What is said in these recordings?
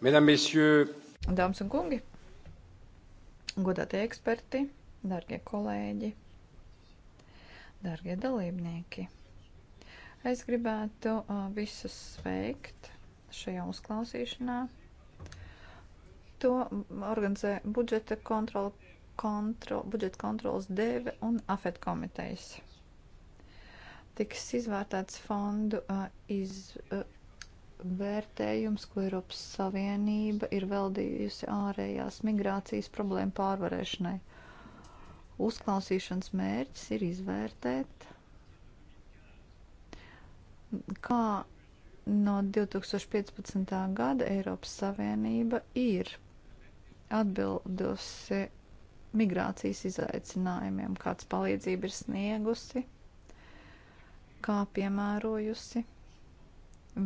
Dāmas un kungi, godātie eksperti, darbie kolēģi, darbie dalībnieki, es gribētu uh, visus sveikt šajā uzklausīšanā. To organizē budžeta kontrola, kontrol, budžeta kontrolas dēve un afet komitejas. Tiks izvērtēts fondu uh, iz. Uh, vērtējums, ko Eiropas Savienība ir veldījusi ārējās migrācijas problēmu pārvarēšanai. Uzklausīšanas mērķis ir izvērtēt, kā no 2015. gada Eiropas Savienība ir atbildusi migrācijas izaicinājumiem, kāds palīdzību ir sniegusi, kā piemērojusi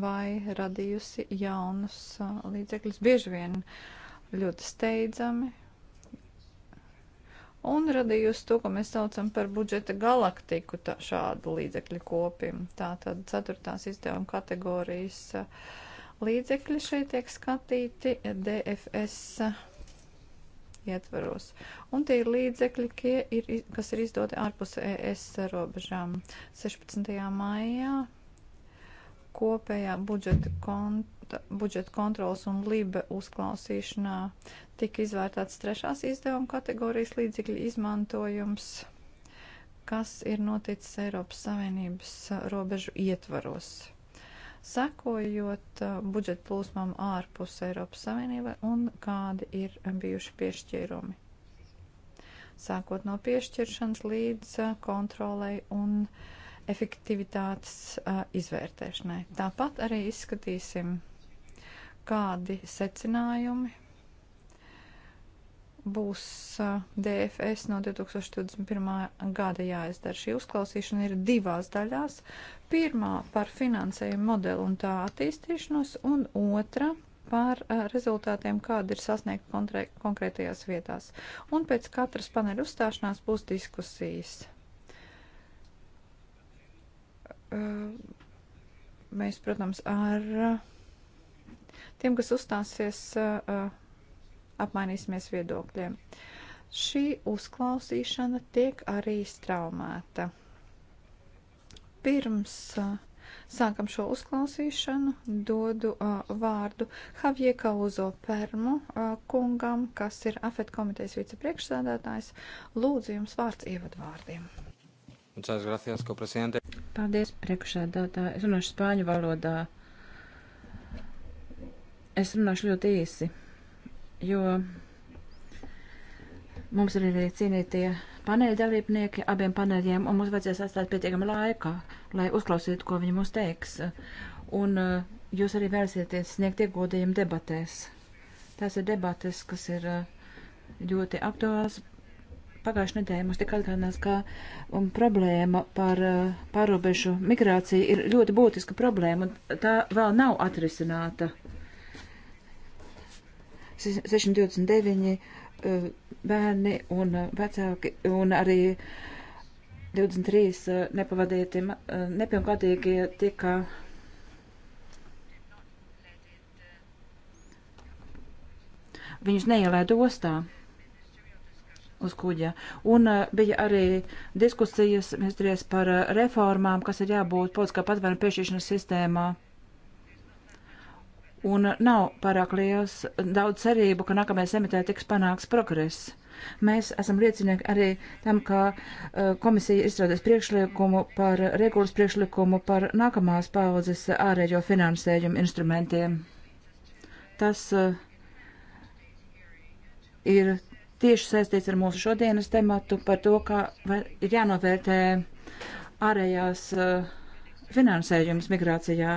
vai radījusi jaunus līdzekļus. Bieži vien ļoti steidzami. Un radījusi to, ko mēs saucam par budžeta galaktiku, tā, šādu līdzekļu kopim. Tā tad ceturtās izdevuma kategorijas līdzekļi šeit tiek skatīti DFS ietvaros. Un tie ir līdzekļi, ir, kas ir izdoti ārpus ES robežām 16. maijā kopējā budžeta, kont budžeta kontrolas un libe uzklausīšanā tika izvērtāts trešās izdevuma kategorijas līdzekļu izmantojums, kas ir noticis Eiropas Savienības robežu ietvaros. Sekojot budžeta plūsmām ārpus Eiropas Savienībai un kādi ir bijuši piešķīrumi. Sākot no piešķiršanas līdz kontrolei un uh, efektivitātes uh, izvērtēšanai. Tāpat arī izskatīsim, kādi secinājumi būs uh, DFS no 2021. gada jāizdara. Šī uzklausīšana ir divās daļās. Pirmā par finansējumu modeli un tā attīstīšanos, un otra par uh, rezultātiem, kāda ir sasniegta konkrētajās vietās. Un pēc katras paneļa uzstāšanās būs diskusijas mēs, protams, ar tiem, kas uzstāsies, apmainīsimies viedokļiem. Šī uzklausīšana tiek arī straumēta. Pirms sākam šo uzklausīšanu, dodu vārdu Havie Kauzo Permu kungam, kas ir AFET komitejas vicepriekšsēdētājs. Lūdzu jums vārds ievadvārdiem. Muchas gracias, ko presidente. Paldies, priekšsēdētāji. Es runāšu spāņu valodā. Es runāšu ļoti īsi, jo mums ir arī cienītie paneļa dalībnieki abiem paneļiem, un mums vajadzēs atstāt pietiekami laika, lai uzklausītu, ko viņi mums teiks. Un uh, jūs arī vērsieties sniegt ieguldījumu debatēs. Tās ir debates, kas ir eh, ļoti aktuāls Pagājušajā nedēļā mums tika atgādināts, ka um, problēma par uh, pārobežu migrāciju ir ļoti būtiska problēma, un tā vēl nav atrisināta. 629 uh, bērni un uh, vecāki un arī 23 uh, nepavadīti uh, nepilngadīgie tika. Viņus neielēda ostā uz kuģa. Un uh, bija arī diskusijas ministrijas par uh, reformām, kas ir jābūt politiskā patvēruma piešķiršanas sistēmā. Un uh, nav pārāk liels daudz cerību, ka nākamajā semitē tiks panāks progress. Mēs esam liecinieki arī tam, ka uh, komisija izstrādās priekšlikumu par regulas priekšlikumu par nākamās paudzes ārējo finansējumu instrumentiem. Tas uh, ir tieši saistīts ar mūsu šodienas tematu par to, ka ir jānovērtē ārējās eh, finansējums migrācijā,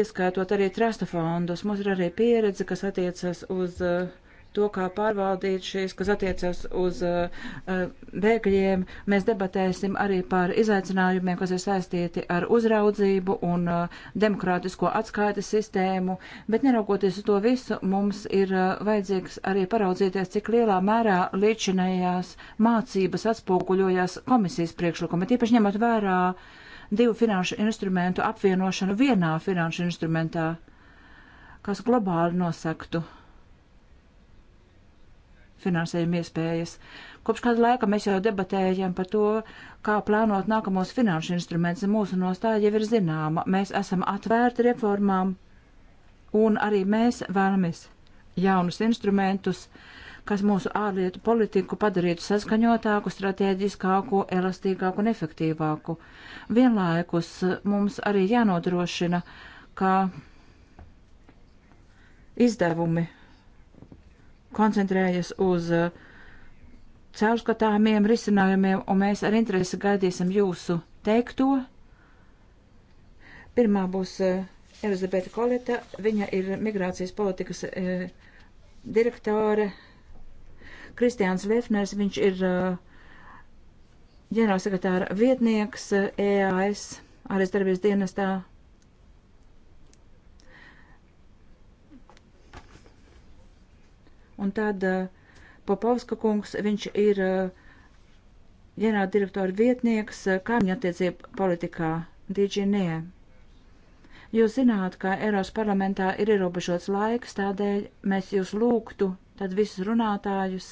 ieskaitot arī trasta fondus. Mums ir arī pieredze, kas attiecas uz uh, to, kā pārvaldīt šīs, kas attiecas uz uh, uh, bēgļiem. Mēs debatēsim arī par izaicinājumiem, kas ir saistīti ar uzraudzību un uh, demokrātisko atskaites sistēmu, bet neraugoties uz to visu, mums ir vajadzīgs arī paraudzīties, cik lielā mērā līdzinējās mācības atspoguļojās komisijas priekšlikumi, tīpaši ņemot vērā divu finanšu instrumentu apvienošanu vienā finanšu instrumentā, kas globāli nosaktu finansējuma iespējas. Kopš kāda laika mēs jau debatējam par to, kā plānot nākamos finanšu instrumentus. Mūsu nostāja jau ir zināma. Mēs esam atvērti reformām, un arī mēs vēlamies jaunus instrumentus, kas mūsu ārlietu politiku padarītu saskaņotāku, strateģiskāku, elastīgāku un efektīvāku. Vienlaikus mums arī jānodrošina, ka izdevumi koncentrējas uz uh, caurskatāmiem risinājumiem, un mēs ar interesi gaidīsim jūsu teikto. Pirmā būs uh, Elizabete Koleta, viņa ir migrācijas politikas uh, direktore. Kristiāns Lefners, viņš ir ģenerālsekretāra vietnieks EAS, ārēs darbības dienestā Un tad eh, Popauska kungs, viņš ir eh, ģenerāla direktora vietnieks eh, kaimiņu attiecību politikā, DGNE. Jūs zināt, ka Eiropas parlamentā ir ierobežots laiks, tādēļ mēs jūs lūgtu, tad visus runātājus,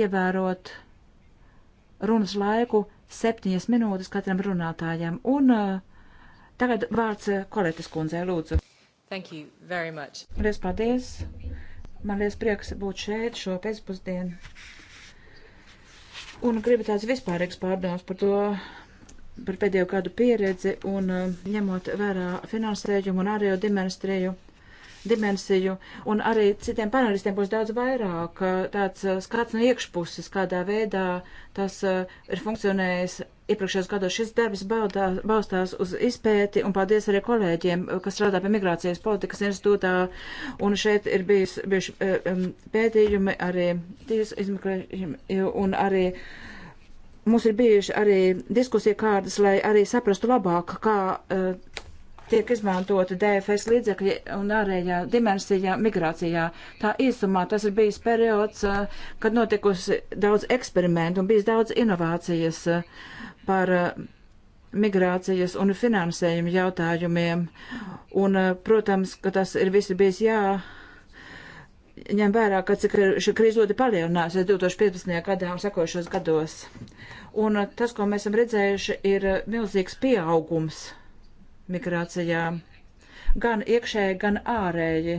ievērot runas laiku septiņas minūtes katram runātājam. Un uh, tagad vārds Koletas kundzei, lūdzu. Thank you very much. Paldies. Man liels prieks būt šeit šo pēcpusdienu. Un gribu tāds vispārīgs pārdoms par to, par pēdējo kādu pieredzi un eh, ņemot vērā finansējumu un ārējo dimensiju, dimensiju. Un arī citiem panelistiem būs daudz vairāk eh, tāds eh, skats no iekšpuses, kādā veidā tas ir funkcionējis Iepriekšējos gados šis darbs balstās uz izpēti, un paldies arī kolēģiem, kas strādā pie migrācijas politikas institūtā, un šeit ir bijis, bijuši e, pētījumi arī tiesu izmeklējumi, un arī mums ir bijuši arī diskusija kārtas, lai arī saprastu labāk, kā uh, tiek izmantota DFS līdzekļi un ārējā dimensijā migrācijā. Tā īsumā tas ir bijis periods, e, kad notikusi daudz eksperimentu un bijis daudz inovācijas par eh, migrācijas un finansējuma jautājumiem. Un, eh, protams, ka tas ir visi bijis jā ņem vērā, ka cik šī krīze ļoti palielinās 2015. gadā un sekojušos gados. Un eh, tas, ko mēs esam redzējuši, ir milzīgs pieaugums migrācijā, gan iekšēji, gan ārēji.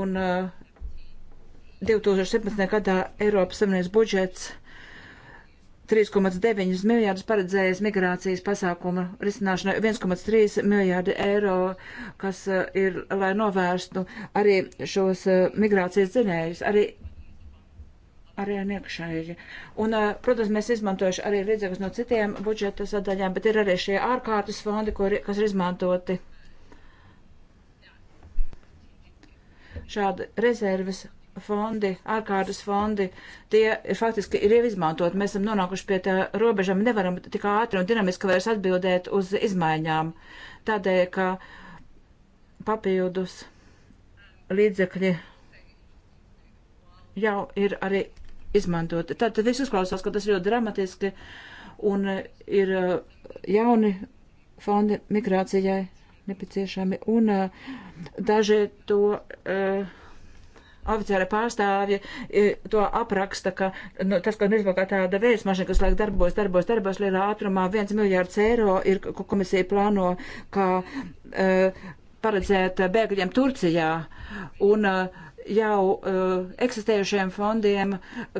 Un 2017. gadā Eiropas Savienības budžets 3,9 miljārdus paredzējis migrācijas pasākuma risināšanai, 1,3 miljārdi eiro, kas uh, ir, lai novērstu arī šos uh, migrācijas dzinējus, arī arī iekšēji. Un, uh, protams, mēs izmantojuši arī līdzekļus no citiem budžeta sadaļām, bet ir arī šie ārkārtas fondi, kur, kas ir izmantoti. Šādi rezerves fondi, ārkārtas fondi, tie ir faktiski ir jau izmantot. Mēs esam nonākuši pie tā robežam, nevaram tik ātri un dinamiski vairs atbildēt uz izmaiņām. Tādēļ, ka papildus līdzekļi jau ir arī izmantoti. Tātad viss uzklausās, ka tas ļoti dramatiski un ir uh, jauni fondi migrācijai nepieciešami, un uh, daži to uh, oficiāla pārstāvja e, to apraksta, ka nu, tas, ko nezinu, kā tāda vējas mašīna, kas laik darbos, darbos, darbos lielā ātrumā, viens miljārds eiro ir, ko komisija plāno, kā uh, paredzēt bēgļiem Turcijā. Un, uh, jau uh, eksistējušiem fondiem,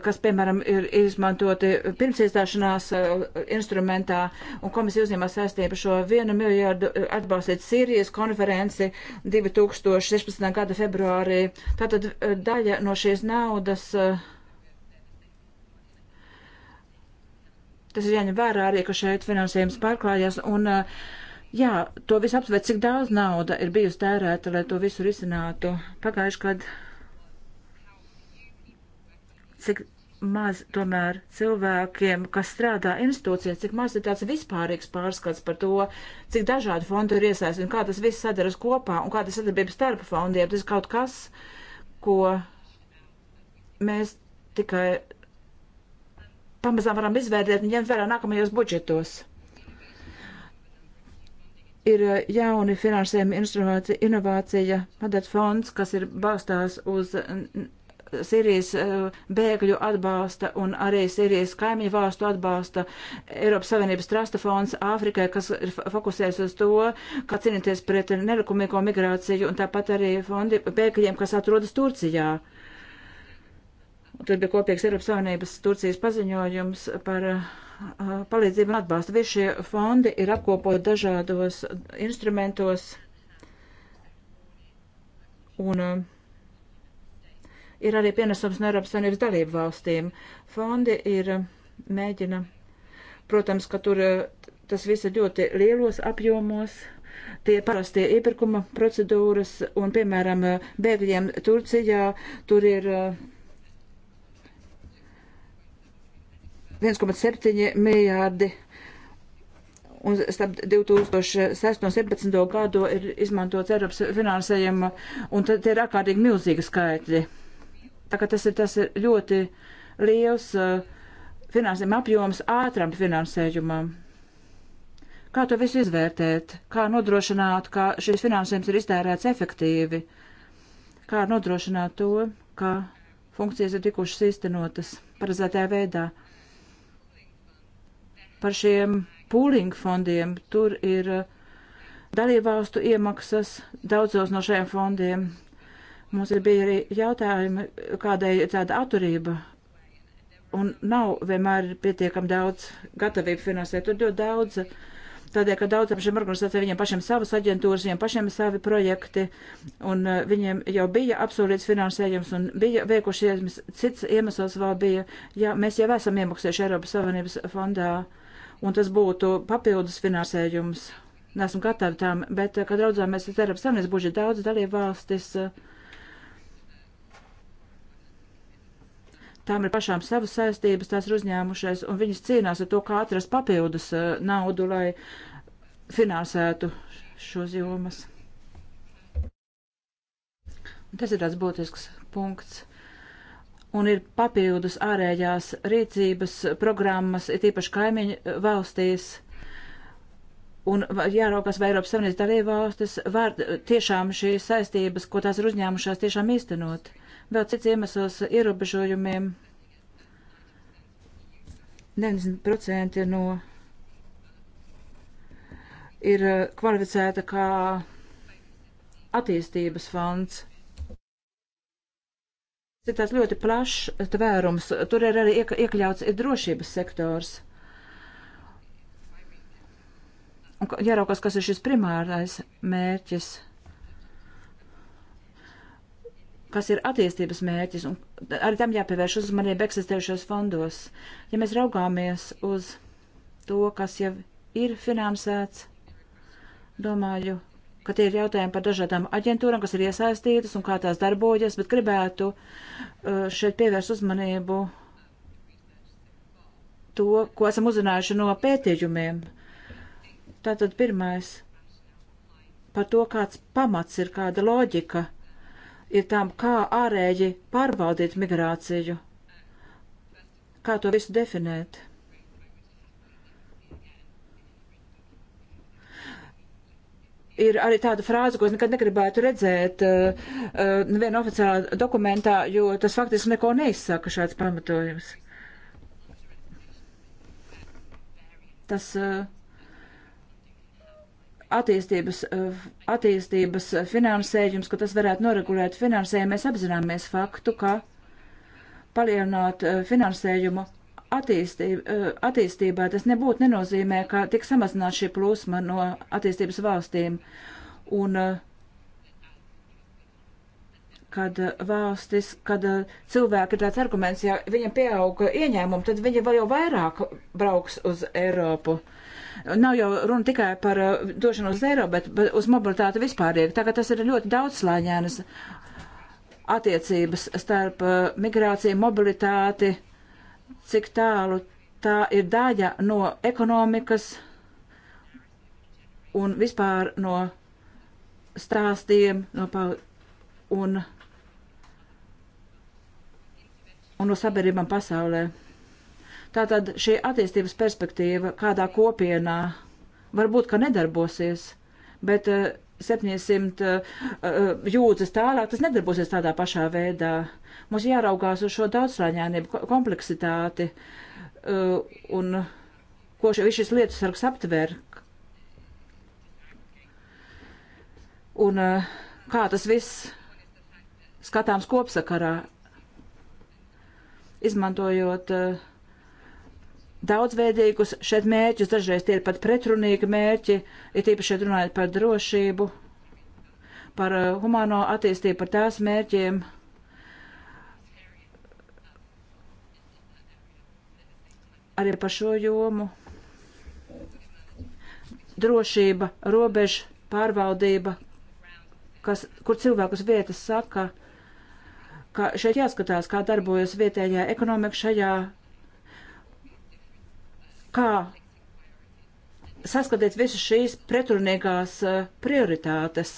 kas, piemēram, ir izmantoti pirms iestāšanās uh, eh, instrumentā, un komisija uzņēmās saistību šo vienu miljardu eh, atbalstīt Sīrijas konferenci 2016. gada februārī. Tātad uh, daļa no šīs naudas. Uh, Tas ir jāņem vērā arī, ka šeit finansējums pārklājas. Un, uh, Jā, to visu apsver, cik daudz nauda ir bijusi tērēta, lai to visu risinātu. Pagājuši, kad cik maz tomēr cilvēkiem, kas strādā institūcijās, cik maz ir tāds vispārīgs pārskats par to, cik dažādi fondi ir iesaistīti un kā tas viss sadaras kopā un kā tas sadarbības starp fondiem. Tas ir kaut kas, ko mēs tikai pamazām varam izvērtēt un ņemt vērā nākamajos budžetos. Ir jauni finansējuma instrumenti, inovācija, padat fonds, kas ir balstās uz Sīrijas eh, bēgļu atbalsta un arī Sīrijas kaimiņu valstu atbalsta Eiropas Savienības trasta fonds Āfrikai, kas ir fokusējies uz to, kā cīnīties pret nelikumīgo migrāciju un tāpat arī fondi bēgļiem, kas atrodas Turcijā. Tur bija kopīgs Eiropas Savienības Turcijas paziņojums par uh, palīdzību un atbalstu. Visi šie fondi ir apkopot dažādos instrumentos. Un, uh, ir arī pienesums no Eiropas Savienības dalību valstīm. Fondi ir eh, mēģina, protams, ka tur eh, tas viss ir ļoti lielos apjomos. Tie parastie iepirkuma procedūras un, piemēram, eh, bēgļiem Turcijā tur ir 1,7 miljārdi un starp 2006 un 2017 gadu ir izmantots Eiropas finansējuma, un tad ir ārkārtīgi milzīgi skaitļi. Tā kā tas ir, tas ir ļoti liels uh, finansējuma apjoms ātram finansējumam. Kā to visu izvērtēt? Kā nodrošināt, ka šis finansējums ir iztērēts efektīvi? Kā nodrošināt to, ka funkcijas ir tikušas īstenotas paredzētajā veidā? Par šiem pooling fondiem tur ir eh, dalībvalstu iemaksas daudzos no šiem fondiem. Mums ir bija arī jautājumi, kādai ir tāda atturība. Un nav vienmēr pietiekami daudz gatavību finansēt. Tur ļoti daudz. Tādēļ, ka daudzām šīm organizācijām viņiem pašiem savas aģentūras, viņiem pašiem savi projekti, un uh, viņiem jau bija absolūts finansējums un bija veikušies, cits iemesls vēl bija, ja mēs jau esam iemaksājuši Eiropas Savienības fondā, un tas būtu papildus finansējums. Nesmu gatavi tām, bet, eh, kad raudzāmies uz Eiropas Savienības budžetu, daudz dalību valstis. Uh, tām ir pašām savas saistības, tās ir uzņēmušais, un viņas cīnās ar to, kā atrast papildus eh, naudu, lai finansētu šos jomas. Tas ir tāds būtisks punkts. Un ir papildus ārējās rīcības programmas, ir tīpaši kaimiņu valstīs. Un jāraukās, vai Eiropas Savienības dalībvalstis var tiešām šīs saistības, ko tās ir uzņēmušās, tiešām īstenot vēl cits iemesls ierobežojumiem. 90% no ir eh, kvalificēta kā attīstības fonds. Tas ir tāds ļoti plašs tvērums. Tur ir arī iekļauts ir drošības sektors. Un jāraukās, kas ir šis primārais mērķis kas ir attīstības mērķis, un arī tam jāpievērš uzmanība eksistējušos fondos. Ja mēs raugāmies uz to, kas jau ir finansēts, domāju, ka tie ir jautājumi par dažādām aģentūram, kas ir iesaistītas un kā tās darbojas, bet gribētu uh, šeit pievērst uzmanību to, ko esam uzzinājuši no pētījumiem. Tātad pirmais par to, kāds pamats ir, kāda loģika ir tam, kā ārēji pārvaldīt migrāciju. Kā to visu definēt? ir arī tāda frāze, ko es nekad negribētu redzēt uh, eh, uh, eh, nevienā oficiālā dokumentā, jo tas faktiski neko neizsaka šāds pamatojums. Tas uh, attīstības, eh, attīstības finansējums, ka tas varētu noregulēt finansējumu. Mēs apzināmies faktu, ka palielināt eh, finansējumu eh, attīstībai tas nebūtu nenozīmē, ka tik samazināt šī plūsma no attīstības valstīm. Un kad valstis, kad cilvēki ir tāds arguments, ja viņam pieauga ieņēmumi, tad viņi vēl jau vairāk brauks uz Eiropu. Uh, Nav jau runa tikai par uh, došanu uz eiro, bet uz mobilitāti vispārīgi. Tagad tas ir ļoti daudzslāņēnas attiecības starp uh, migrāciju, mobilitāti, cik tālu tā ir daļa no ekonomikas un vispār no stāstiem no pa, un, un no sabiedrībām pasaulē. Tātad šī attīstības perspektīva kādā kopienā varbūt, ka nedarbosies, bet 700 eh, eh, jūdzes tālāk tas nedarbosies tādā pašā veidā. Mums jāraugās uz šo daudzslāņainību, kompleksitāti eh, un ko šis lietu sargs aptver. Un kā tas viss skatāms kopsakarā, izmantojot uh, daudzveidīgus šeit mērķus, dažreiz tie ir pat pretrunīgi mērķi, ir tīpaši šeit runājot par drošību, par uh, humano attīstību, par tās mērķiem. Arī par šo jomu. Drošība, robeža, pārvaldība, kas, kur cilvēkus vietas saka, ka šeit jāskatās, kā darbojas vietējā ekonomika šajā kā saskatīt visas šīs pretrunīgās eh, prioritātes.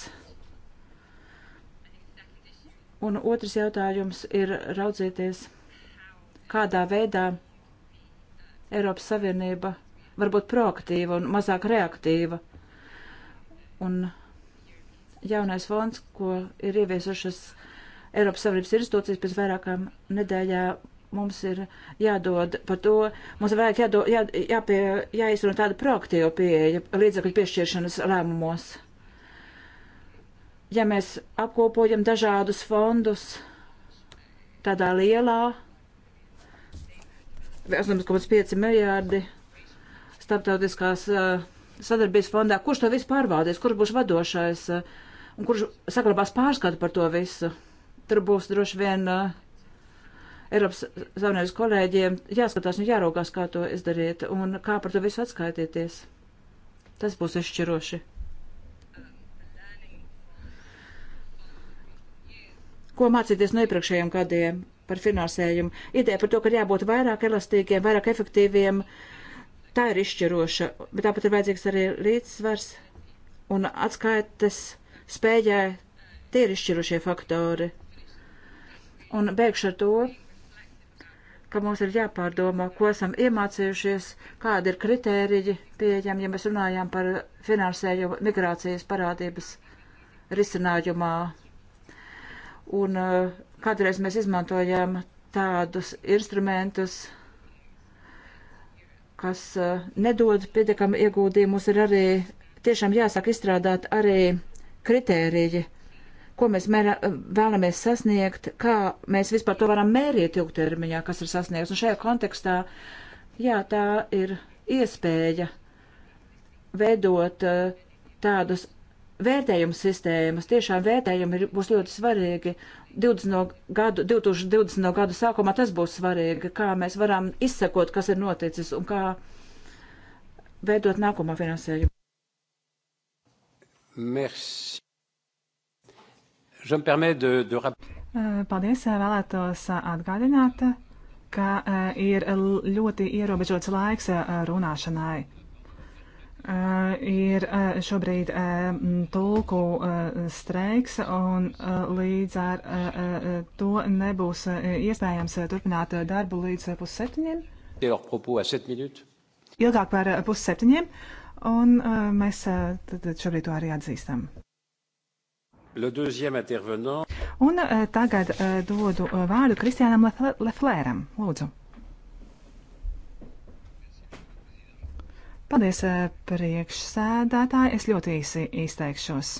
Un otrs jautājums ir raudzīties, kādā veidā Eiropas Savienība var būt proaktīva un mazāk reaktīva. Un jaunais fonds, ko ir ieviesušas Eiropas Savienības institūcijas pēc vairākām nedēļām, mums ir jādod par to, mums vajag jādod, jā, jāpie, jāizrunā tāda proaktīva pieeja līdzekļu piešķiršanas lēmumos. Ja mēs apkopojam dažādus fondus tādā lielā, 8,5 miljārdi starptautiskās uh, sadarbības fondā, kurš to visu pārvaldīs, kurš būs vadošais uh, un kurš saglabās pārskatu par to visu. Tur būs droši vien uh, Eiropas Savienības kolēģiem jāskatās un jāraugās, kā to izdariet un kā par to visu atskaitieties. Tas būs izšķiroši. Ko mācīties no iepriekšējiem gadiem par finansējumu? Ideja par to, ka jābūt vairāk elastīgiem, vairāk efektīviem, tā ir izšķiroša, bet tāpat ir vajadzīgs arī līdzsvars un atskaites spējai tie ir izšķirošie faktori. Un beigšu ar to, ka mums ir jāpārdomā, ko esam iemācījušies, kāda ir kritērija pieejama, ja mēs runājām par finansējumu migrācijas parādības risinājumā. Un eh, kādreiz mēs izmantojām tādus instrumentus, kas eh, nedod pietiekami ieguldījumus, ir arī tiešām jāsāk izstrādāt arī kritēriji ko mēs mērā, vēlamies sasniegt, kā mēs vispār to varam mērīt ilgtermiņā, kas ir sasniegts. Un šajā kontekstā, jā, tā ir iespēja veidot eh, tādus vērtējumu sistēmas. Tiešām vērtējumi ir, būs ļoti svarīgi. 20 no gadu, 2020. No gadu sākumā tas būs svarīgi, kā mēs varam izsekot, kas ir noticis un kā veidot nākamo finansējumu. Merci. Eh, paldies, eh, vēlētos eh, atgādināt, ka ir ļoti ierobežots laiks runāšanai. Uh, ir uh, šobrīd uh, tulku uh, streiks, un uh, līdz ar uh, uh, to nebūs uh, iespējams uh, turpināt uh, darbu līdz uh, pusseptiņiem. Ilgāk par uh, pusseptiņiem, un uh, mēs uh, šobrīd to arī atzīstam. Un eh, tagad eh, dodu eh, vārdu Kristiānam Leflēram. Lūdzu. Paldies, priekšsēdētāji. Es ļoti īsi izteikšos.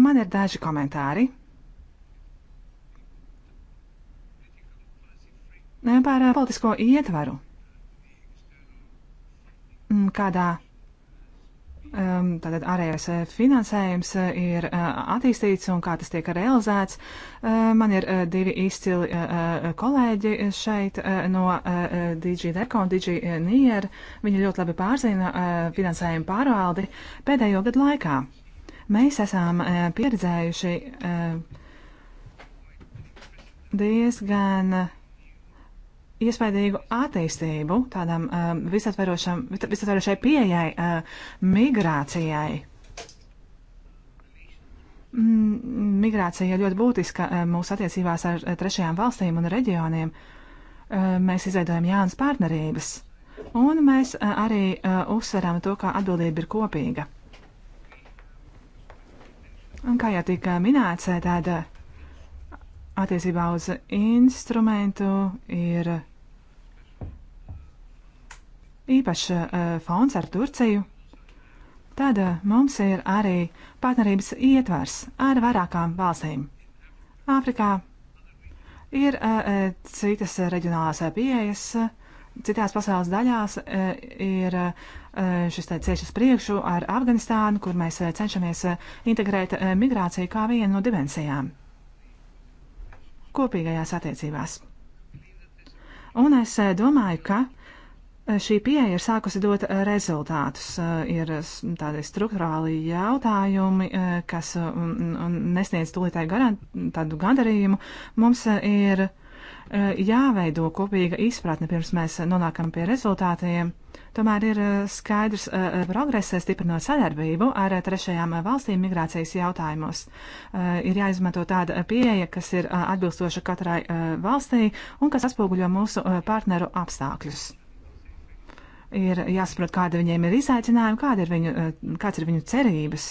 Man ir daži komentāri. Par politisko ietvaru. Mm, kādā Ehm, tātad ārējais eh, finansējums eh, ir eh, attīstīts un kā tas tiek realizēts. Ehm, man ir divi izcili kolēģi šeit no DG Deco un DG Nier. Viņi ļoti labi pārzina finansējumu pārvaldi pēdējo gadu laikā. Mēs esam pieredzējuši diezgan iespaidīgu attīstību tādam um, uh, visatverošai pieejai uh, migrācijai. Mm, migrācija ļoti būtiska uh, mūsu attiecībās ar uh, trešajām valstīm un reģioniem. Mēs izveidojam jaunas partnerības, un mēs arī uzsveram to, kā atbildība ir kopīga. Un kā jau tika minēts, tāda attiecībā uz instrumentu ir īpašs eh, fonds ar Turciju, tad eh, mums ir arī partnerības ietvers ar vairākām valstīm. Āfrikā ir eh, citas reģionālās pieejas, citās pasaules daļās ir šis te ciešas priekšu ar Afganistānu, kur mēs cenšamies integrēt migrāciju kā vienu no dimensijām kopīgajās attiecībās. Un es domāju, ka šī pieeja ir sākusi dot eh, rezultātus. Eh, ir tādi struktūrāli jautājumi, eh, kas nesniedz tūlītēju tādu gandarījumu. Mums ir jāveido kopīga izpratne, pirms mēs nonākam pie rezultātiem. Tomēr ir skaidrs progress stiprinot sadarbību ar trešajām valstīm migrācijas jautājumos. Ir jāizmanto tāda pieeja, kas ir atbilstoša katrai valstī un kas atspoguļo mūsu partneru apstākļus ir jāsaprot, kāda viņiem ir izaicinājuma, kāda ir viņu, eh, kāds ir viņu cerības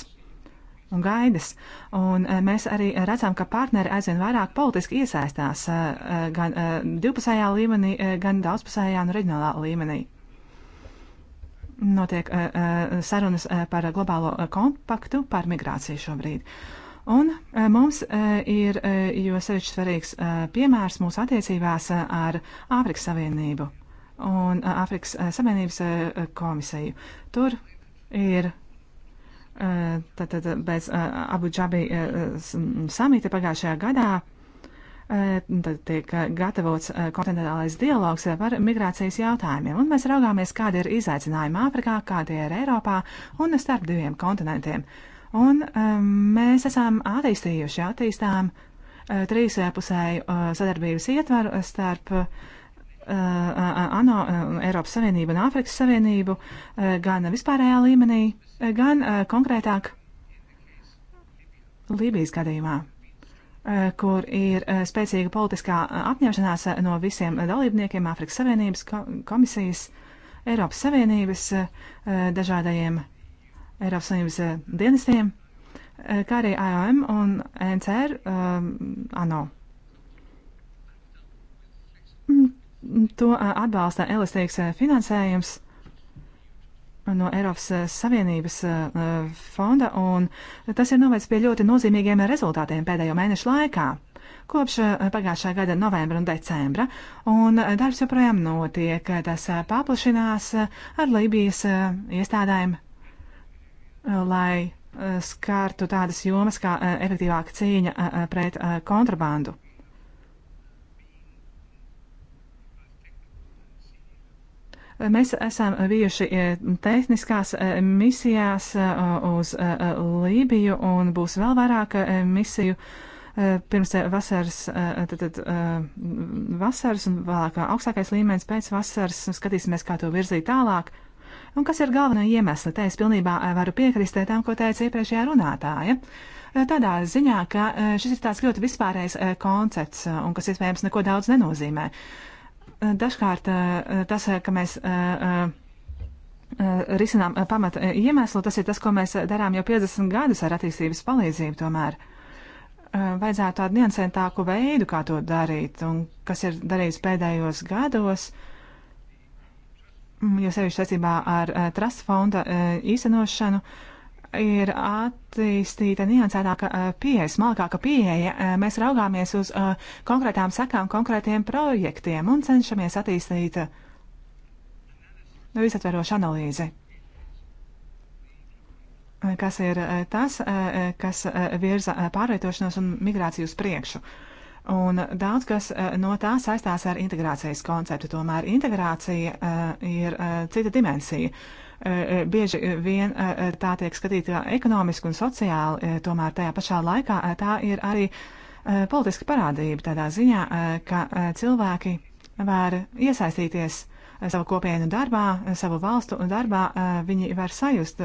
un gaidas. Un eh, mēs arī redzam, ka partneri aizvien vairāk politiski iesaistās eh, gan divpusējā līmenī, gan daudzpusējā un reģionālā līmenī. Notiek sarunas par globālo kompaktu par migrāciju šobrīd. Un mums ir jo sevišķi svarīgs piemērs mūsu attiecībās ar Āfrikas Savienību un Āfrikas Savienības komisiju. Tur ir tātad bez Abu Džabi samita pagājušajā gadā. Tad tiek gatavots kontinentālais dialogs par migrācijas jautājumiem, un mēs raugāmies, kāda ir izaicinājuma Āfrikā, kāda ir Eiropā un starp diviem kontinentiem. Un mēs esam attīstījuši, attīstām trīsēpusēju sadarbības ietvaru starp uh, Eh, ANO, eh, Eiropas Savienību un Āfrikas Savienību eh, gan vispārējā līmenī, gan konkrētāk Lībijas gadījumā kur ir spēcīga politiskā apņemšanās no visiem dalībniekiem Āfrikas Savienības komisijas, Eiropas Savienības dažādajiem Eiropas Savienības dienestiem, kā arī AOM un NCR ANO. Mm, to atbalsta elastīgs finansējums no Eiropas Savienības fonda, un tas ir novērts pie ļoti nozīmīgiem rezultātiem pēdējo mēnešu laikā kopš pagājušā gada novembra un decembra, un darbs joprojām notiek. Tas paplašinās ar Lībijas iestādēm, lai skārtu tādas jomas kā efektīvāka cīņa pret kontrabandu. Mēs esam bijuši e, tehniskās e, misijās e, uz Lībiju un būs vēl vairāk misiju pirms vasaras, tad, tad, vasaras un vēlāk augstākais līmenis pēc vasaras un nu, skatīsimies, kā to virzīt tālāk. Un kas ir galvenā iemesla? Te es pilnībā varu piekrist tam, ko teica iepriekšējā runātāja. Tādā ziņā, ka šis ir tāds ļoti vispārējs koncepts un kas iespējams neko daudz nenozīmē. Eh, dažkārt eh, tas, eh, ka mēs risinām pamata iemeslu, tas ir tas, ko mēs darām jau 50 gadus ar attīstības palīdzību tomēr. Vajadzētu tādu niansētāku veidu, kā to darīt, un kas ir darījis pēdējos gados, mm, jo sevišķi saistībā ar trust fonda īstenošanu, uh, ir attīstīta niansētāka eh, pieeja, smalkāka pieeja. Eh, mēs raugāmies uz eh, konkrētām sekām, konkrētiem projektiem un cenšamies attīstīt nu, visatverošu analīzi. Kas ir tas, kas virza pārvietošanos un migrāciju uz priekšu? Un daudz kas no tā saistās ar integrācijas konceptu. Tomēr integrācija ir cita dimensija. Uh, Eh, eh, bieži eh, vien tā tiek skatīta ekonomiski un sociāli, tomēr tajā pašā laikā tā ir arī politiska parādība tādā ziņā, ka cilvēki var iesaistīties savu kopienu darbā, savu valstu darbā, viņi var sajust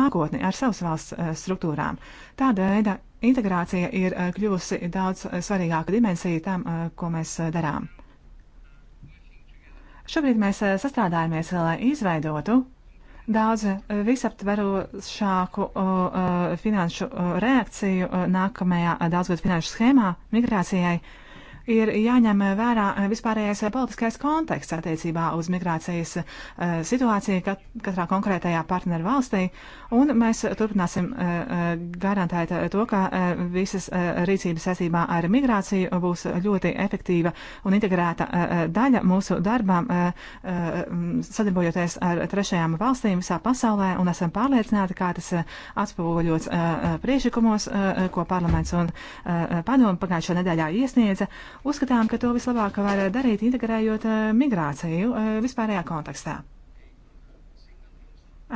nākotni ar savas valsts struktūrām. Tāda veida integrācija ir kļuvusi daudz svarīgāka dimensija tam, ko mēs darām. Šobrīd mēs eh, sastrādājamies, eh, lai izveidotu daudz eh, visaptverošāku finanšu reakciju nākamajā daudzgad finanšu schēmā migrācijai. Uh, ir jāņem vērā vispārējais politiskais konteksts attiecībā uz migrācijas eh, situāciju kat katrā konkrētajā partneru valstī, un mēs turpināsim eh, eh, garantēt to, ka visas rīcības saistībā ar migrāciju būs ļoti efektīva un integrēta daļa mūsu darbām, sadarbojoties ar trešajām valstīm visā pasaulē, un esam pārliecināti, kā tas atspoguļots priekšlikumos, ko parlaments un padomu pagājušajā nedēļā iesniedza. Uzskatām, ka to vislabāk var darīt, integrējot eh, migrāciju eh, vispārējā kontekstā.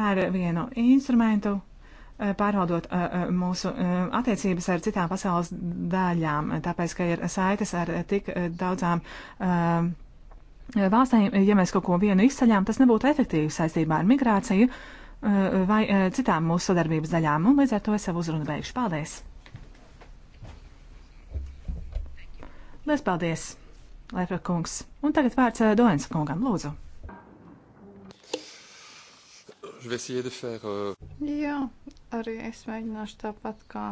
Ar vienu instrumentu eh, pārvaldot mūsu attiecības ar citām pasaules daļām, tāpēc, ka ir saites ar tik daudzām valstīm, ja mēs kaut ko vienu izceļām, tas nebūtu efektīvi saistībā ar migrāciju vai citām mūsu sadarbības daļām, un līdz ar to es savu uzrunu beigšu. Paldies! Lies paldies, Leifra kungs. Un tagad vārds eh, Doens kungam, lūdzu. Euh, Jā, arī es mēģināšu tāpat kā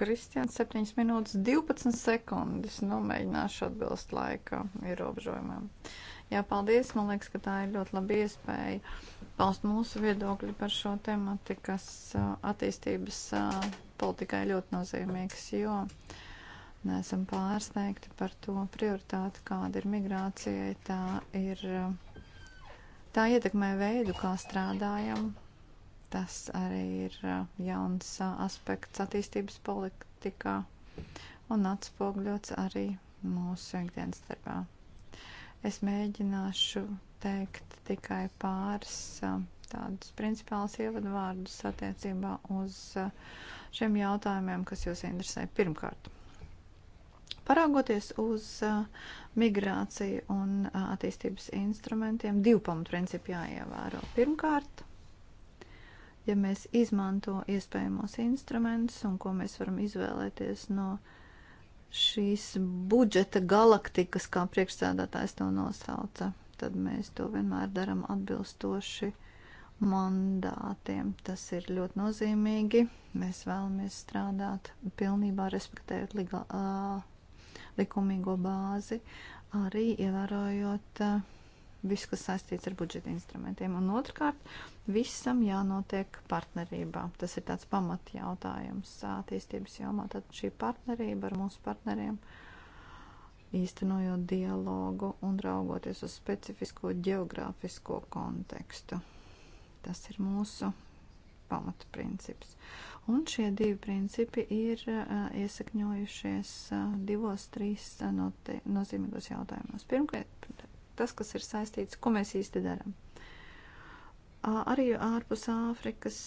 Kristians 7 minūtes 12 sekundes. Nu, mēģināšu atbilst laika ierobežojumam. Jā, paldies. Man liekas, ka tā ir ļoti laba iespēja paust mūsu viedokļi par šo temati, kas uh, attīstības uh, politikai ļoti nozīmīgs, jo Nesam pārsteigti par to prioritāti, kāda ir migrācijai. Tā ir, tā ietekmē veidu, kā strādājam. Tas arī ir uh, jauns uh, aspekts attīstības politikā un atspogļots arī mūsu ikdienas darbā. Es mēģināšu teikt tikai pāris uh, tādus principālus ievadu vārdus attiecībā uz šiem jautājumiem, kas jūs interesē pirmkārt. Paraugoties uz uh, migrāciju un uh, attīstības instrumentiem, divu pamatprincipu jāievēro. Pirmkārt, ja mēs izmanto iespējamos instrumentus un ko mēs varam izvēlēties no šīs budžeta galaktikas, kā priekšsēdētājs to nosauca, tad mēs to vienmēr daram atbilstoši mandātiem. Tas ir ļoti nozīmīgi. Mēs vēlamies strādāt pilnībā respektējot legal, uh, likumīgo bāzi, arī ievērojot eh, visu, kas saistīts ar budžeta instrumentiem. Un otrkārt, visam jānotiek partnerībā. Tas ir tāds pamatjautājums eh, attīstības jomā. Tad šī partnerība ar mūsu partneriem, īstenojot dialogu un raugoties uz specifisko geogrāfisko kontekstu. Tas ir mūsu pamatprincips. Un šie divi principi ir iesakņojušies divos, trīs no nozīmīgos jautājumos. Pirmkārt, tas, kas ir saistīts, ko mēs īsti darām. Arī ārpus Āfrikas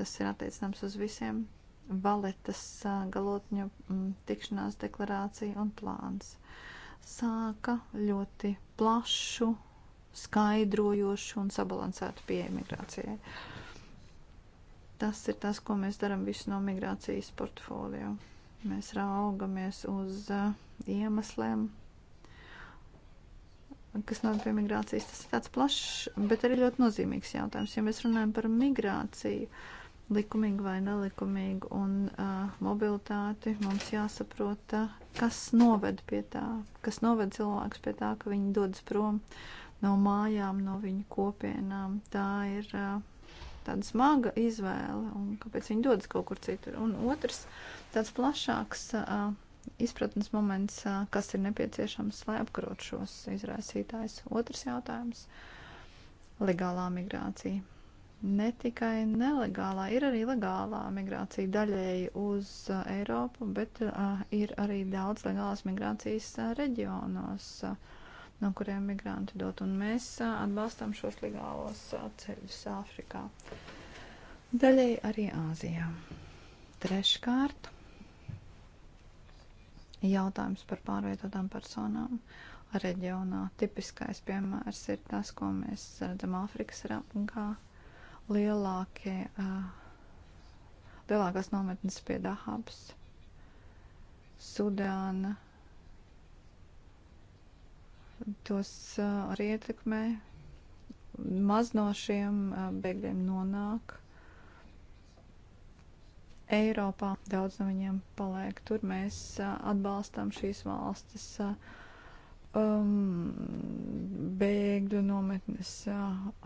tas ir attiecināms uz visiem valetas galotņu tikšanās deklarācija un plāns. Sāka ļoti plašu, skaidrojošu un sabalansētu pieeja migrācijai. Uh, Tas ir tas, ko mēs darām visu no migrācijas portfolio. Mēs raugamies uz uh, iemesliem, kas nav pie migrācijas. Tas ir tāds plašs, bet arī ļoti nozīmīgs jautājums. Ja mēs runājam par migrāciju, likumīgu vai nelikumīgu un uh, mobilitāti, mums jāsaprot, uh, kas noved pie tā, kas noved cilvēks pie tā, ka viņi dodas prom no mājām, no viņu kopienām. Tā ir uh, tāda smaga izvēle un kāpēc viņi dodas kaut kur citur. Un otrs, tāds plašāks uh, izpratnes moments, uh, kas ir nepieciešams, lai apkarot šos izraisītājus. Otrs jautājums - legālā migrācija. Ne tikai nelegālā, ir arī legālā migrācija daļēji uz uh, Eiropu, bet uh, ir arī daudz legālās migrācijas uh, reģionos. Uh, no kuriem migranti dod. Un mēs atbalstam šos legālos ceļus Āfrikā, daļai arī Āzijā. Treškārt, jautājums par pārvietotām personām reģionā. Tipiskais piemērs ir tas, ko mēs redzam Āfrikas rangā. Lielākie, uh, lielākās nometnes pie Dahabas, Sudāna, tos arī ietekmē. Maz no šiem bēgļiem nonāk Eiropā, daudz no viņiem paliek tur. Mēs atbalstam šīs valstis um, bēgļu nometnes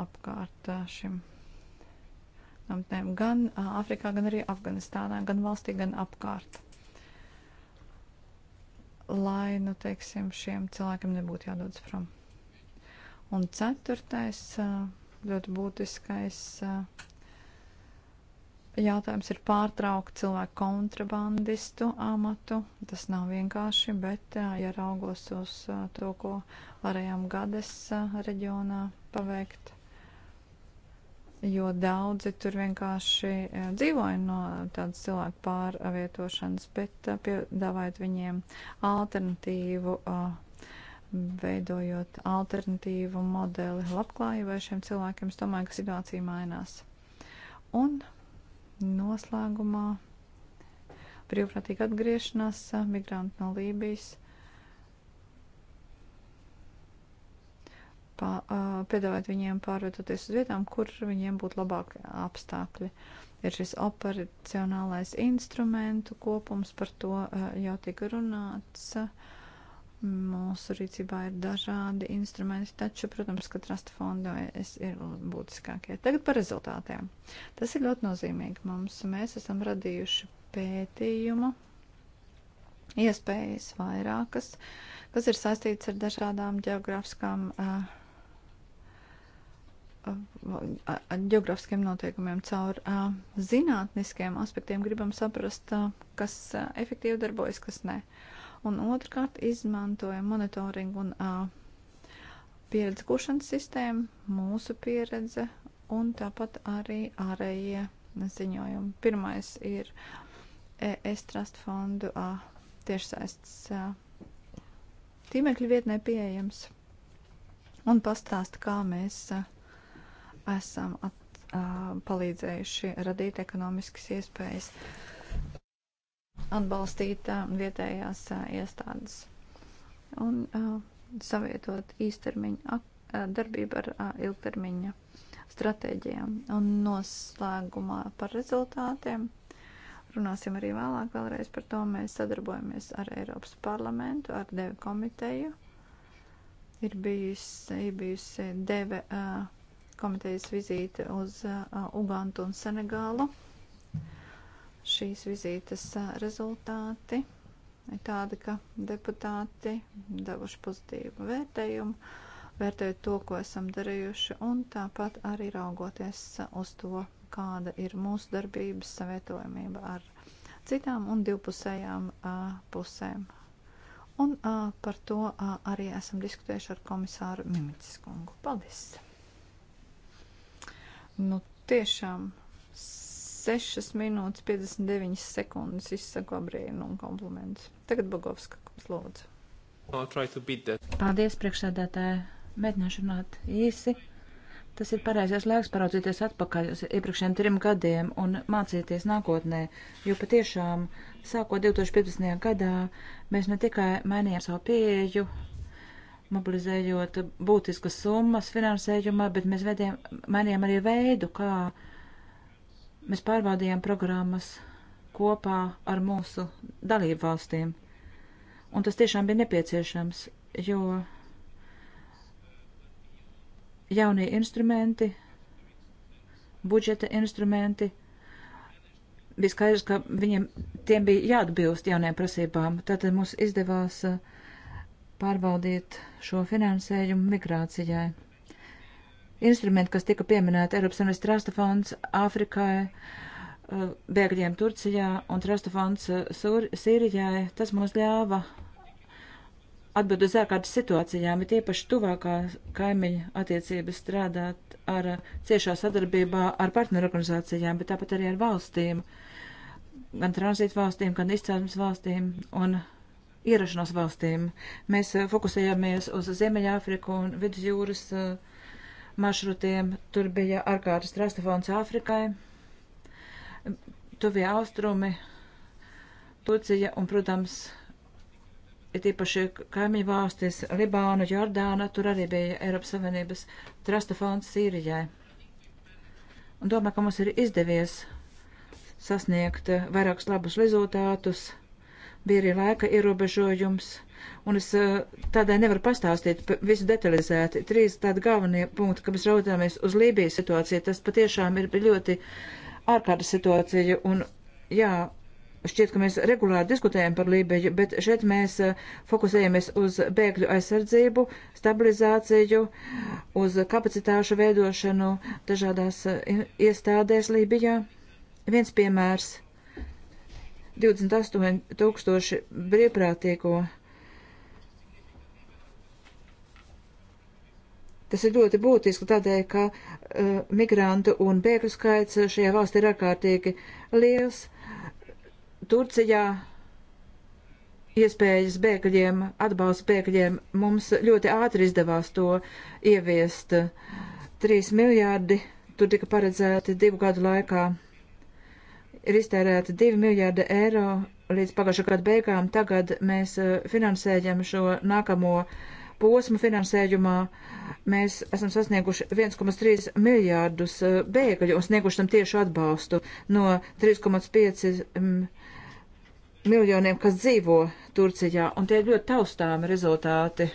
apkārt šim nometnēm gan Āfrikā, gan arī Afganistānā, gan valstī, gan apkārt lai, nu, teiksim, šiem cilvēkiem nebūtu jādodas prom. Un ceturtais ļoti būtiskais jautājums ir pārtraukt cilvēku kontrabandistu amatu. Tas nav vienkārši, bet ja raugos uz to, ko varējām Gades reģionā paveikt, jo daudzi tur vienkārši e, dzīvoja no tādas cilvēku pārvietošanas, bet e, piedāvājot viņiem alternatīvu, e, veidojot alternatīvu modeli labklājībai šiem cilvēkiem, es domāju, ka situācija mainās. Un noslēgumā brīvprātīga atgriešanās migrantu no Lībijas pa, uh, piedāvāt viņiem pārvietoties uz vietām, kur viņiem būtu labāki apstākļi. Ir šis operacionālais instrumentu kopums, par to uh, jau tika runāts. Mūsu rīcībā ir dažādi instrumenti, taču, protams, ka trasta fonda ir būtiskākie. Tagad par rezultātiem. Tas ir ļoti nozīmīgi mums. Mēs esam radījuši pētījumu, iespējas vairākas, kas ir saistīts ar dažādām geogrāfiskām uh, ģeogrāfiskiem noteikumiem, caur zinātniskiem aspektiem gribam saprast, kas efektīvi darbojas, kas nē. Un otrkārt izmantojam monitoringu un pieredzi gūšanas sistēmu, mūsu pieredze un tāpat arī ārējie ziņojumi. Pirmais ir ES Trust fondu tiešsaistes tīmekļa vietnē pieejams un pastāst, kā mēs a, esam at, uh, palīdzējuši radīt ekonomiskas iespējas, atbalstīt uh, vietējās uh, iestādes un uh, savietot īstermiņa ak, uh, darbību ar uh, ilgtermiņa stratēģijām. Un noslēgumā par rezultātiem runāsim arī vēlāk vēlreiz par to. Mēs sadarbojamies ar Eiropas parlamentu, ar Deve komiteju. Ir bijusi, ir bijusi Deve uh, komitejas vizīte uz uh, Ugandu un Senegālu. Šīs vizītes uh, rezultāti ir tādi, ka deputāti devuši pozitīvu vērtējumu, vērtējot to, ko esam darījuši, un tāpat arī raugoties uh, uz to, kāda ir mūsu darbības savietojamība ar citām un divpusējām a, pusēm. Un a, par to a, arī esam diskutējuši ar komisāru Mimicis kungu. Paldies! Nu, tiešām 6 minūtes 59 sekundes izsako brīnu un komplimentus. Tagad Bogovska, lūdzu. Paldies, priekšsēdētāji. Mēģināšu runāt īsi. Tas ir pareizais laiks paraudzīties atpakaļ uz iepriekšējiem trim gadiem un mācīties nākotnē, jo patiešām, sākot 2015. gadā, mēs ne tikai mainījām savu pieeju, mobilizējot būtiskas summas finansējumā, bet mēs vediem, mainījām arī veidu, kā mēs pārbaudījām programmas kopā ar mūsu dalību valstīm. Un tas tiešām bija nepieciešams, jo jaunie instrumenti, budžeta instrumenti, bija skaidrs, ka viņiem tiem bija jāatbilst jaunajām prasībām. Tātad mums izdevās uh, pārvaldīt šo finansējumu migrācijai. Instrumenti, kas tika pieminēti Eiropas Savienības Trasta fonds Āfrikai, uh, bēgļiem Turcijā un Trasta fonds uh, Sīrijai, tas mums ļāva atbild uz ārkārtas situācijām, bet īpaši tuvākā kaimiņa attiecības strādāt ar uh, ciešā sadarbībā ar partnerorganizācijām, bet tāpat arī ar valstīm, gan tranzītu valstīm, gan izcelsmes valstīm un ierašanās valstīm. Mēs eh, fokusējāmies uz Ziemeļāfriku un Vidusjūras eh, maršrutiem. Tur bija ārkārtas trastafons Āfrikai, tuvie austrumi, Turcija un, protams, ir īpaši kaimiņu valstis Libāna, Jordāna, tur arī bija Eiropas Savienības trastafons Sīrijai. Un domāju, ka mums ir izdevies sasniegt eh, vairākus labus rezultātus bija arī laika ierobežojums, un es eh, tādēļ nevaru pastāstīt visu detalizēti. Trīs tādi galvenie punkti, ka mēs raudāmies uz Lībijas situāciju, tas patiešām ir ļoti ārkārtas situācija, un jā, šķiet, ka mēs regulāri diskutējam par Lībiju, bet šeit mēs eh, fokusējamies uz bēgļu aizsardzību, stabilizāciju, uz kapacitāšu veidošanu dažādās eh, iestādēs Lībijā. Viens piemērs 28 tūkstoši brīvprātīgo. Tas ir ļoti būtiski tādēļ, ka uh, migrantu un bēgļu skaits šajā valstī ir ārkārtīgi liels. Turcijā iespējas bēgļiem, atbalsts bēgļiem, mums ļoti ātri izdevās to ieviest. 3 miljārdi tur tika paredzēti divu gadu laikā ir iztērēta 2 miljārda eiro līdz pagājušā gada beigām. Tagad mēs eh, finansējam šo nākamo posmu finansējumā. Mēs esam sasnieguši 1,3 miljārdus eh, bēgļu un snieguši tam tiešu atbalstu no 3,5 mm, miljoniem, kas dzīvo Turcijā. Un tie ir ļoti taustāmi rezultāti.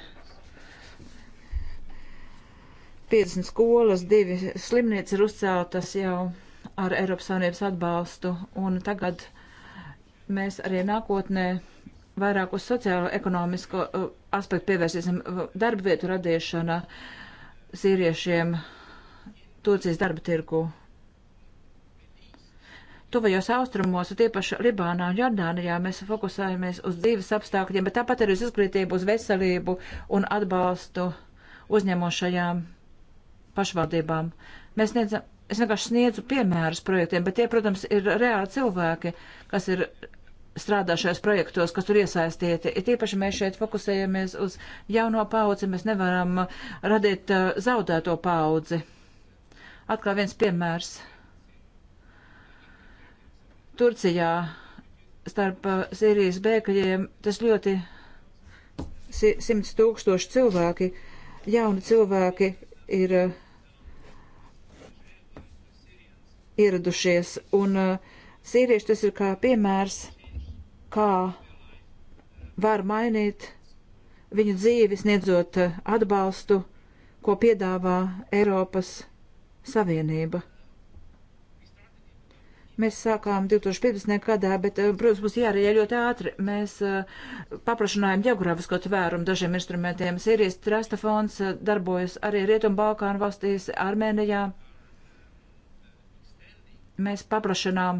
50 skolas, 2 slimnīcas ir uzceltas jau ar Eiropas Savienības atbalstu, un tagad mēs arī nākotnē vairāk uz sociālo ekonomisko uh, aspektu pievērsīsim darba vietu radīšana sīriešiem Turcijas darba tirgu. Tuvajos austrumos, un tiepaši Libānā un Jordānijā, mēs fokusējamies uz dzīves apstākļiem, bet tāpat arī uz izglītību, uz veselību un atbalstu uzņemošajām pašvaldībām. Mēs sniedzam es vienkārši sniedzu piemērus projektiem, bet tie, protams, ir reāli cilvēki, kas ir strādā šajos projektos, kas tur iesaistīti. Ir tīpaši mēs šeit fokusējamies uz jauno paudzi, mēs nevaram radīt eh, zaudēto paudzi. Atkal viens piemērs. Turcijā starp eh, Sīrijas bēgļiem tas ļoti simts tūkstoši cilvēki, jauni cilvēki ir uh, ieradušies. Un uh, sīrieši tas ir kā piemērs, kā var mainīt viņu dzīvi, sniedzot uh, atbalstu, ko piedāvā Eiropas Savienība. Mēs sākām 2015. gadā, bet, eh, protams, mums jārēģē ļoti ātri. Mēs uh, paplašinājām geogrāfisko tvērumu dažiem instrumentiem. Sīrijas trasta fonds darbojas arī Rietumbalkānu valstīs, Armēnijā mēs paplašinām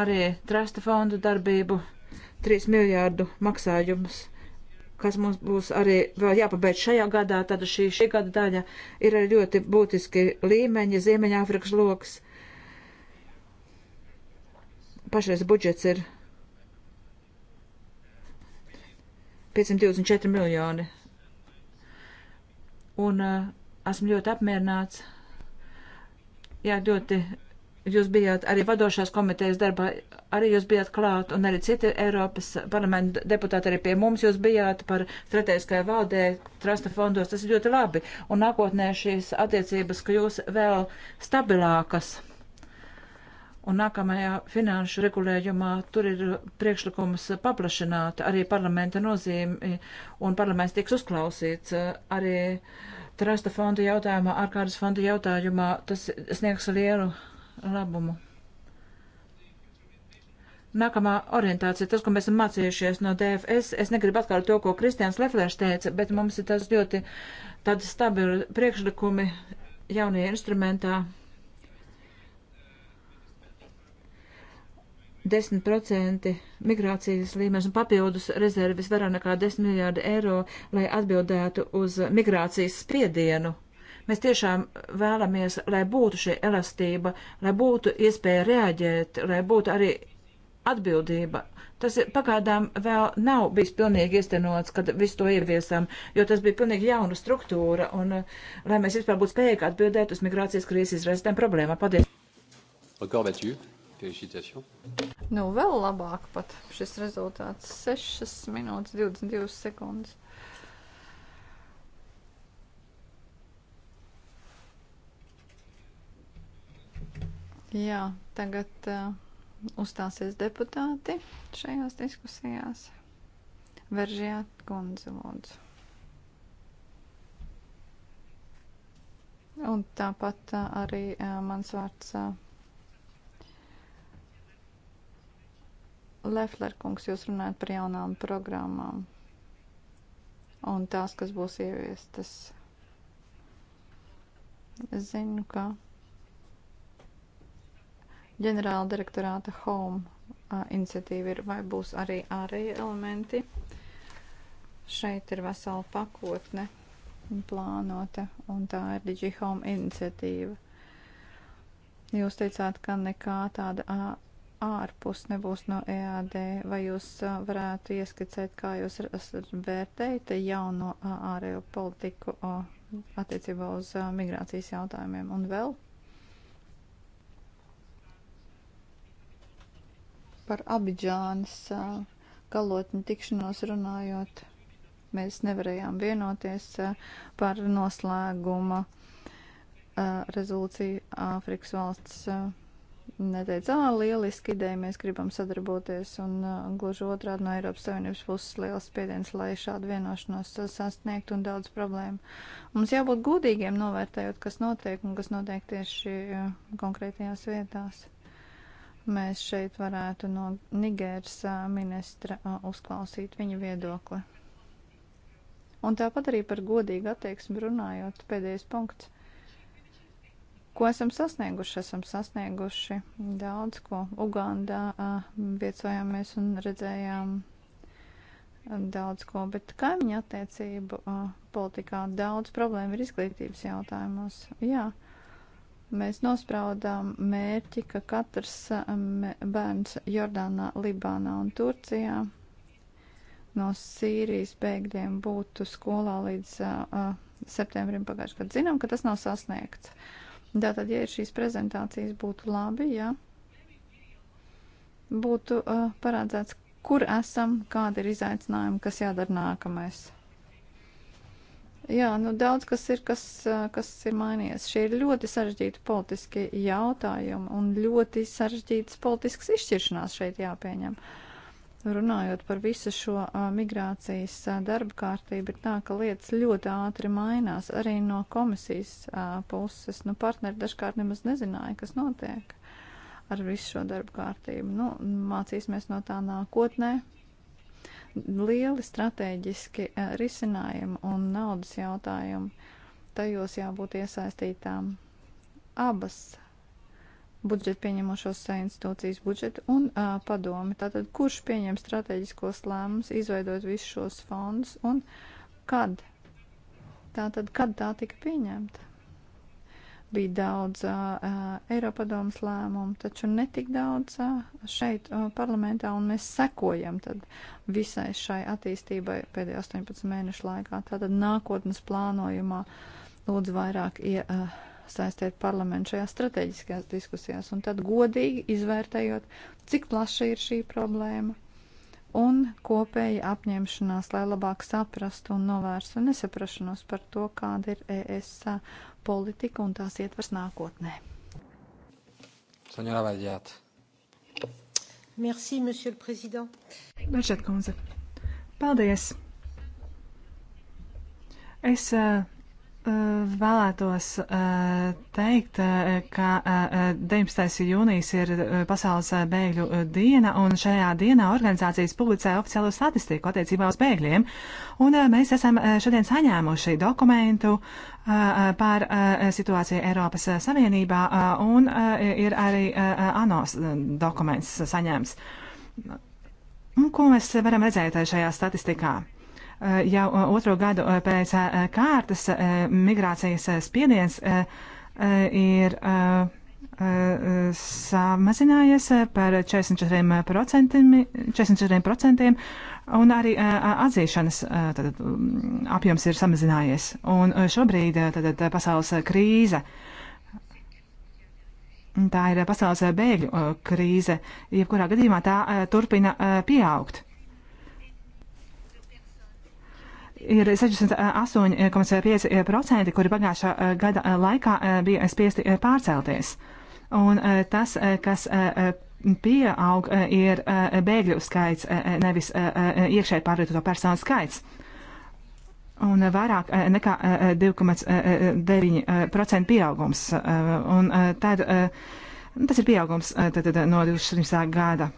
arī trasta fondu darbību 3 miljārdu maksājumus, kas mums būs arī vēl jāpabeidz šajā gadā, tad šī, šī gada daļa ir arī ļoti būtiski līmeņi, Ziemeņāfrikas loks. Pašreiz budžets ir 524 miljoni. Un uh, esmu ļoti apmierināts Jā, ļoti. Jūs bijāt arī vadošās komitejas darbā, arī jūs bijāt klāt, un arī citi Eiropas parlamenta deputāti arī pie mums jūs bijāt par strateģiskajā valdē, trasta fondos. Tas ir ļoti labi. Un nākotnē šīs attiecības kļūs vēl stabilākas. Un nākamajā finanšu regulējumā tur ir priekšlikums paplašināt arī parlamenta nozīmi, un parlaments tiks uzklausīts eh, arī uh, trasta fonda jautājumā, ārkārtas fonda jautājumā, tas sniegs lielu labumu. Nākamā orientācija, tas, ko mēs esam mācījušies no DFS, es negribu atkārt to, ko Kristians Leflērs teica, bet mums ir tas ļoti tādi stabili priekšlikumi jaunie instrumentā, 10% migrācijas līmenis un papildus rezervis vairāk nekā 10 miljārdi eiro, lai atbildētu uz migrācijas spiedienu. Mēs tiešām vēlamies, lai būtu šī elastība, lai būtu iespēja reaģēt, lai būtu arī atbildība. Tas ir, pagaidām vēl nav bijis pilnīgi iestenots, kad visu to ieviesam, jo tas bija pilnīgi jauna struktūra, un eh, lai mēs vispār būtu spējīgi atbildēt uz migrācijas krīzes izraisītēm problēmām. Paldies! Encore battu. Nu, vēl labāk pat šis rezultāts - 6 minūtes 22 sekundes. Jā, tagad uh, uzstāsies deputāti šajās diskusijās. Veržiet kundze, lūdzu. Un tāpat uh, arī uh, mans vārds. Uh, Lefler kungs, jūs runājat par jaunām programmām un tās, kas būs ieviestas. Es zinu, ka ģenerāla direktorāta Home uh, iniciatīva ir, vai būs arī ārēji elementi. Šeit ir vesela pakotne plānota, un tā ir DigiHome iniciatīva. Jūs teicāt, ka nekā tāda ārpus nebūs no EAD, vai jūs varētu ieskicēt, kā jūs vērtējat jauno ārējo politiku attiecībā uz migrācijas jautājumiem un vēl par Abidžānas galotņu tikšanos runājot. Mēs nevarējām vienoties par noslēguma rezolūciju Āfrikas valsts neteica, ā, lieliski ideja, mēs gribam sadarboties, un uh, gluži otrādi no Eiropas Savienības puses liels spiediens, lai šādu vienošanos uh, sasniegtu un daudz problēmu. Mums jābūt godīgiem novērtējot, kas notiek un kas notiek tieši uh, konkrētajās vietās. Mēs šeit varētu no Nigēras uh, ministra uh, uzklausīt viņa viedokli. Un tāpat arī par godīgu attieksmi runājot, pēdējais punkts. Ko esam sasnieguši? Esam sasnieguši daudz ko. Ugandā viecojāmies un redzējām daudz ko, bet kaimiņa attiecību politikā daudz problēmu ir izglītības jautājumos. Jā, mēs nospraudām mērķi, ka katrs bērns Jordānā, Libānā un Turcijā no Sīrijas bēgļiem būtu skolā līdz uh, septembrim pagājušajā gadā. Zinām, ka tas nav sasniegts. Uh, Tātad, ja ir šīs prezentācijas, būtu labi, ja būtu uh, parādzēts, kur esam, kāda ir izaicinājuma, kas jādara nākamais. Jā, nu daudz kas ir, kas, uh, kas ir mainījies. Šie ir ļoti sarežģīti politiski jautājumi un ļoti sarežģītas politiskas izšķiršanās šeit jāpieņem. Uh, Runājot par visu šo migrācijas darba kārtību, ir tā, ka lietas ļoti ātri mainās arī no komisijas puses. Nu, partneri dažkārt nemaz nezināja, kas notiek ar visu šo darba kārtību. Nu, mācīsimies no tā nākotnē. Lieli strateģiski risinājumi un naudas jautājumi tajos jābūt iesaistītām abas budžetu pieņemošos institūcijas budžetu un uh, padomi. Tātad, kurš pieņem strateģiskos lēmumus, izveidot visus šos fondus un kad? Tātad, kad tā tika pieņemta? Bija daudz uh, Eiropadomas lēmumu, taču netik daudz uh, šeit uh, parlamentā, un mēs sekojam tad visai šai attīstībai pēdējo 18 mēnešu laikā. Tātad nākotnes plānojumā lūdzu vairāk ie. Uh, iesaistīt parlamentu šajās strateģiskajās diskusijās un tad godīgi izvērtējot, cik plaša ir šī problēma un kopēja apņemšanās, lai labāk saprastu un novērstu nesaprašanos par to, kāda ir ES politika un tās ietvers nākotnē. Soņora Vaļģēt. Merci, monsieur le président. Vaļģēt, kundze. Paldies. Es uh, Vēlētos eh, teikt, eh, ka 19. Eh, jūnijas ir pasaules bēgļu diena, un šajā dienā organizācijas publicē oficiālo statistiku attiecībā uz bēgļiem. Un mēs esam šodien saņēmuši dokumentu par situāciju Eiropas Savienībā, un ir arī ANO dokuments saņēmts. Un ko mēs varam redzēt šajā statistikā? Eh, jau eh, otro gadu eh, pēc kārtas migrācijas spiediens ir samazinājies par 44%, 44% un arī atzīšanas tātad, mm, apjoms ir samazinājies. Un šobrīd tātad, pasaules krīze. Tā ir pasaules bēgļu krīze. Jebkurā gadījumā tā turpina pieaugt. ir 68,5%, kuri pagājušā eh, gada eh, laikā eh, bija spiesti pārcelties. Un tas, kas pieaug, ir bēgļu skaits, nevis iekšēji pārvietoto personu skaits. Un vairāk nekā 2,9% pieaugums. Un tad, tas ir pieaugums tad, no 2017. gada.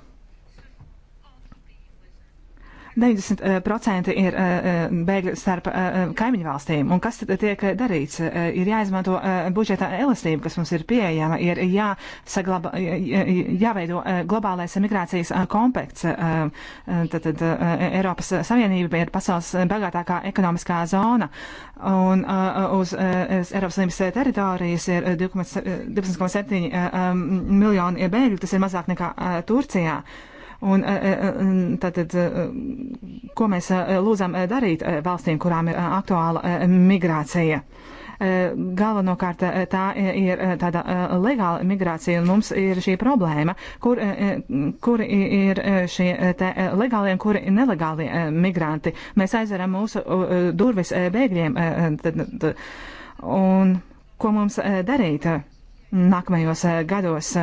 90% eh, ir eh, eh, bēgļi starp kaimiņu valstīm. Un kas tad tiek darīts? Ir jāizmanto budžeta elastība, kas mums ir pieejama, ir jāsaglaba, jāveido globālais migrācijas kompakts. Tad, tad Eiropas Savienība ir pasaules bagātākā ekonomiskā zona. Un uz Eiropas Savienības teritorijas ir 12,7 miljoni bēgļu, tas ir mazāk nekā Turcijā. E, e, e, un tātad, ko mēs lūdzam darīt valstīm, kurām ir aktuāla migrācija? Galvenokārt tā ir tāda legāla migrācija, un mums ir šī problēma, kur, kur ir šie legālie un kuri nelegālie migranti. Mēs aizveram mūsu durvis bēgļiem. Un ko mums darīt nākamajos gados?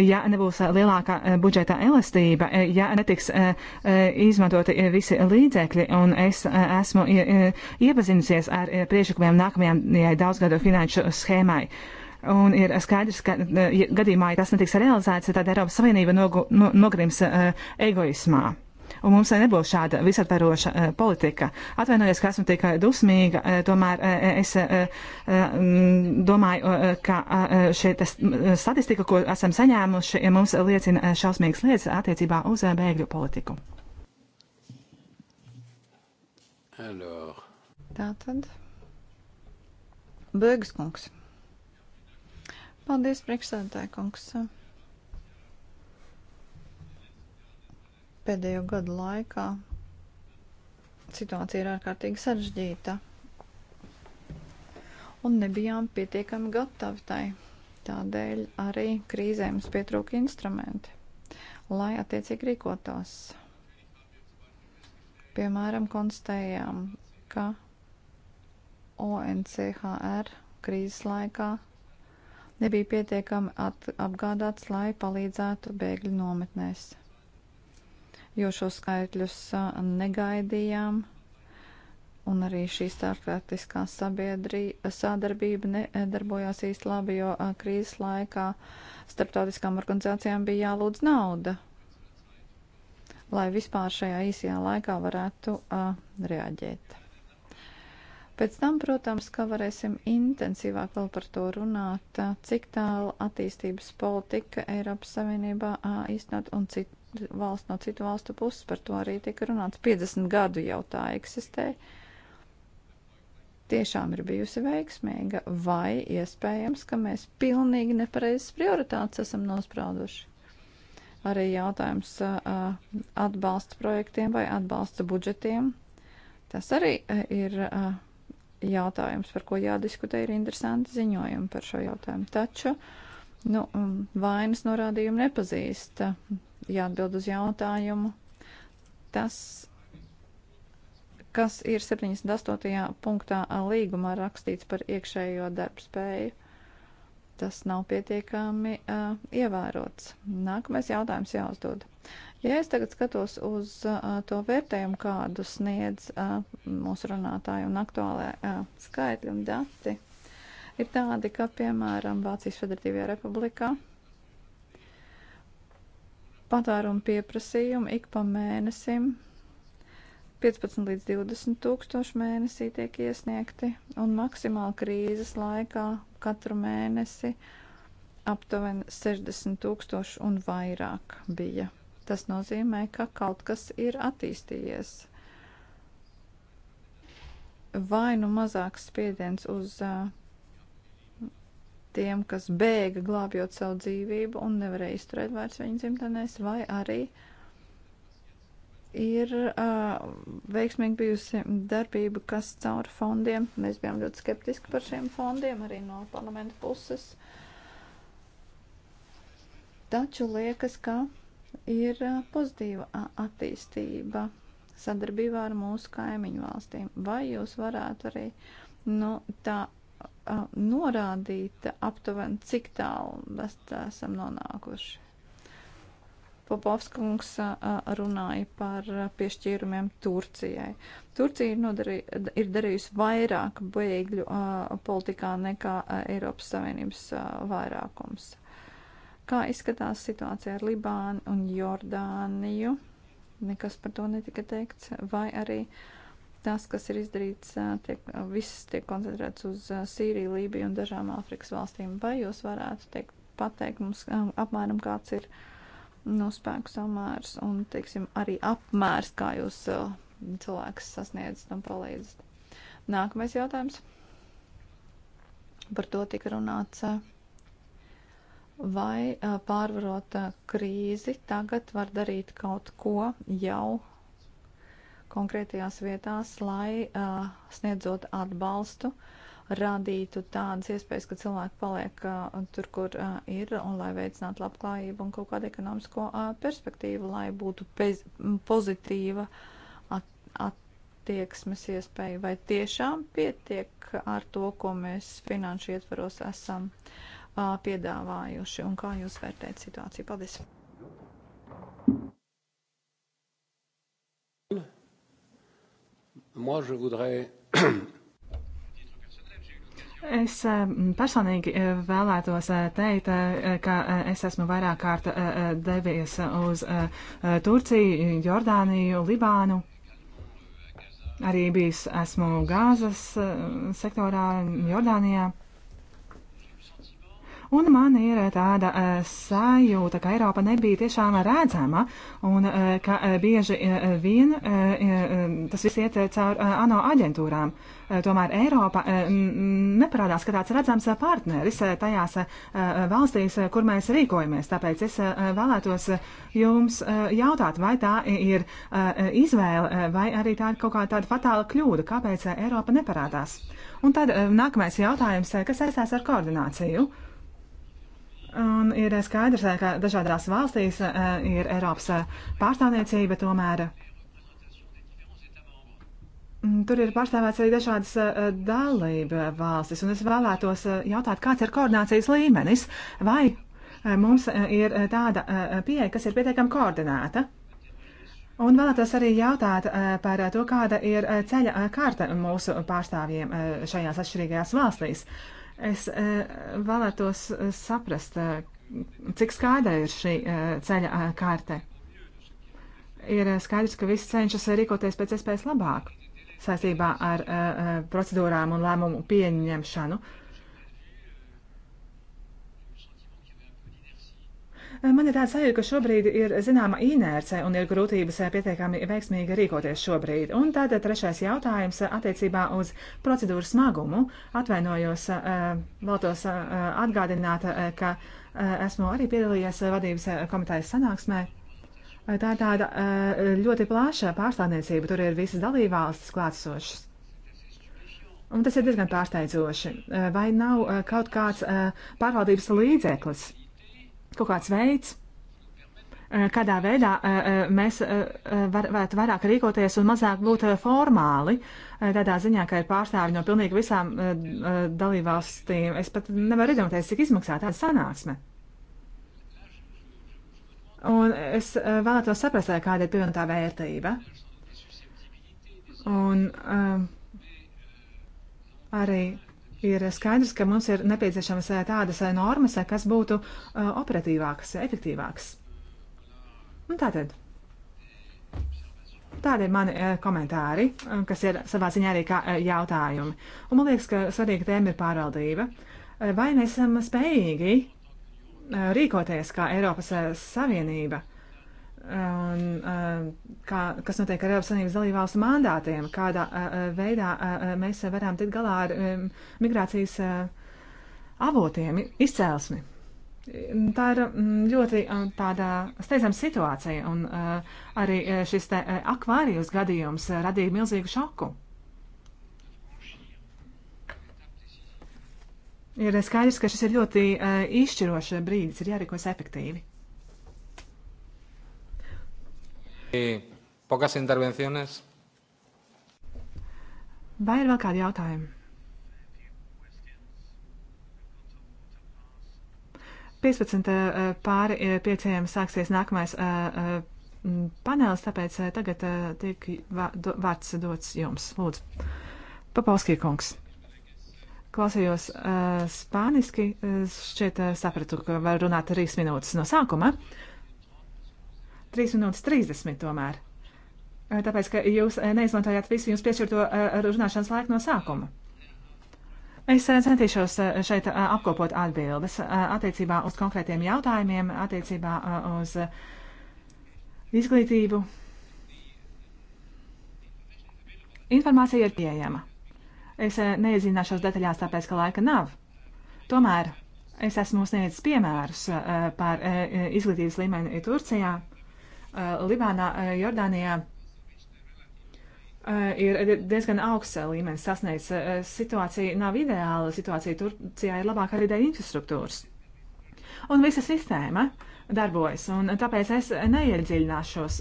ja nebūs eh, lielāka eh, budžeta elastība, eh, ja netiks izmantoti visi līdzekļi, un es esmu iepazinusies ar priekšlikumiem nākamajai daudzgadu finanšu schēmai. Un ir skaidrs, ka gadījumā, ja tas netiks realizēts, tad Eiropas Savienība nogu, no, nogrims egoismā un mums nebūs šāda visatveroša eh, politika. Atvainojos, ka esmu tik dusmīga, eh, tomēr eh, es domāju, ka šī statistika, ko esam saņēmuši, mums liecina šausmīgas lietas attiecībā uz bēgļu politiku. Alors. Tātad. Bēgas kungs. Paldies, priekšsēdētāji kungs. Pēdējo gadu laikā situācija ir ārkārtīgi sarežģīta, un nebijām pietiekami gatavi tai. Tādēļ arī krīzē mums pietrūka instrumenti, lai attiecīgi rīkotos. Piemēram, konstatējām, ka ONCHR krīzes laikā nebija pietiekami apgādāts, lai palīdzētu bēgļu nometnēs jo šo skaitļus negaidījām. Un arī šī starptautiskā sadarbība nedarbojās īsti labi, jo krīzes laikā starptautiskām organizācijām bija jālūdz nauda, lai vispār šajā īsajā laikā varētu uh, reaģēt. Pēc tam, protams, ka varēsim intensīvāk vēl par to runāt, cik tālu attīstības politika Eiropas Savienībā īstenot un cik valsts, no citu valstu puses par to arī tika runāts. 50 gadu jau tā eksistē. Tiešām ir bijusi veiksmīga, vai iespējams, ka mēs pilnīgi nepareizes prioritātes esam nosprauduši. Arī jautājums atbalsta projektiem vai atbalsta budžetiem. Tas arī ir jautājums, par ko jādiskutē, ir interesanti ziņojumi par šo jautājumu. Taču uh, Nu, vainas norādījumu nepazīst. Jāatbild uz jautājumu. Tas, kas ir 78. punktā līgumā rakstīts par iekšējo darbspēju, tas nav pietiekami uh, ievērots. Nākamais jautājums jāuzdod. Ja es tagad skatos uz uh, to vērtējumu, kādu sniedz uh, mūsu runātāju un aktuālē uh, skaitļi un dati, uh, ir tādi, ka, piemēram, Vācijas Federatīvajā republikā patvērumu pieprasījumu ik pa mēnesim 15 līdz 20 tūkstoši mēnesī tiek iesniegti, un maksimāli krīzes laikā katru mēnesi aptuveni 60 tūkstoši un vairāk bija. Tas nozīmē, ka kaut kas ir attīstījies. Vai nu mazāks spiediens uz uh, tiem, kas bēga glābjot savu dzīvību un nevarēja izturēt vairs viņu dzimtenēs, vai arī ir uh, veiksmīgi bijusi darbība, kas caur fondiem, mēs bijām ļoti skeptiski par šiem fondiem, arī no parlamenta puses, taču liekas, ka ir pozitīva attīstība sadarbībā ar mūsu kaimiņu valstīm. Vai jūs varētu arī nu, tā norādīt aptuveni, cik tālu mēs esam nonākuši. Popovskungs runāja par piešķīrumiem Turcijai. Turcija ir, nodarī, ir darījusi vairāk bēgļu politikā nekā Eiropas Savienības vairākums. Kā izskatās situācija ar Libānu un Jordāniju? Nekas par to netika teikts. Vai arī uh, Tas, kas ir izdarīts, tiek, viss tiek koncentrēts uz Sīriju, Lībiju un dažām Āfrikas valstīm. Vai jūs varētu teikt, pateikt mums apmēram kāds ir no spēku samērs un, teiksim, arī apmērs, kā jūs cilvēks sasniedzat un palīdzat? Nākamais jautājums. Par to tika runāts. Vai pārvarot krīzi tagad var darīt kaut ko jau konkrētajās vietās, lai uh, sniedzot atbalstu, radītu tādas iespējas, ka cilvēki paliek uh, tur, kur uh, ir, un lai veicinātu labklājību un kaut kādu ekonomisko uh, perspektīvu, lai būtu pez, pozitīva at, attieksmes iespēja. Vai tiešām pietiek ar to, ko mēs finanšu ietvaros esam uh, piedāvājuši, un kā jūs vērtējat situāciju? Paldies! Moi, je voudrais Es eh, personīgi eh, vēlētos eh, teikt, ka es esmu vairāk kārt devies uz Turciju, Jordāniju, Libānu. Arī bijis esmu gāzes sektorā Jordānijā. Un man ir tāda e, sajūta, ka Eiropa nebija tiešām redzama un e, ka e, bieži vien tas viss iet caur ANO aģentūrām. Tomēr Eiropa neparādās, ka tāds redzams partneris tajās valstīs, kur mēs rīkojamies. Tāpēc es vēlētos jums jautāt, vai tā ir izvēle vai arī tā ir kaut kā tāda fatāla kļūda, kāpēc Eiropa neparādās. Un tad nākamais jautājums, kas saistās ar koordināciju. Uh, Un ir skaidrs, ka dažādās valstīs eh, ir Eiropas eh, pārstāvniecība, tomēr mm, tur ir pārstāvēts arī dažādas eh, dalība valstis. Un es vēlētos jautāt, kāds ir koordinācijas līmenis? Vai mums ir tāda pieeja, kas ir pietiekami koordinēta? Un vēlētos arī jautāt par to, kāda ir ceļa kārta mūsu pārstāvjiem šajās atšķirīgajās valstīs. Uh, Es e, vēlētos e, saprast, e, cik skaidra ir šī ceļa kārte. Ir skaidrs, ka visi cenšas rīkoties pēc iespējas labāk saistībā ar procedūrām un lēmumu pieņemšanu. Uh, Man ir tāds sajūta, ka šobrīd ir zināma inerce un ir grūtības eh, pietiekami veiksmīgi rīkoties šobrīd. Un tad trešais jautājums eh, attiecībā uz procedūru smagumu. Atvainojos, eh, vēltos atgādināt, ka esmu arī piedalījies vadības komitejas sanāksmē. Tā ir tāda ļoti plaša pārstāvniecība, tur ir visas dalībvalstis klātsošas. Un tas ir diezgan pārsteidzoši. Vai nav kaut kāds pārvaldības līdzeklis? kaut kāds veids, eh, kādā veidā eh, eh, mēs varētu vairāk rīkoties un mazāk būt formāli, tādā ziņā, ka ir pārstāvi no pilnīgi visām dalībvalstīm. Es pat nevaru iedomāties, cik izmaksā tāda sanāksme. Un es vēlētos saprast, kāda ir pievienotā vērtība. Un um, arī ir skaidrs, ka mums ir nepieciešamas eh, tādas eh, normas, eh, kas būtu operatīvākas, efektīvākas. Un nu, tātad. Tādi ir mani komentāri, kas ir savā ziņā arī kā jautājumi. Un man liekas, ka svarīga tēma ir pārvaldība. Vai nesam spējīgi rīkoties kā Eiropas Savienība? un uh, kā, kas notiek ar Eiropas Savienības dalībvalstu mandātiem, kādā uh, uh, veidā mēs varam tikt galā ar um, migrācijas avotiem, izcēlesmi. Tā ir mm, ļoti tāda steidzama situācija, un arī šis te akvārijas gadījums radīja milzīgu šoku. Ir skaidrs, ka šis ir ļoti izšķirošs brīdis, ir jārīkojas efektīvi. Pokas intervenciones. Vai ir vēl kādi jautājumi? Piecpadsmit eh, pāri eh, pieciem sāksies nākamais eh, panelis, tāpēc tagad tiek vārds dots jums. Lūdzu, Papauskī kungs. Klausījos uh, spāniski, šķiet uh, sapratu, ka var runāt trīs minūtes no sākuma. Uh, 3 minūtes 30 tomēr. Tāpēc, ka jūs neizmantojāt visu jums piešķirto runāšanas laiku no sākuma. Es centīšos šeit apkopot atbildes attiecībā uz konkrētiem jautājumiem, attiecībā uz izglītību. Informācija ir pieejama. Es neiezināšos detaļās, tāpēc, ka laika nav. Tomēr es esmu sniedzis piemērus par izglītības līmeni Turcijā Eh, Libānā, eh, Jordānijā eh, ir diezgan augsts līmenis sasniegts. Situācija nav ideāla, situācija Turcijā ir labāka arī dēļ infrastruktūras. Un visa sistēma darbojas, un tāpēc es neiedziļināšos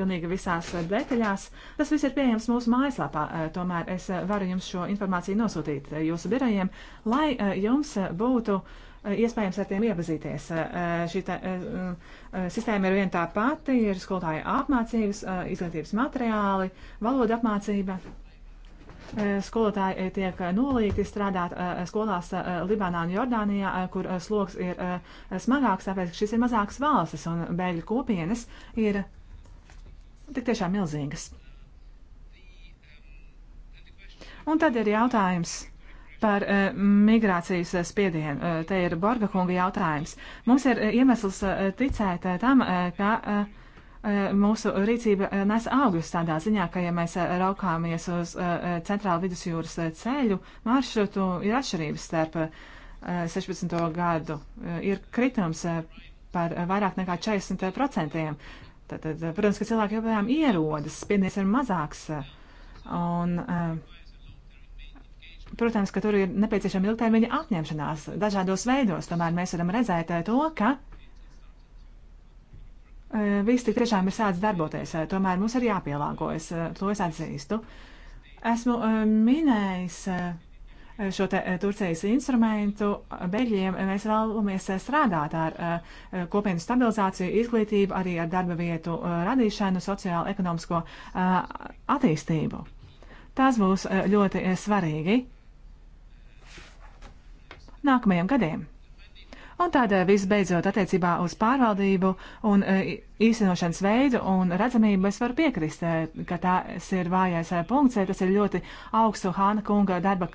pilnīgi visās detaļās. Tas viss ir pieejams mūsu mājaslapā, tomēr es varu jums šo informāciju nosūtīt jūsu birojiem, lai jums būtu uh, iespējams ar tiem iepazīties. Eh, eh, šī tā, eh, sistēma ir viena tā pati, ir skolotāja apmācības, izglītības materiāli, valoda apmācība. Skolotāji tiek nolīgti strādāt skolās Libānā un Jordānijā, kur sloks ir smagāks, tāpēc, ka šis ir mazāks valstis un bēgļu kopienas ir tik tiešām milzīgas. Un tad ir jautājums Par eh, migrācijas eh, spiedienu. Eh, te ir Borga kunga jautājums. Mums ir iemesls ticēt tam, ka mūsu rīcība nes augļus tādā ziņā, ka, ja mēs raukāmies uz centrālu vidusjūras ceļu maršrutu, ir atšķirības starp 16. gadu. Ir kritums par vairāk nekā 40%. Tad, protams, ka cilvēki joprojām ierodas, spiediens ir mazāks. Un, uh, Protams, ka tur ir nepieciešama ilgtermiņa apņemšanās dažādos veidos. Tomēr mēs varam redzēt eh, to, ka eh, viss tik tiešām ir sācis darboties. Eh, tomēr mums ir jāpielāgojas. To es atzīstu. Esmu minējis šo te, Turcijas instrumentu. Beļģiem mēs vēlamies strādāt ar kopienu stabilizāciju, izglītību, arī ar darba vietu radīšanu, sociālo ekonomisko attīstību. Tas būs ļoti svarīgi nākamajiem gadiem. Un tāda eh, visbeidzot attiecībā uz pārvaldību un eh, īstenošanas veidu un redzamību es varu piekrist, eh, ka tas ir vājais punkts, tas ir ļoti augstu Hāna kunga darba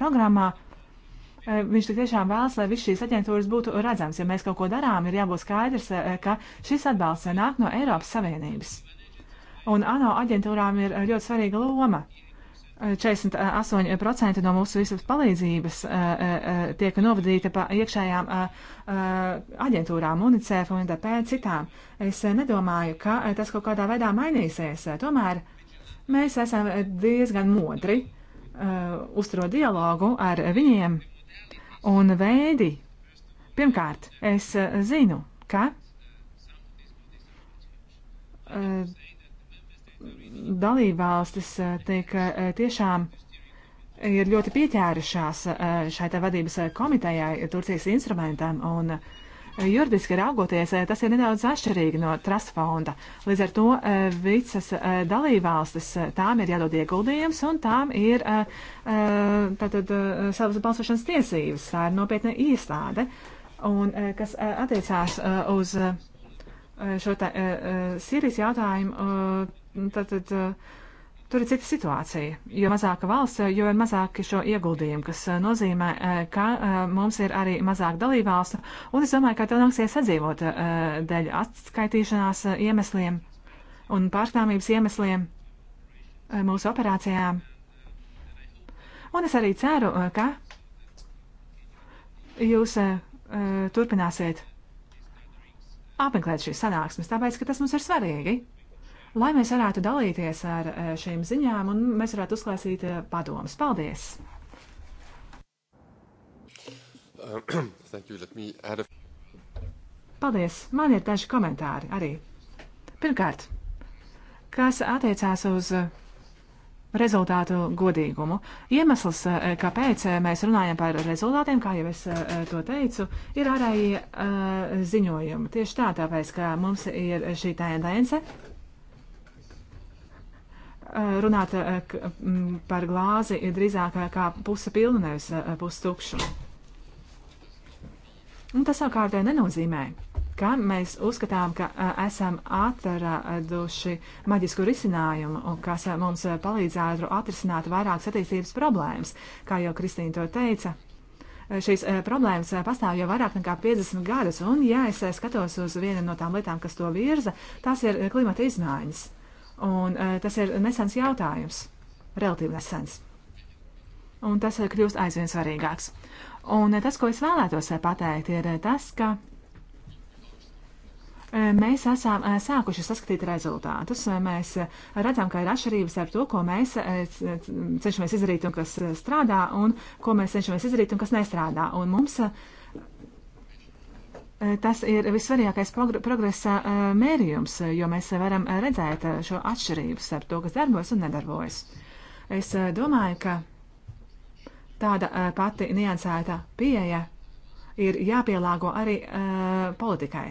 programmā. Viņš tik tiešām vēlas, lai viss šīs aģentūras būtu redzams. Ja mēs kaut ko darām, ir jābūt skaidrs, ka šis atbalsts nāk no Eiropas Savienības. Un ANO aģentūrām ir ļoti svarīga loma. 48% no mūsu visas palīdzības eh, eh, eh, tiek novadīta pa iekšējām aģentūrām, UNICEF un DP citām. Es nedomāju, ka tas kaut kādā veidā mainīsies. Tomēr mēs esam diezgan modri uzturot dialogu ar viņiem un veidi. Pirmkārt, es zinu, ka dalībvalstis eh, tik eh, tiešām ir ļoti pieķērušās eh, šai tā vadības komitejai Turcijas instrumentam un juridiski raugoties, tas ir nedaudz atšķirīgi no trust fonda. Līdz ar to visas dalībvalstis tām ir jādod ieguldījums un tām ir tātad savas balsošanas tiesības. Tā ir nopietna iestāde. Un kas attiecās uz šo tā, Sīrijas jautājumu, Tātad, eh, Tur ir cita situācija. Jo mazāka valsts, eh, jo ir mazāk šo ieguldījumu, kas eh, nozīmē, ka mums ir arī mazāk dalībvalstu. Un es domāju, ka tev nāksies sadzīvot dēļ atskaitīšanās iemesliem un pārstāvības iemesliem mūsu operācijām. Un es arī ceru, ka jūs turpināsiet apmeklēt šīs sanāksmes, tāpēc, ka tas mums ir svarīgi lai mēs varētu dalīties ar eh, šīm ziņām un mēs varētu uzklāsīt eh, padomus. Paldies! A... Paldies! Man ir daži komentāri arī. Pirmkārt, kas attiecās uz eh, rezultātu godīgumu. Iemesls, kāpēc mēs runājam par rezultātiem, kā jau es to teicu, ir ārēji ziņojumi. Tieši tā, tāpēc, ka mums ir šī tendence runāt eh, par glāzi drīzāk eh, kā pusi pilnu, nevis eh, pusi tukšu. Un tas savukārt nenozīmē, ka mēs uzskatām, ka esam atraduši maģisku risinājumu, kas mums palīdzētu atrisināt vairākas attīstības problēmas, kā jau Kristīna to teica. Šīs problēmas pastāv jau vairāk nekā 50 gadus, un ja es skatos uz vienu no tām lietām, kas to virza, tās ir klimata izmaiņas Un eh, tas ir nesens jautājums, relatīvi nesens. Un tas eh, kļūst aizvien svarīgāks. Un eh, tas, ko es vēlētos pateikt, ir tas, ka mēs esam sākuši saskatīt rezultātus. Mēs redzam, ka ir atšķirības ar to, ko mēs cenšamies izdarīt un kas strādā, un ko mēs cenšamies izdarīt un kas nestrādā. Un mums Eh, tas ir vissvarīgākais progresa eh, mērījums, eh, jo mēs varam redzēt šo atšķirību starp to, kas darbojas un nedarbojas. Es domāju, ka tāda pati niansēta pieeja ir jāpielāgo arī politikai.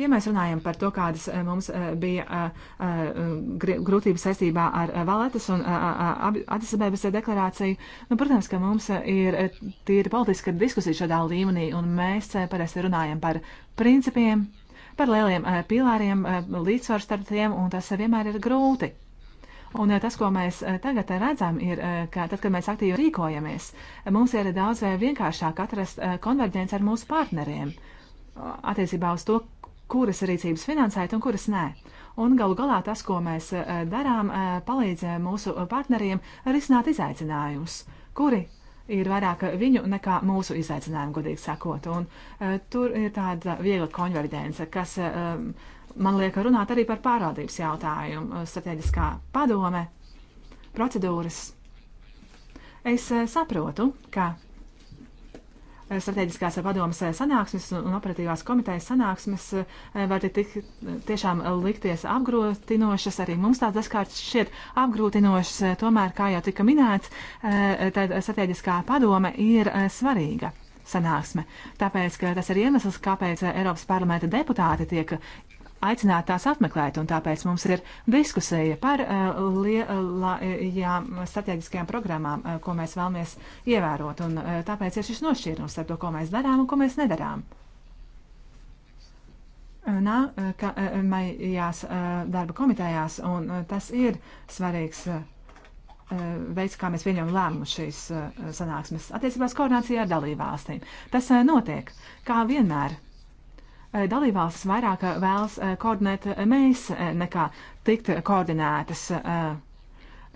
Ja mēs runājam par to, kādas eh, mums eh, bija eh, grūtības saistībā ar Valetas un Adisabēbas deklarāciju, nu, protams, ka mums ir tīri politiska diskusija šādā līmenī, un mēs parasti runājam par principiem, par lieliem pīlāriem, līdzsvaru starp tiem, un tas vienmēr ir grūti. Un tas, ko mēs tagad redzam, ir, ka tad, kad mēs aktīvi rīkojamies, mums ir daudz vienkāršāk atrast konverģents ar mūsu partneriem attiecībā uz to, kuras rīcības finansēt un kuras nē. Un galu galā tas, ko mēs eh, darām, eh, palīdz eh, mūsu partneriem risināt izaicinājumus, kuri ir vairāk viņu nekā mūsu izaicinājumu, godīgi sakot. Un uh, tur ir tāda viegla konverģence, kas uh, man liek runāt arī par pārvaldības jautājumu, strateģiskā padome, procedūras. Es uh, saprotu, ka Eh, strateģiskās padomas eh, sanāksmes un operatīvās komitejas sanāksmes eh, var tik tiešām likties apgrūtinošas. Arī mums tāds dažkārt šķiet apgrūtinošas, tomēr, kā jau tika minēts, tad strateģiskā padome ir svarīga. Sanāksme. Tāpēc tas ir iemesls, kāpēc Eiropas parlamenta deputāti tiek aicināt tās apmeklēt, un tāpēc mums ir diskusija par uh, lielajām uh, strateģiskajām programmām, uh, ko mēs vēlamies ievērot, un tāpēc ir šis nošķīrums ar to, ko mēs darām un ko mēs nedarām. Nākamajās darba komitējās, un tas ir svarīgs veids, kā mēs pieņemam lēmumus šīs sanāksmes attiecībās koordinācijā ar dalībvalstīm. Tas notiek, kā vienmēr Eh, dalībvalstis vairāk eh, vēlas eh, koordinēt mēs nekā tikt koordinētas e,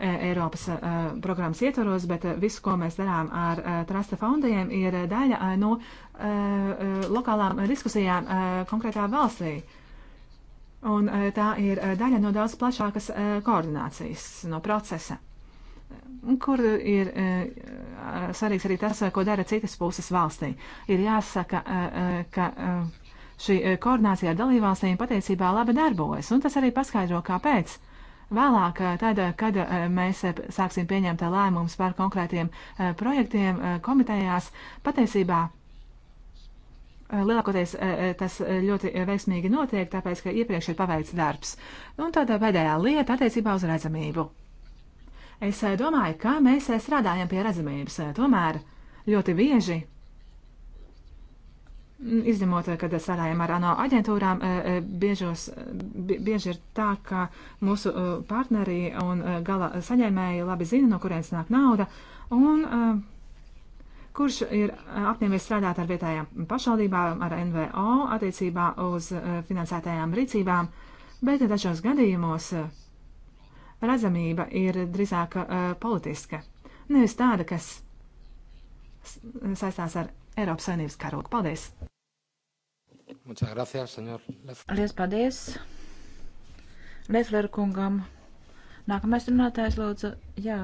Eiropas programmas ietvaros, bet visu, ko mēs darām ar trusta fondiem, ir daļa no lokālām diskusijām konkrētā valstī. Un tā ir daļa no daudz plašākas koordinācijas, no procesa kur ir svarīgs arī tas, ko dara citas puses valstī. Ir jāsaka, ka šī eh, koordinācija ar dalībvalstīm patiesībā labi darbojas, un tas arī paskaidro, kāpēc. Vēlāk, eh, tad, kad eh, mēs sāksim pieņemt lēmumus par konkrētiem projektiem komitejās, patiesībā lielākoties tas ļoti veiksmīgi notiek, tāpēc, ka iepriekš ir paveikts darbs. Un tāda pēdējā lieta attiecībā uz redzamību. Es domāju, ka mēs strādājam pie redzamības, tomēr ļoti bieži Izņemot, eh, kad sarājam ar ANO aģentūrām, eh, eh, biežos, bieži ir tā, ka mūsu partneri un gala saņēmēji labi zina, no kurienes nāk nauda, un kurš ir apņēmies strādāt ar vietējām pašvaldībām, ar NVO attiecībā uz finansētajām rīcībām, bet dažos gadījumos redzamība ir drīzāk politiska, nevis tāda, kas saistās ar Eiropas Savienības karogu. Paldies! Muchas gracias, senor Lefler. Lies paldies Lefler kungam. Nākamais runātājs lūdzu. Jā,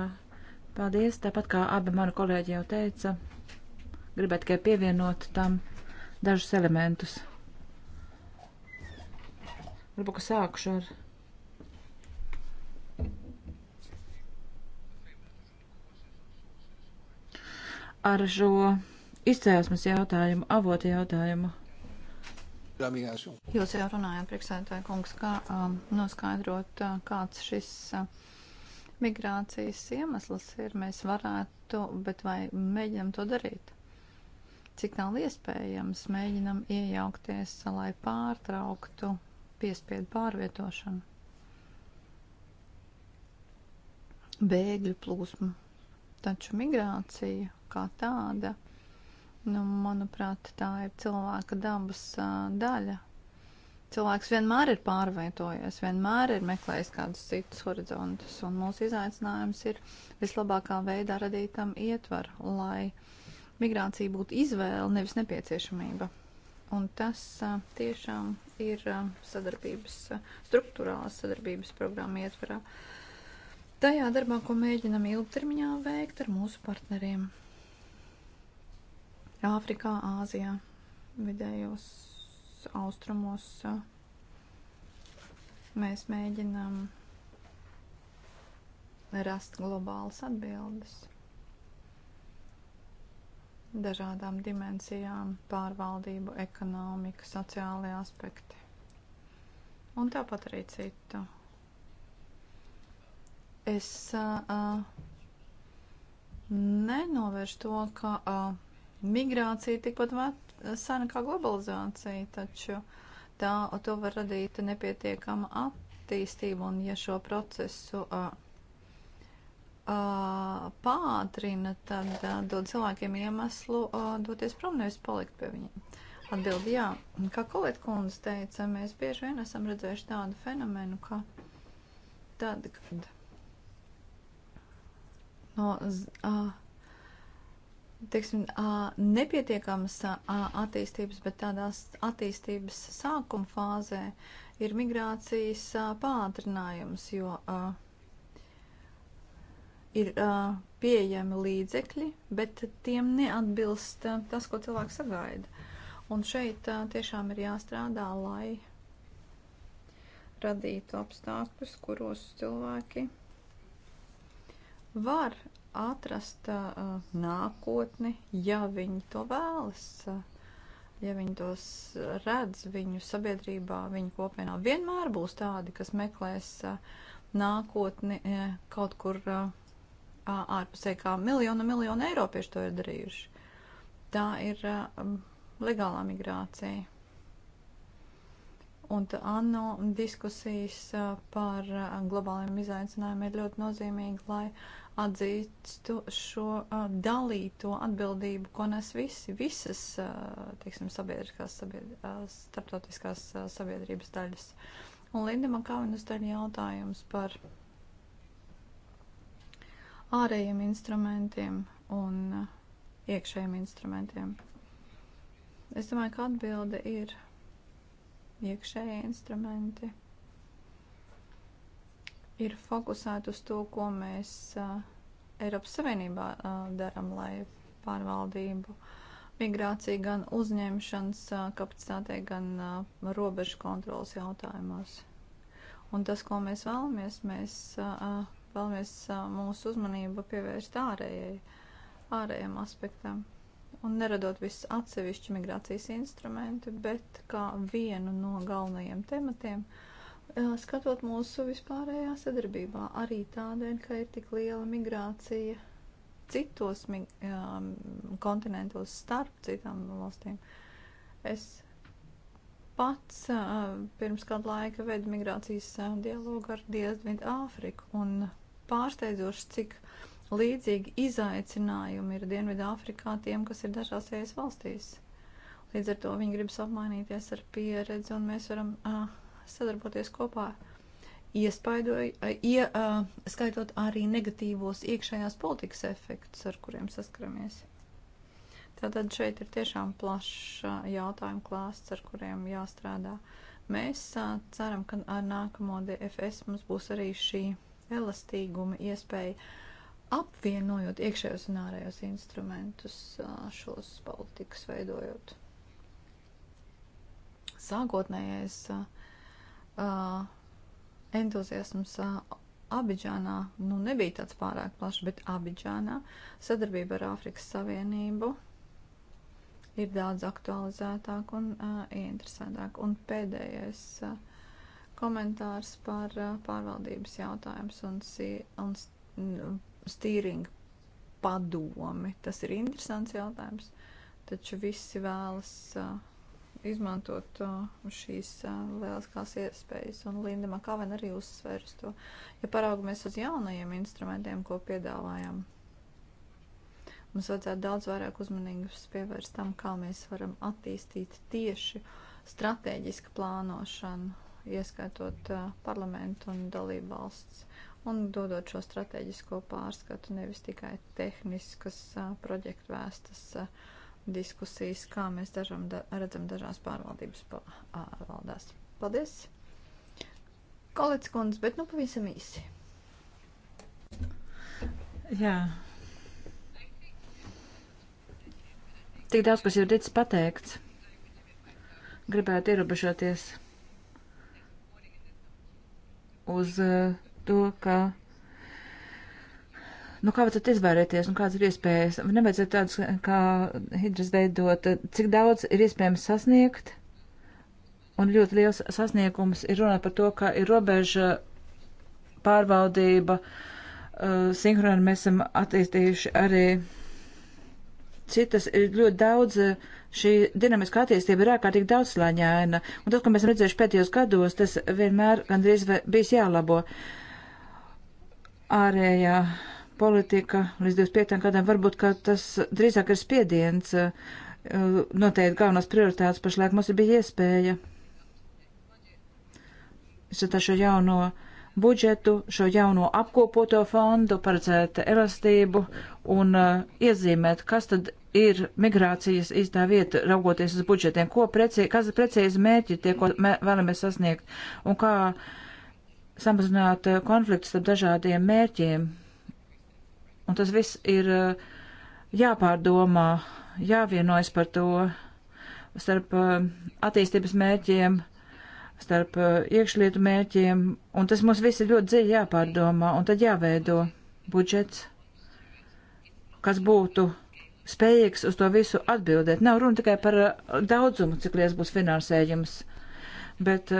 paldies. Tāpat kā abi mani kolēģi jau teica, gribētu tikai pievienot tam dažus elementus. Varbūt, ka sākšu ar. Ar šo izcēlesmes jautājumu, avotu jautājumu. Jūs jau runājāt, priekšsēdētāji kungs, kā um, noskaidrot, uh, kāds šis uh, migrācijas iemesls ir. Mēs varētu, bet vai mēģinam to darīt? Cik tālu iespējams mēģinam iejaukties, lai pārtrauktu piespiedu pārvietošanu? Bēgļu plūsmu. Taču migrācija kā tāda Nu, manuprāt, tā ir cilvēka dabas uh, daļa. Cilvēks vienmēr ir pārvietojies, vienmēr ir meklējis kādus citus horizontus, un mūsu izaicinājums ir vislabākā veidā radīt tam ietvaru, lai migrācija būtu izvēle, nevis nepieciešamība. Un tas uh, tiešām ir uh, sadarbības, uh, struktūrālās sadarbības programma ietvarā. Tajā darbā, ko mēģinam ilgtermiņā veikt ar mūsu partneriem. Āfrikā, Āzijā, vidējos austrumos. Mēs mēģinām rast globālas atbildes dažādām dimensijām - pārvaldību, ekonomika, sociālajie aspekti. Un tāpat arī citu. Es uh, nenovēršu to, ka uh, Migrācija tikpat sena kā globalizācija, taču tā, to var radīt nepietiekama attīstība, un ja šo procesu uh, uh, pātrina, tad uh, dod cilvēkiem iemeslu uh, doties prom, nevis palikt pie viņiem. Atbildi jā. Kā kolēģi kundze teica, mēs bieži vien esam redzējuši tādu fenomenu, ka tad, kad no uh, teiksim, nepietiekamas attīstības, bet tādās attīstības sākuma fāzē ir migrācijas pātrinājums, jo ir pieejami līdzekļi, bet tiem neatbilst tas, ko cilvēks sagaida. Un šeit tiešām ir jāstrādā, lai radītu apstākļus, kuros cilvēki var atrast uh, nākotni, ja viņi to vēlas, ja viņi tos redz viņu sabiedrībā, viņu kopienā. Vienmēr būs tādi, kas meklēs uh, nākotni uh, kaut kur uh, ārpusē, kā miljonu, miljonu eiropiešu to ir darījuši. Tā ir uh, legālā migrācija. Un ANO diskusijas par globāliem izaicinājumiem ir ļoti nozīmīgi, lai atzīstu šo uh, dalīto atbildību, ko nes visi, visas, uh, teiksim, sabiedriskās, sabiedr, uh, starptautiskās uh, sabiedrības daļas. Un Linda Makavinas daļa jautājums par ārējiem instrumentiem un uh, iekšējiem instrumentiem. Es domāju, ka atbilde ir iekšējie instrumenti ir fokusēti uz to, ko mēs uh, Eiropas Savienībā darām, lai pārvaldību migrācija gan uzņemšanas kapacitātei, gan robežu kontrolas jautājumos. Un tas, ko mēs vēlamies, mēs vēlamies mūsu uzmanību pievērst ārējai, ārējiem aspektam. Un neradot visus atsevišķi migrācijas instrumenti, bet kā vienu no galvenajiem tematiem uh, Eh, skatot mūsu vispārējā sadarbībā, arī tādēļ, ka ir tik liela migrācija citos mig um, kontinentos starp citām valstīm. Es pats uh, pirms kādu laiku vedu migrācijas uh, dialogu ar Dienvidu Āfriku un pārsteidzoši, cik līdzīgi izaicinājumi ir Dienvidu Āfrikā tiem, kas ir dažās ES valstīs. Līdz ar to viņi gribas apmainīties ar pieredzi un mēs varam uh, sadarboties kopā, ieskaitot eh, eh, arī negatīvos iekšējās politikas efektus, ar kuriem saskaramies. Tātad šeit ir tiešām plašs eh, jautājumu klāsts, ar kuriem jāstrādā. Mēs ceram, ka ar nākamo DFS mums būs arī šī elastīguma iespēja apvienojot iekšējos un ārējos instrumentus šos politikas veidojot. Sākotnējais uh, uh, entuziasms uh, Abidžānā nu, nebija tāds pārāk plašs, bet Abidžānā sadarbība ar Āfrikas Savienību ir daudz aktualizētāk un uh, interesētāk. Un pēdējais uh, komentārs par uh, pārvaldības jautājums un, si un stīringu padomi. Tas ir interesants jautājums, taču visi vēlas. Uh, izmantot uh, šīs uh, lieliskās iespējas, un Linda Makavena arī uzsvērs to. Ja paraugamies uz jaunajiem instrumentiem, ko piedāvājam, mums vajadzētu daudz vairāk uzmanības pievērst tam, kā mēs varam attīstīt tieši strateģisku plānošanu, ieskaitot uh, parlamentu un dalību valsts, un dodot šo strateģisko pārskatu, nevis tikai tehniskas uh, projektu vēstas. Uh, diskusijas, kā mēs dažam, da, redzam dažās pārvaldības pārvaldās. Paldies! Kolēdz kundze, bet nu pavisam īsi. Jā. Tik daudz, kas jau ir ticis pateikts, gribētu ierobežoties uz uh, to, ka Nu, kā varat izvairīties un kādas ir iespējas? Nevajadzētu tādus, kā hidras veidot, cik daudz ir iespējams sasniegt. Un ļoti liels sasniegums ir runā par to, ka ir robeža pārvaldība. Uh, sinhroni mēs esam attīstījuši arī citas. Ir ļoti daudz uh, šī dinamiska attīstība ir ārkārtīgi daudzslāņaina. Un tas, ko mēs redzējuši pēdējos gados, tas vienmēr gandrīz bijis jālabo. Ārējā. Ja politika līdz 25. gadam, varbūt, ka tas drīzāk ir spiediens eh, noteikti galvenās prioritātes pašlaik mums bija iespēja. Šitā šo jauno budžetu, šo jauno apkopoto fondu, paredzēt elastību un uh, iezīmēt, kas tad ir migrācijas īstā vieta, raugoties uz budžetiem, ko precīzi, kas ir precīzi mērķi, tie, ko mē, vēlamies sasniegt, un kā samazināt eh, konfliktus ar dažādiem mērķiem Un tas viss ir eh, jāpārdomā, jāvienojas par to starp eh, attīstības mērķiem, starp eh, iekšlietu mērķiem, un tas mums viss ir ļoti dziļi jāpārdomā, un tad jāveido budžets, kas būtu spējīgs uz to visu atbildēt. Nav runa tikai par daudzumu, cik liels būs finansējums, bet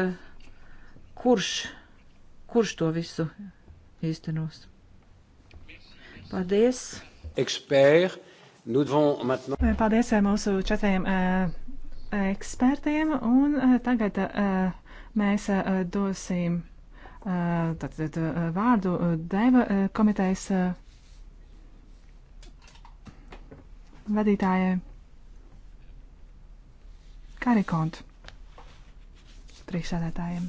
kurš, kurš to visu īstenos? Paldies! Ekspēr, nu devons maintenant. Paldies eh, mūsu četriem eh, ekspertiem, un eh, tagad mēs dosim tātad vārdu Deva komitejas vadītājai Karikontu priekšsēdētājiem.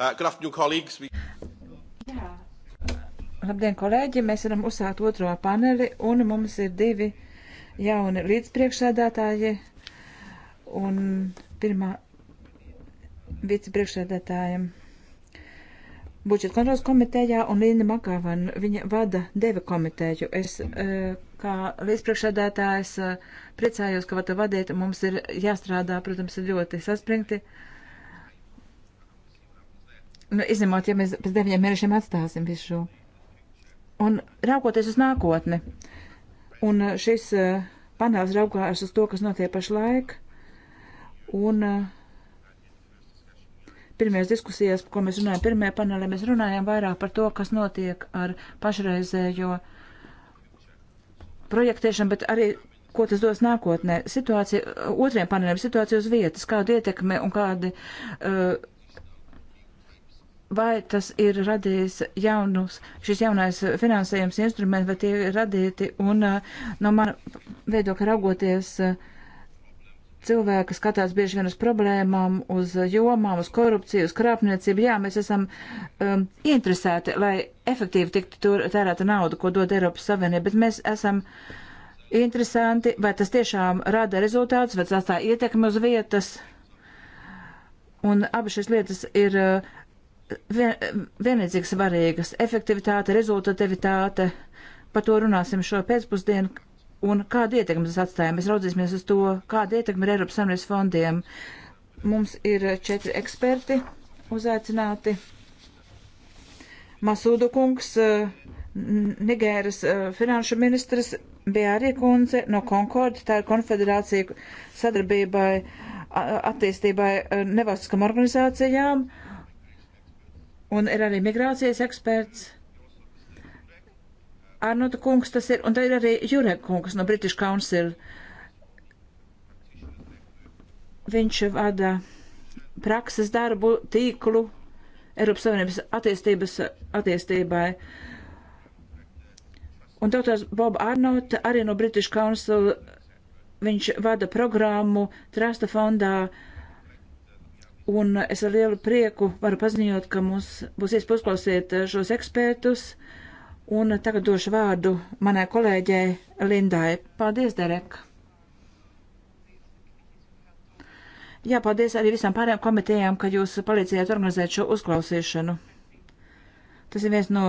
Uh, good afternoon, colleagues. We... Jā. Labdien, kolēģi! Mēs varam uzsākt otro paneli, un mums ir divi jauni līdzpriekšsēdētāji un pirmā vicepriekšsēdētājiem budžeta kontrolas komitejā un Līna Makāvan, viņa vada deva komiteju. Es uh, kā līdzpriekšādātājs uh, priecājos, ka vada vadīt, mums ir jāstrādā, protams, ļoti saspringti. Uh, Nu, izņemot, ja mēs pēc deviņiem mēnešiem atstāsim visu šo. Un raugoties uz nākotni, un eh, šis uh, panels raugās uz to, kas notiek pašlaik, un uh, pirmajās diskusijās, ko mēs runājam, pirmajā panelē mēs runājam vairāk par to, kas notiek ar pašreizējo projektēšanu, bet arī ko tas dos nākotnē. Situācija, otriem paneliem situācija uz vietas, kādu ietekmi un kādi uh, vai tas ir radījis jaunus, šis jaunais finansējums instruments, vai tie ir radīti, un uh, no man viedokļa raugoties, uh, cilvēki skatās bieži vien uz problēmām, uz jomām, uz korupciju, uz krāpniecību. Jā, mēs esam um, interesēti, lai efektīvi tiktu tur tērēta nauda, ko dod Eiropas Savienība, bet mēs esam interesanti, vai tas tiešām rada rezultātus, vai tas tā ietekme uz vietas. Un abas šīs lietas ir uh, vienlīdzīgi svarīgas - efektivitāte, rezultativitāte. Par to runāsim šo pēcpusdienu. Un kādu ietekmi tas atstāja? Mēs raudzīsimies uz to, kāda ietekme ir Eiropas Savienības fondiem. Mums ir četri eksperti uzaicināti. Masūdu kungs, Nigēras eh, finanšu ministrs, bija arī kundze no Concord, tā ir konfederācija sadarbībai, attīstībai eh, nevalstiskam organizācijām. Uh, un ir arī migrācijas eksperts. Arnota kungs tas ir, un tā ir arī Jurek kungs no British Council. Viņš vada prakses darbu tīklu Eiropas Savienības attīstības attīstībai. Un tautās Boba Arnota arī no British Council viņš vada programmu Trasta fondā uh, Un es ar lielu prieku varu paziņot, ka mums būs iespējas uzklausīt eh, šos ekspertus. Un tagad došu vārdu manai kolēģei Lindai. Paldies, Derek! Jā, paldies arī visām pārējām komitejām, ka jūs palīdzējāt organizēt šo uzklausīšanu. Tas ir viens no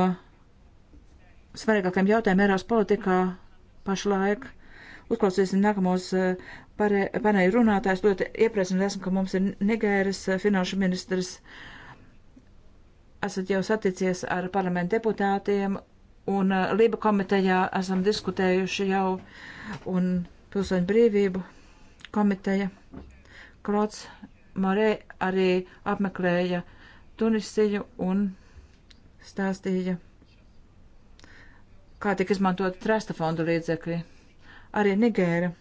svarīgākajiem jautājumiem Eiropas politikā pašlaik. Uzklausīsim nākamos eh, panēja runātājs ļoti iepriecināts esmu, ka mums ir Nigēras eh, finanšu ministrs. Esat jau saticies ar parlamentu deputātiem un eh, Lība komitejā esam diskutējuši jau un pilsoņu brīvību komiteja. Klots Morē arī apmeklēja Tunisiju un stāstīja, kā tika izmantot trasta fondu līdzekļi. Arī Nigēra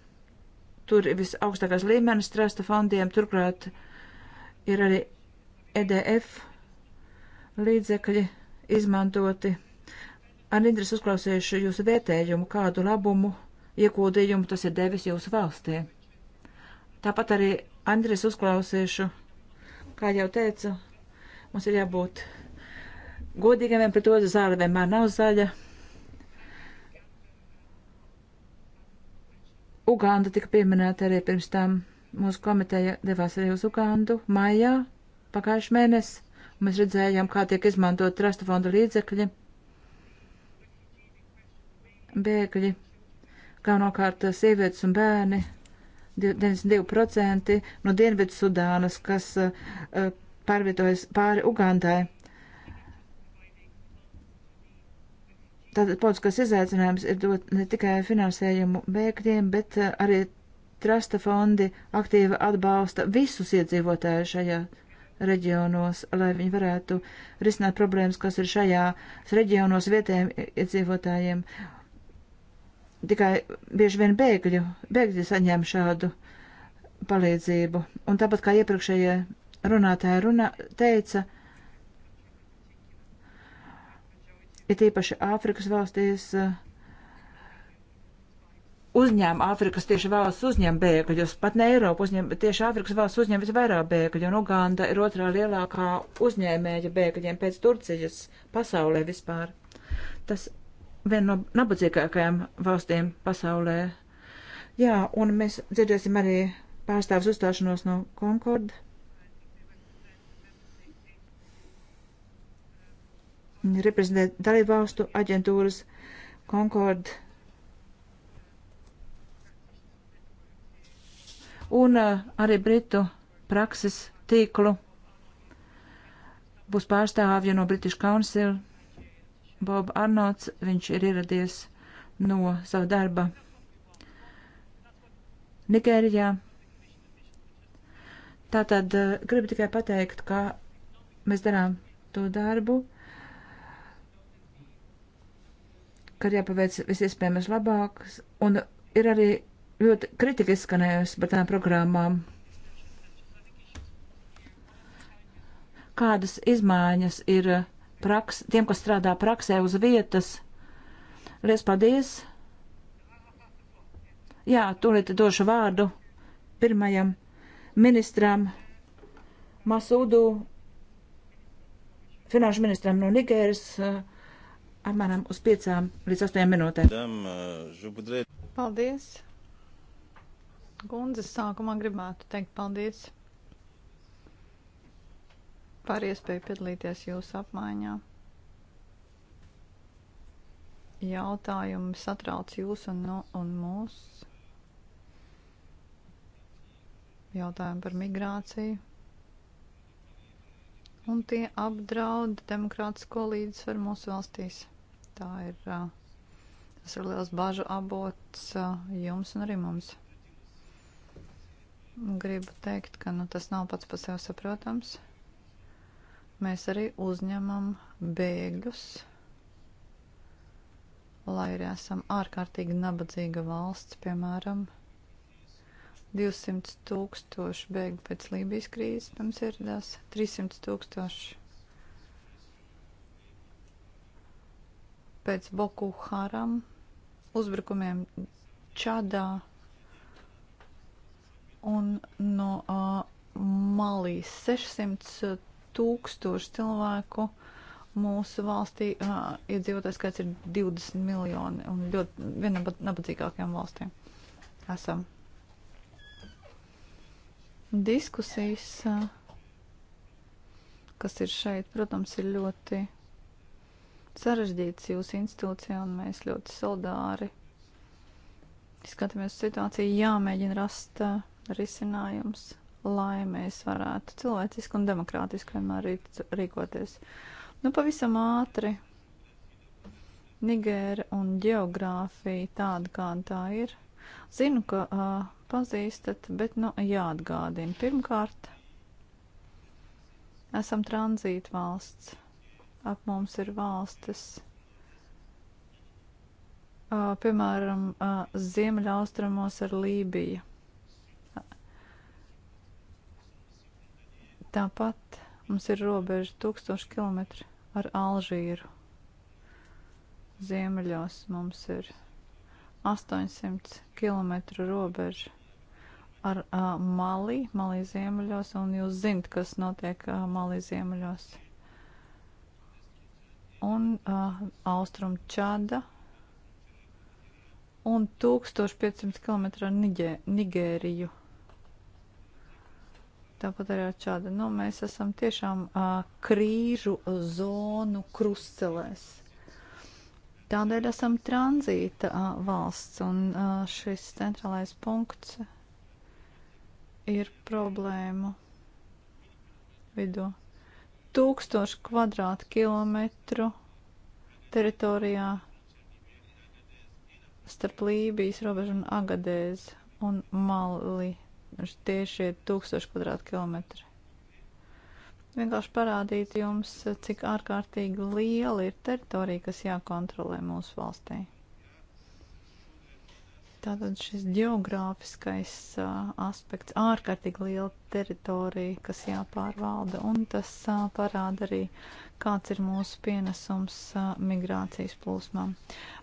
Tur ir visaugstākais līmenis trasta fondiem, turklāt ir arī EDF līdzekļi izmantoti. Ar interesi uzklausīšu jūsu vērtējumu, kādu labumu, iekūdījumu tas ir devis jūsu valstī. Tāpat arī Andris uzklausīšu, kā jau teicu, mums ir jābūt godīgiem pret to, zāle vienmēr nav zaļa. Uganda tika pieminēta arī pirms tam. Mūsu komiteja devās arī uz Ugandu maijā pagājuši mēnesi, un mēs redzējām, kā tiek izmantot trasta fonda līdzekļi. Bēgļi, galvenokārt sievietes un bērni, 92% no Dienvidu Sudānas, kas uh, pārvietojas pāri Ugandai. Tātad politiskais izaicinājums ir dot ne tikai finansējumu bēgļiem, bet eh, arī trasta fondi aktīvi atbalsta visus iedzīvotājus šajā reģionos, lai viņi varētu risināt problēmas, kas ir šajās reģionos vietējiem iedzīvotājiem. Tikai bieži vien bēgļu, bēgļi saņem šādu palīdzību. Un tāpat kā iepriekšējie runātāji runā, teica, uh, ir tīpaši Āfrikas valstīs eh, uzņēma Āfrikas tieši valsts uzņem bēgļus, pat ne Eiropa uzņem, tieši Āfrikas valsts uzņem visvairāk bēgļu, un Uganda ir otrā lielākā uzņēmēja bēgļiem pēc Turcijas pasaulē vispār. Tas viena no nabadzīgākajām valstīm pasaulē. Jā, un mēs dzirdēsim arī pārstāvs uzstāšanos no Konkorda. reprezentēt dalībvalstu aģentūras Concord. Un uh, arī Britu prakses tīklu būs pārstāvja no British Council. Bob Arnolds, viņš ir ieradies no savu darba Nigērijā. Tātad uh, gribu tikai pateikt, ka mēs darām to darbu ka ir jāpaveic visiespējamais labāks, un ir arī ļoti kritika izskanējusi par tām programmām. Kādas izmaiņas ir praks, tiem, kas strādā praksē uz vietas? Lies paldies! Jā, tūlīt došu vārdu pirmajam ministram Masūdu, finanšu ministram no Nigēras. Uh, apmēram uz 5 līdz 8 minūtēm. Paldies! Gundzes sākumā gribētu teikt paldies par iespēju piedalīties jūsu apmaiņā. Jautājumi satrauc jūs un, no, nu, un mūs. Jautājumi par migrāciju. Un tie apdraud demokrātisko līdzsvaru mūsu valstīs. Tā ir, tas ir liels bažu abots jums un arī mums. Gribu teikt, ka nu, tas nav pats par sevi saprotams. Mēs arī uzņemam bēgļus, lai arī esam ārkārtīgi nabadzīga valsts, piemēram, 200 tūkstoši bēgļu pēc Lībijas krīzes pirms ieradās, 300 tūkstoši pēc Boku Haram uzbrukumiem Čadā un no uh, Malijas 600 tūkstoši cilvēku mūsu valstī uh, iedzīvotājs skaits ir 20 miljoni un ļoti viena no nabadzīgākajām valstīm esam. Diskusijas, kas ir šeit, protams, ir ļoti sarežģīts jūsu institūcijā, un mēs ļoti solidāri skatāmies uz situāciju. Jāmēģina rast uh, risinājums, lai mēs varētu cilvēciski un demokrātiski vienmēr rīkoties. Nu, pavisam ātri. Nigēra un geogrāfija tāda, kāda tā ir. Zinu, ka uh, pazīstat, bet nu, jāatgādina. Pirmkārt, esam tranzīta valsts ap mums ir valstis, uh, piemēram, uh, Ziemeļaustrumos ar Lībiju. Tāpat mums ir robeža tūkstoši kilometri ar Alžīru. Ziemeļos mums ir 800 km robeža ar uh, Mali, Mali ziemeļos, un jūs zinat, kas notiek uh, Mali ziemeļos un uh, austrum Čada un 1500 km ar Nigē, Nigēriju. Tāpat arī ar Čādu. Nu, mēs esam tiešām uh, krīžu zonu krustcelēs. Tādēļ esam tranzīta uh, valsts, un uh, šis centrālais punkts ir problēmu vidū tūkstošu kvadrātkilometru teritorijā starp Lībijas robežu un Agadēzi un Mali. Tieši ir tūkstoši kvadrātkilometri. Vienkārši parādīt jums, cik ārkārtīgi liela ir teritorija, kas jākontrolē mūsu valstī. Tātad šis geogrāfiskais uh, aspekts ārkārtīgi liela teritorija, kas jāpārvalda, un tas uh, parāda arī, kāds ir mūsu pienesums uh, migrācijas plūsmām.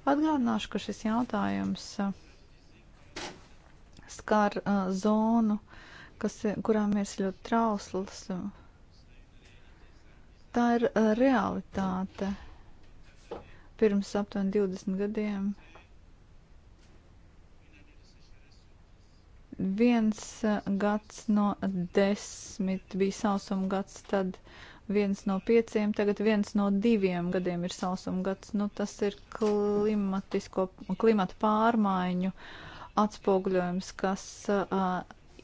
Atgādināšu, ka šis jautājums uh, skar uh, zonu, kas, kurām ir ļoti trausls. Tā ir uh, realitāte pirms aptuveni 20 gadiem. Uh, viens eh, gads no desmit bija sausuma gads, tad viens no pieciem, tagad viens no diviem gadiem ir sausuma gads. Nu, tas ir klimatisko, klimata pārmaiņu atspoguļojums, kas uh,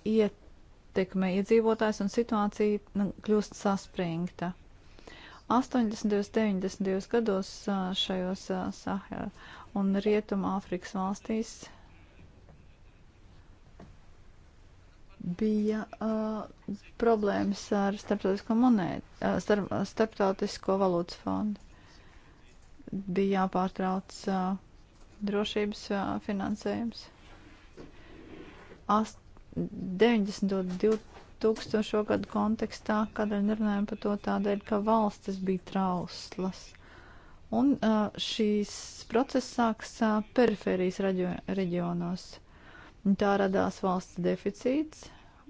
ietekmē iedzīvotājs un situācija nu, kļūst saspringta. 80. un 90. gados eh, šajos Sahara un Rietuma Āfrikas valstīs bija uh, problēmas ar starptautisko monētu, uh, starp, starptautisko valūtas fondu. Bija jāpārtrauc uh, drošības uh, finansējums. Ast 90. un 2000. gadu kontekstā, kādēļ nerunājam par to tādēļ, ka valstis bija trauslas. Un uh, šīs procesas sāks uh, periferijas reģionos. Uh, Un tā radās valsts deficīts,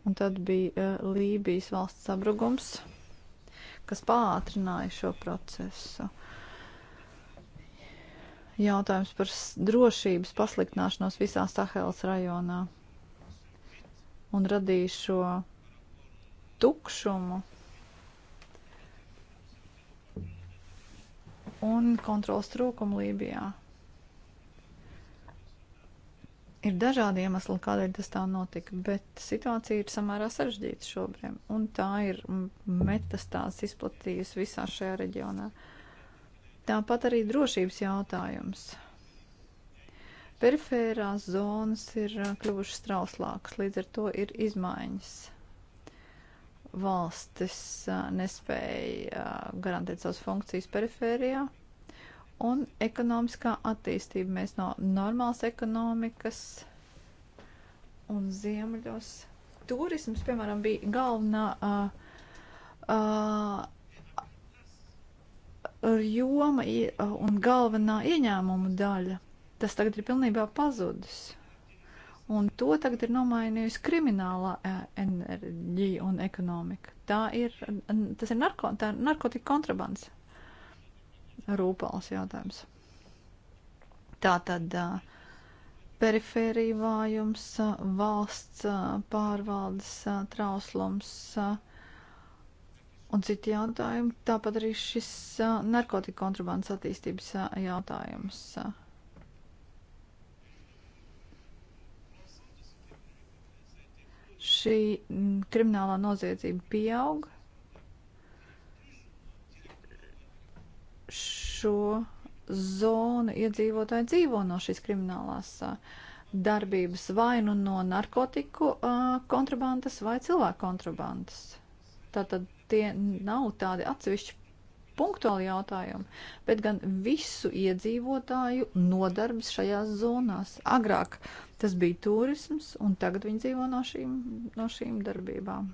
un tad bija uh, Lībijas valsts sabrugums, kas pātrināja šo procesu. Jautājums par drošības pasliktināšanos visā Sahelas rajonā un radīja šo tukšumu un kontrols trūkumu Lībijā. Ir dažādi iemesli, kādēļ tas tā notika, bet situācija ir samērā sarežģīta šobrīd, un tā ir metastāsts izplatījusi visā šajā reģionā. Tāpat arī drošības jautājums. Perifērās zonas ir uh, kļuvušas trauslākas, līdz ar to ir izmaiņas. Valstis uh, nespēja uh, garantēt savas funkcijas perifērijā, un ekonomiskā attīstība. Mēs no normālas ekonomikas un ziemeļos turisms, piemēram, bija galvenā uh, uh, joma un galvenā ieņēmuma daļa. Tas tagad ir pilnībā pazudis. Un to tagad ir nomainījusi kriminālā enerģija un ekonomika. Tā ir, tas ir narko, tā narkotika kontrabans rūpāls jautājums. Tātad perifērija vājums, valsts pārvaldes trauslums un citi jautājumi. Tāpat arī šis narkotika kontrabandas attīstības jautājums. Šī kriminālā noziedzība pieauga šo zonu iedzīvotāji dzīvo no šīs kriminālās darbības vai nu no narkotiku kontrabandas vai cilvēku kontrabandas. Tātad tie nav tādi atsevišķi punktuāli jautājumi, bet gan visu iedzīvotāju nodarbs šajās zonās. Agrāk tas bija turisms, un tagad viņi dzīvo no šīm, no šīm darbībām.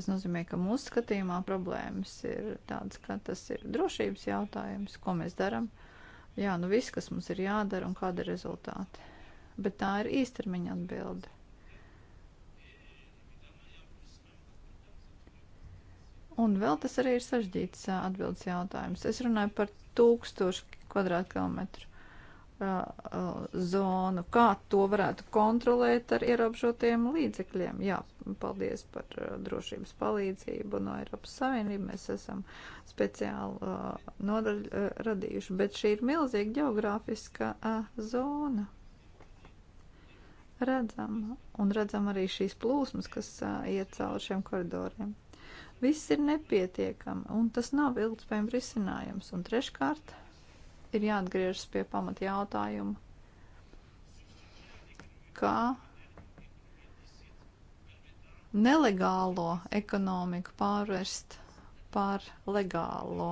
Tas nozīmē, ka mūsu skatījumā problēmas ir tādas, ka tas ir drošības jautājums, ko mēs darām. Jā, nu viss, kas mums ir jādara un kāda ir rezultāti. Bet tā ir īstermiņa atbilde. Un vēl tas arī ir sažģīts atbildes jautājums. Es runāju par tūkstošu kvadrātkilometru. Uh, uh, zonu, kā to varētu kontrolēt ar ierobežotiem līdzekļiem. Jā, paldies par uh, drošības palīdzību no Eiropas Savienības. Mēs esam speciāli uh, nodaļu uh, radījuši, bet šī ir milzīga geogrāfiska uh, zona. Redzam, un redzam arī šīs plūsmas, kas uh, iet cauri šiem koridoriem. Viss ir nepietiekami, un tas nav ilgspējams risinājums. Un treškārt, uh, ir jāatgriežas pie pamata jautājuma, kā nelegālo ekonomiku pārvērst par legālo.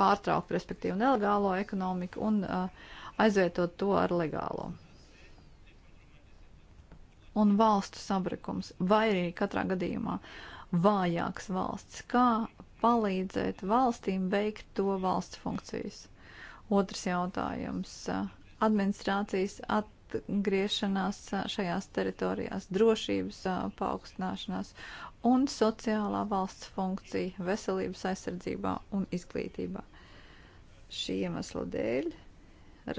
Pārtraukt, respektīvi, nelegālo ekonomiku un uh, aizvietot to ar legālo. Un valstu sabrukums, vai arī katrā gadījumā vājāks valsts, kā palīdzēt valstīm veikt to valsts funkcijas. Otrs jautājums - administrācijas atgriešanās šajās teritorijās, drošības paaugstināšanās un sociālā valsts funkcija veselības aizsardzībā un izglītībā. Šī iemesla dēļ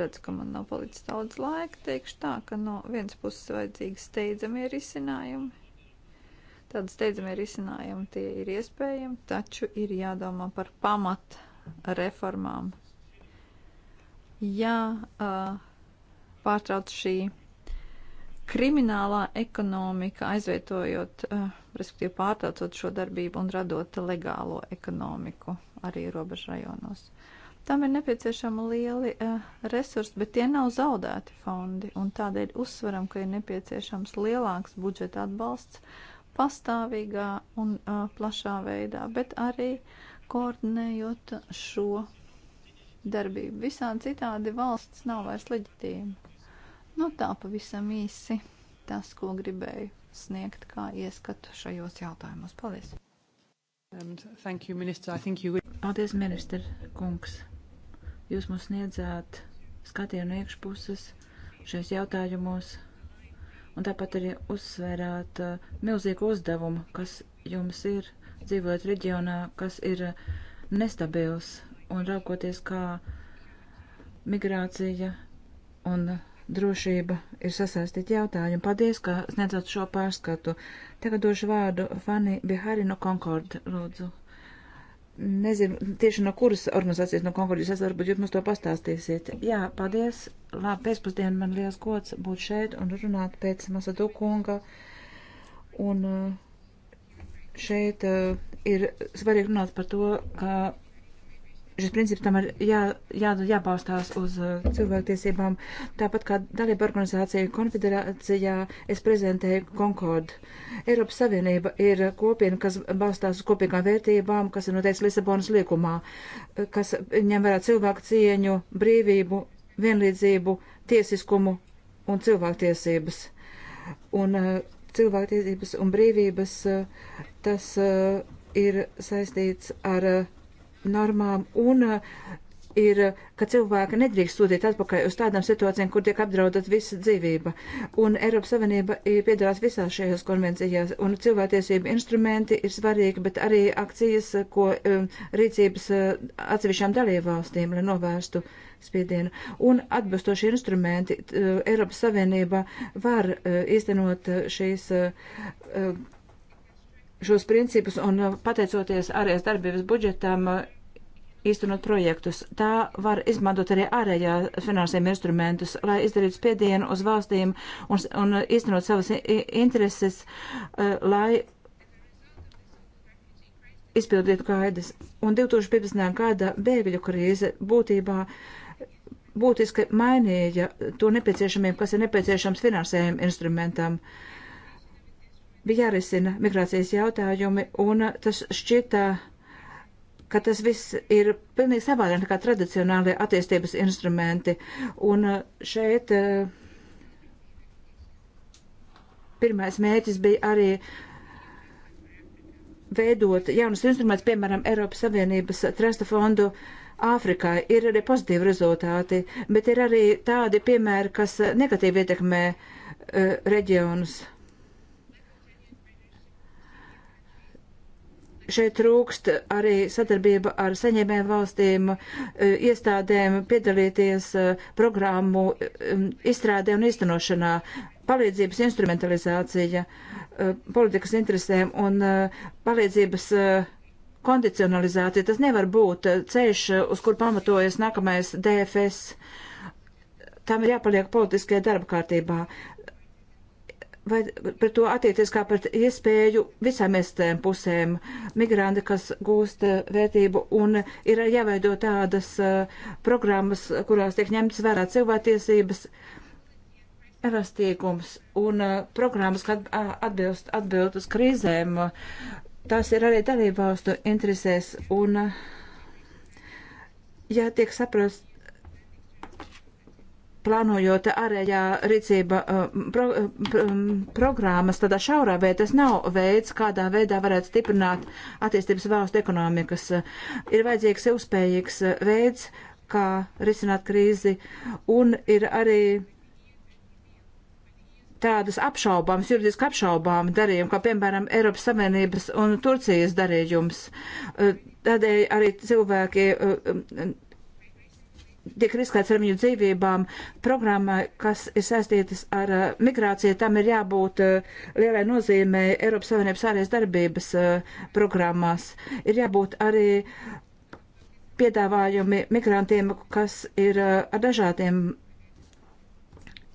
redzu, ka man nav palicis daudz laika, teikšu tā, ka no vienas puses vajadzīgi steidzamie risinājumi, Tāda steidzamie risinājumi tie ir iespējami, taču ir jādomā par pamat reformām. Jā, uh, pārtrauc šī kriminālā ekonomika, aizvietojot, uh, respektīvi pārtraucot šo darbību un radot legālo ekonomiku arī robežrajonos. Tam ir nepieciešama lieli uh, resursi, bet tie nav zaudēti fondi, un tādēļ uzsveram, ka ir nepieciešams lielāks budžeta atbalsts pastāvīgā un uh, plašā veidā, bet arī koordinējot šo darbību. Visādi citādi valsts nav vairs leģitīma. Nu tā pavisam īsi tas, ko gribēju sniegt kā ieskatu šajos jautājumos. Paldies! Um, thank you, minister. I think you... Paldies, ministra kungs. Jūs mums sniedzāt skatienu iekšpuses šajos jautājumos un tāpat arī uzsvērāt uh, milzīgu uzdevumu, kas jums ir dzīvojot reģionā, kas ir uh, nestabils un raugoties, kā migrācija un drošība ir sasaistīti jautājumi. Paldies, ka sniedzat šo pārskatu. Tagad došu vārdu Fani Bihari no Concord, lūdzu nezinu tieši no kuras organizācijas, no konkurences esat, varbūt jūs mums to pastāstīsiet. Jā, paldies. Labi, pēcpusdienu man liels gods būt šeit un runāt pēc Masadu kunga. Un eh, šeit eh, ir svarīgi runāt par to, ka šis princips tam ir jā, jā, jābalstās uz uh, cilvēktiesībām. Tāpat kā dalība organizācija konfederācijā, es prezentēju Concord. Eiropas Savienība ir kopiena, kas balstās uz kopīgām vērtībām, kas ir noteikts Lisabonas liekumā, kas ņem vērā cilvēku cieņu, brīvību, vienlīdzību, tiesiskumu un cilvēktiesības. Un uh, cilvēktiesības un brīvības uh, tas ir saistīts ar normām un eh, ir, ka cilvēki nedrīkst sūtīt atpakaļ uz tādām situācijām, kur tiek apdraudēt visa dzīvība. Un Eiropas Savienība piedalās visās šajās konvencijās, un cilvēktiesība instrumenti ir svarīgi, bet arī akcijas, ko eh, rīcības eh, atsevišķām dalībvalstīm, lai novērstu spiedienu. Un atbilstoši instrumenti Eiropas Savienība var īstenot šīs šos principus un uh, pateicoties ārējās darbības budžetam uh, īstenot projektus. Tā var izmantot arī ārējā finansējuma instrumentus, lai izdarītu spiedienu uz valstīm un, un īstenot savas intereses, uh, lai izpildītu gaidas. Un 2015. gada bēgļu krīze būtībā būtiski mainīja to nepieciešamību, kas ir nepieciešams finansējuma instrumentam. Uh, bija jārisina migrācijas jautājumi, un tas šķita, ka tas viss ir pilnīgi savādāk nekā tradicionālie attīstības instrumenti. Un šeit pirmais mērķis bija arī veidot jaunus instrumentus, piemēram, Eiropas Savienības trasta fondu. Āfrikā ir arī pozitīvi rezultāti, bet ir arī tādi piemēri, kas negatīvi ietekmē uh, reģionus. Uh, šeit trūkst arī sadarbība ar saņēmēm valstīm, e, iestādēm piedalīties e, programmu e, izstrādē un iztenošanā, palīdzības instrumentalizācija, politikas interesēm un palīdzības kondicionalizācija. Tas nevar būt ceļš, uz kur pamatojas nākamais DFS. Tam ir jāpaliek politiskajā darba kārtībā vai par to attiekties kā par iespēju visām iestēm pusēm. Migranti, kas gūst eh, vērtību un ir jāveido tādas eh, programmas, kurās tiek ņemtas vērā cilvēktiesības, elastīgums un eh, programmas, kad atbilst, atbild uz krīzēm. Tas ir arī dalībvalstu interesēs un, ja tiek saprast, plānojot ārējā rīcība uh, pro, uh, pro, um, programmas tādā šaurā veidā, tas nav veids, kādā veidā varētu stiprināt attīstības valstu ekonomikas. Uh, ir vajadzīgs ilgspējīgs veids, kā risināt krīzi, un ir arī tādas apšaubāmas, juridiski apšaubāmas darījumi, kā piemēram Eiropas Savienības un Turcijas darījums. Tādēļ arī cilvēki tiek riskēts ar viņu dzīvībām. Programma, kas ir saistītas ar uh, migrāciju, tam ir jābūt uh, lielai nozīmē Eiropas Savienības ārējas darbības uh, programmās. Ir jābūt arī piedāvājumi migrantiem, kas ir ar dažādiem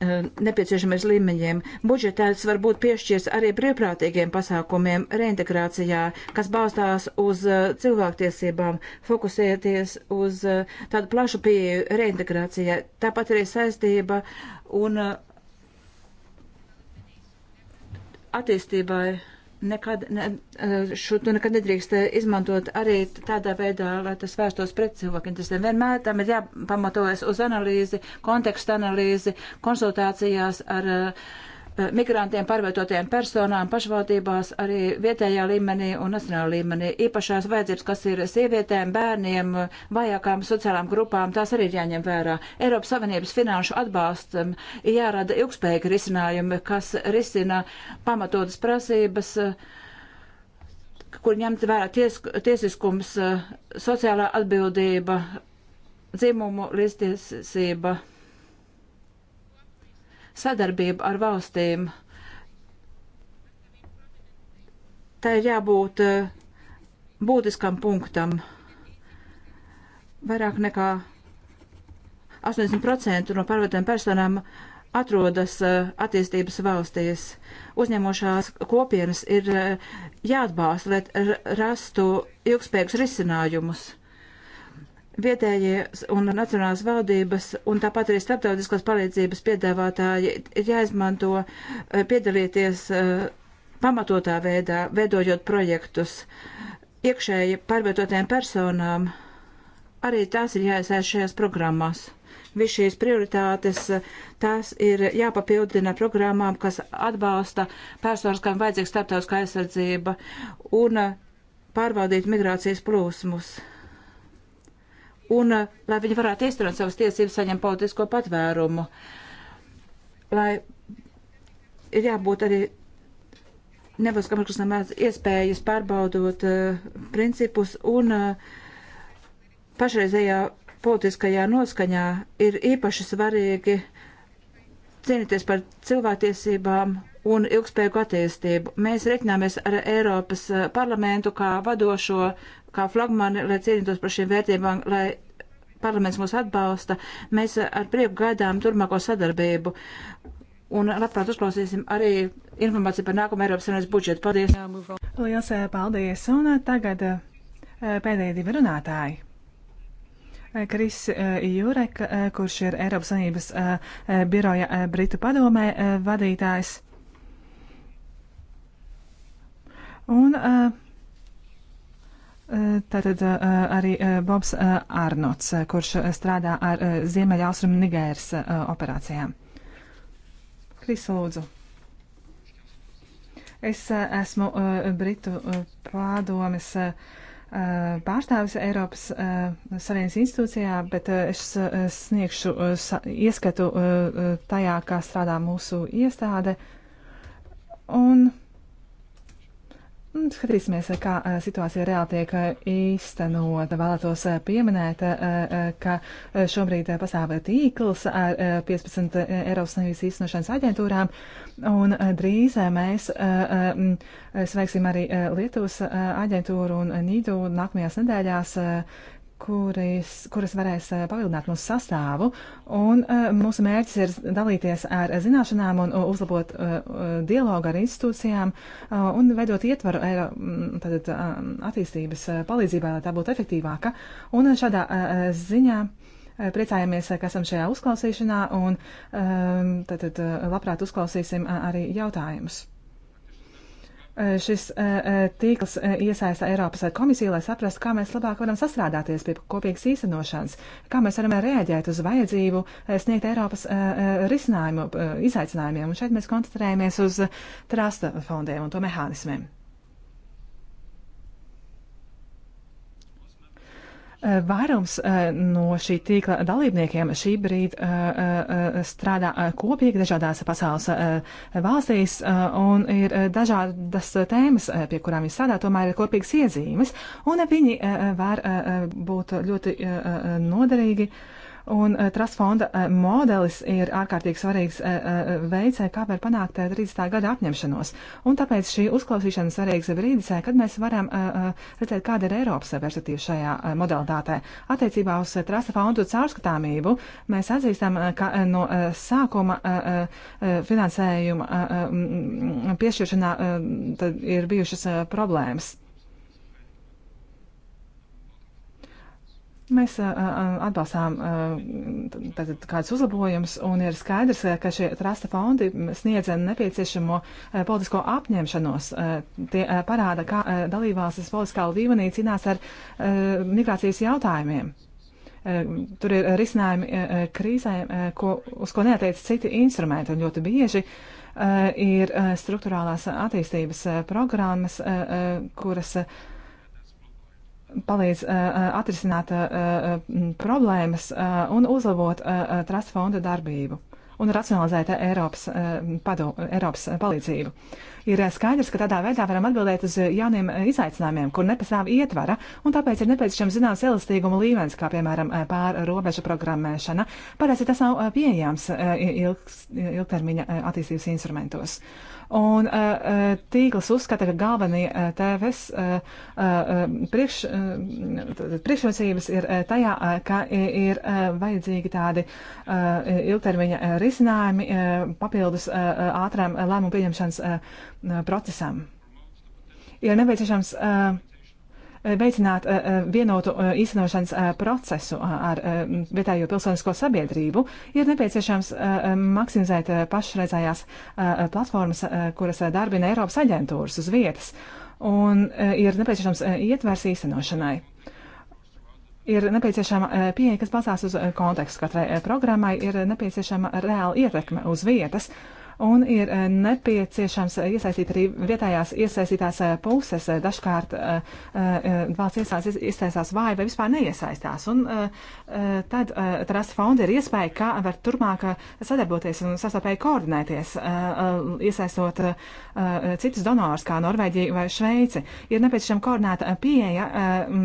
Eh, nepieciešamies līmeņiem. Budžetēts var būt piešķirs arī brīvprātīgiem pasākumiem reintegrācijā, kas balstās uz eh, cilvēktiesībām, fokusēties uz eh, tādu plašu pieeju reintegrācijai. Tāpat arī saistība un attīstībai nekad, ne, eh, šo, tu nekad nedrīkst eh, izmantot arī tādā veidā, lai tas vērstos pret cilvēkiem. Tas vienmēr tam ir jāpamatojas uz analīzi, kontekstu analīzi, konsultācijās ar uh, Eh, migrantiem pārvietotajiem personām pašvaldībās arī vietējā līmenī un nacionālā līmenī. Īpašās vajadzības, kas ir sievietēm, bērniem, vajākām sociālām grupām, tās arī ir jāņem vērā. Eiropas Savienības finanšu atbalstam ir jārada ilgspējīgi risinājumi, kas risina pamatotas prasības eh, kur ņemt vērā ties, tiesiskums, eh, sociālā atbildība, dzimumu līdztiesība sadarbība ar valstīm. Tā ir jābūt eh, būtiskam punktam. Vairāk nekā 80% no pārvietām personām atrodas eh, attīstības valstīs. Uzņemošās kopienas ir eh, jāatbalsta, lai rastu ilgspējīgus risinājumus vietējie un nacionālās valdības un tāpat arī starptautiskās palīdzības piedāvātāji ir jāizmanto eh, piedalīties eh, pamatotā veidā, veidojot projektus iekšēji pārvietotiem personām. Arī tās ir jāiesaist šajās programmās. Viss šīs prioritātes, eh, tās ir jāpapildina programmām, kas atbalsta personas, kam vajadzīga starptautiskā aizsardzība un pārvaldīt migrācijas plūsmus un eh, lai viņi varētu īstenot savas tiesības saņemt politisko patvērumu. Lai ir jābūt arī nebūs kamerkas nemaz iespējas pārbaudot uh, principus un uh, pašreizējā politiskajā noskaņā ir īpaši svarīgi cīnīties par cilvēktiesībām un ilgspējīgu attīstību. Mēs reiķināmies ar Eiropas parlamentu kā vadošo, kā flagmani, lai cīnītos par šīm vērtībām, lai parlaments mūs atbalsta. Mēs ar prieku gaidām turmāko sadarbību. Un labprāt uzklausīsim arī informāciju par nākamo Eiropas Savienības budžetu. Paldies! Lielas eh, paldies! Un eh, tagad eh, pēdējie divi runātāji. Kris Jurek, kurš ir Eiropas Savienības biroja Britu padomē vadītājs. Un uh, Eh, tātad eh, arī eh, Bobs Arnots, kurš strādā ar Ziemeļaustrumu Nigēras operācijām. Krisa lūdzu. Es esmu Britu pārdomes pārstāvis Eiropas Savienības institūcijā, bet es sniegšu ieskatu tajā, kā strādā mūsu iestāde. Un Skatīsimies, kā situācija reāli tiek īstenota. Vēlētos pieminēt, ka šobrīd pastāv tīkls ar 15 Eiropas Savienības īstenošanas aģentūrām, un drīz mēs sveiksim arī Lietuvas aģentūru un Nīdu nākamajās nedēļās, kuris, kuras varēs eh, papildināt mūsu sastāvu. Un, eh, mūsu mērķis ir dalīties ar zināšanām un uh, uzlabot eh, dialogu ar institūcijām un veidot ietvaru eiro, tātad, mm, attīstības palīdzībai, lai tā būtu efektīvāka. Un šādā ziņā priecājamies, ka esam šajā uzklausīšanā un tātad, labprāt uzklausīsim arī jautājumus. Eh, šis eh, eh, tīkls iesaista Eiropas komisiju, lai saprastu, kā mēs labāk varam sastrādāties pie kopīgas īstenošanas, kā mēs varam rēģēt uz vajadzību sniegt Eiropas risinājumu izaicinājumiem. Un šeit mēs koncentrējamies uz trasta fondiem un to mehānismiem. Eh, vairums eh, no šī tīkla dalībniekiem šī brīd eh, strādā kopīgi dažādās pasaules valstīs un ir dažādas tēmas, pie kurām viņi strādā, tomēr ir kopīgas iezīmes, un viņi var būt ļoti noderīgi Un uh, trust fonda uh, eh, modelis ir ārkārtīgi svarīgs uh, veids, kā var panākt 30. gada apņemšanos. Un tāpēc šī uzklausīšana svarīgs brīdis, kad mēs varam redzēt, kāda ir Eiropas perspektīva šajā modelitātē. Attiecībā uz trust fondu caurskatāmību mēs atzīstam, ka no sākuma finansējuma piešķiršanā ir bijušas problēmas. Mēs atbalstām tātad, kādus uzlabojumus, un ir skaidrs, ka šie trasta fondi sniedz nepieciešamo politisko apņemšanos. Tie parāda, kā dalībvalstis politiskā līmenī cīnās ar migrācijas jautājumiem. Tur ir risinājumi krīzēm, ko, uz ko neatiec citi instrumenti, un ļoti bieži ir struktūrālās attīstības programmas, kuras palīdz uh, uh, atrisināt uh, problēmas un uzlabot trust fonda darbību un racionalizēt Eiropas, padu, Eiropas palīdzību. Ir skaidrs, ka tādā veidā varam atbildēt uz jauniem izaicinājumiem, kur nepastāv ietvara, un tāpēc ir nepieciešams zināms elastīguma līmenis, kā piemēram pār robežu programmēšana. Parasti tas nav pieejams ilgs, ilgtermiņa attīstības instrumentos. Un eh, eh, tīkls uzskata, ka galvenie eh, TVS priekš, priekšrocības ir tajā, ka ir vajadzīgi tādi ilgtermiņa risinājumi papildus ātrām lēmumu pieņemšanas procesam. Ir nepieciešams uh, veicināt eh, eh, vienotu eh, īstenošanas procesu ar vietējo pilsonisko sabiedrību, ir nepieciešams maksimizēt pašreizējās platformas, kuras darbina Eiropas aģentūras uz vietas, un ir nepieciešams ietvers īstenošanai. Ir nepieciešama pieeja, kas balstās uz kontekstu. Katrai programmai ir nepieciešama reāla ietekme uz vietas. Uh, un ir eh, nepieciešams eh, iesaistīt arī vietējās iesaistītās eh, puses. Dažkārt valsts iestādes iesaistās vāji vai vispār neiesaistās. Un tad trust fonda ir iespēja, kā var turpmāk sadarboties un sastāpēji koordinēties, iesaistot citus donors, kā Norvēģija vai Šveici. Ir nepieciešama koordinēta pieeja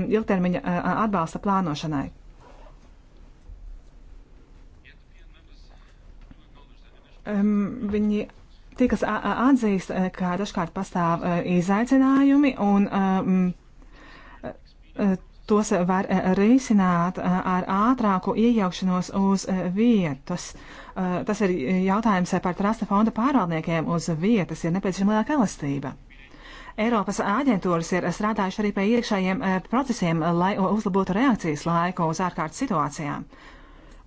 ilgtermiņa atbalsta plānošanai. Viņi tie, kas atzīst, e, ka dažkārt pastāv e, izaicinājumi un e, tos var risināt ar ātrāku iejaukšanos uz vietas. Tas ir jautājums par trasta fonda pārvaldniekiem uz vietas, ir nepieciešama lielāka elastība. Eiropas aģentūras ir strādājuši arī pie iekšējiem procesiem, lai uzlabotu reakcijas laiku uz ārkārtas situācijām. Uh,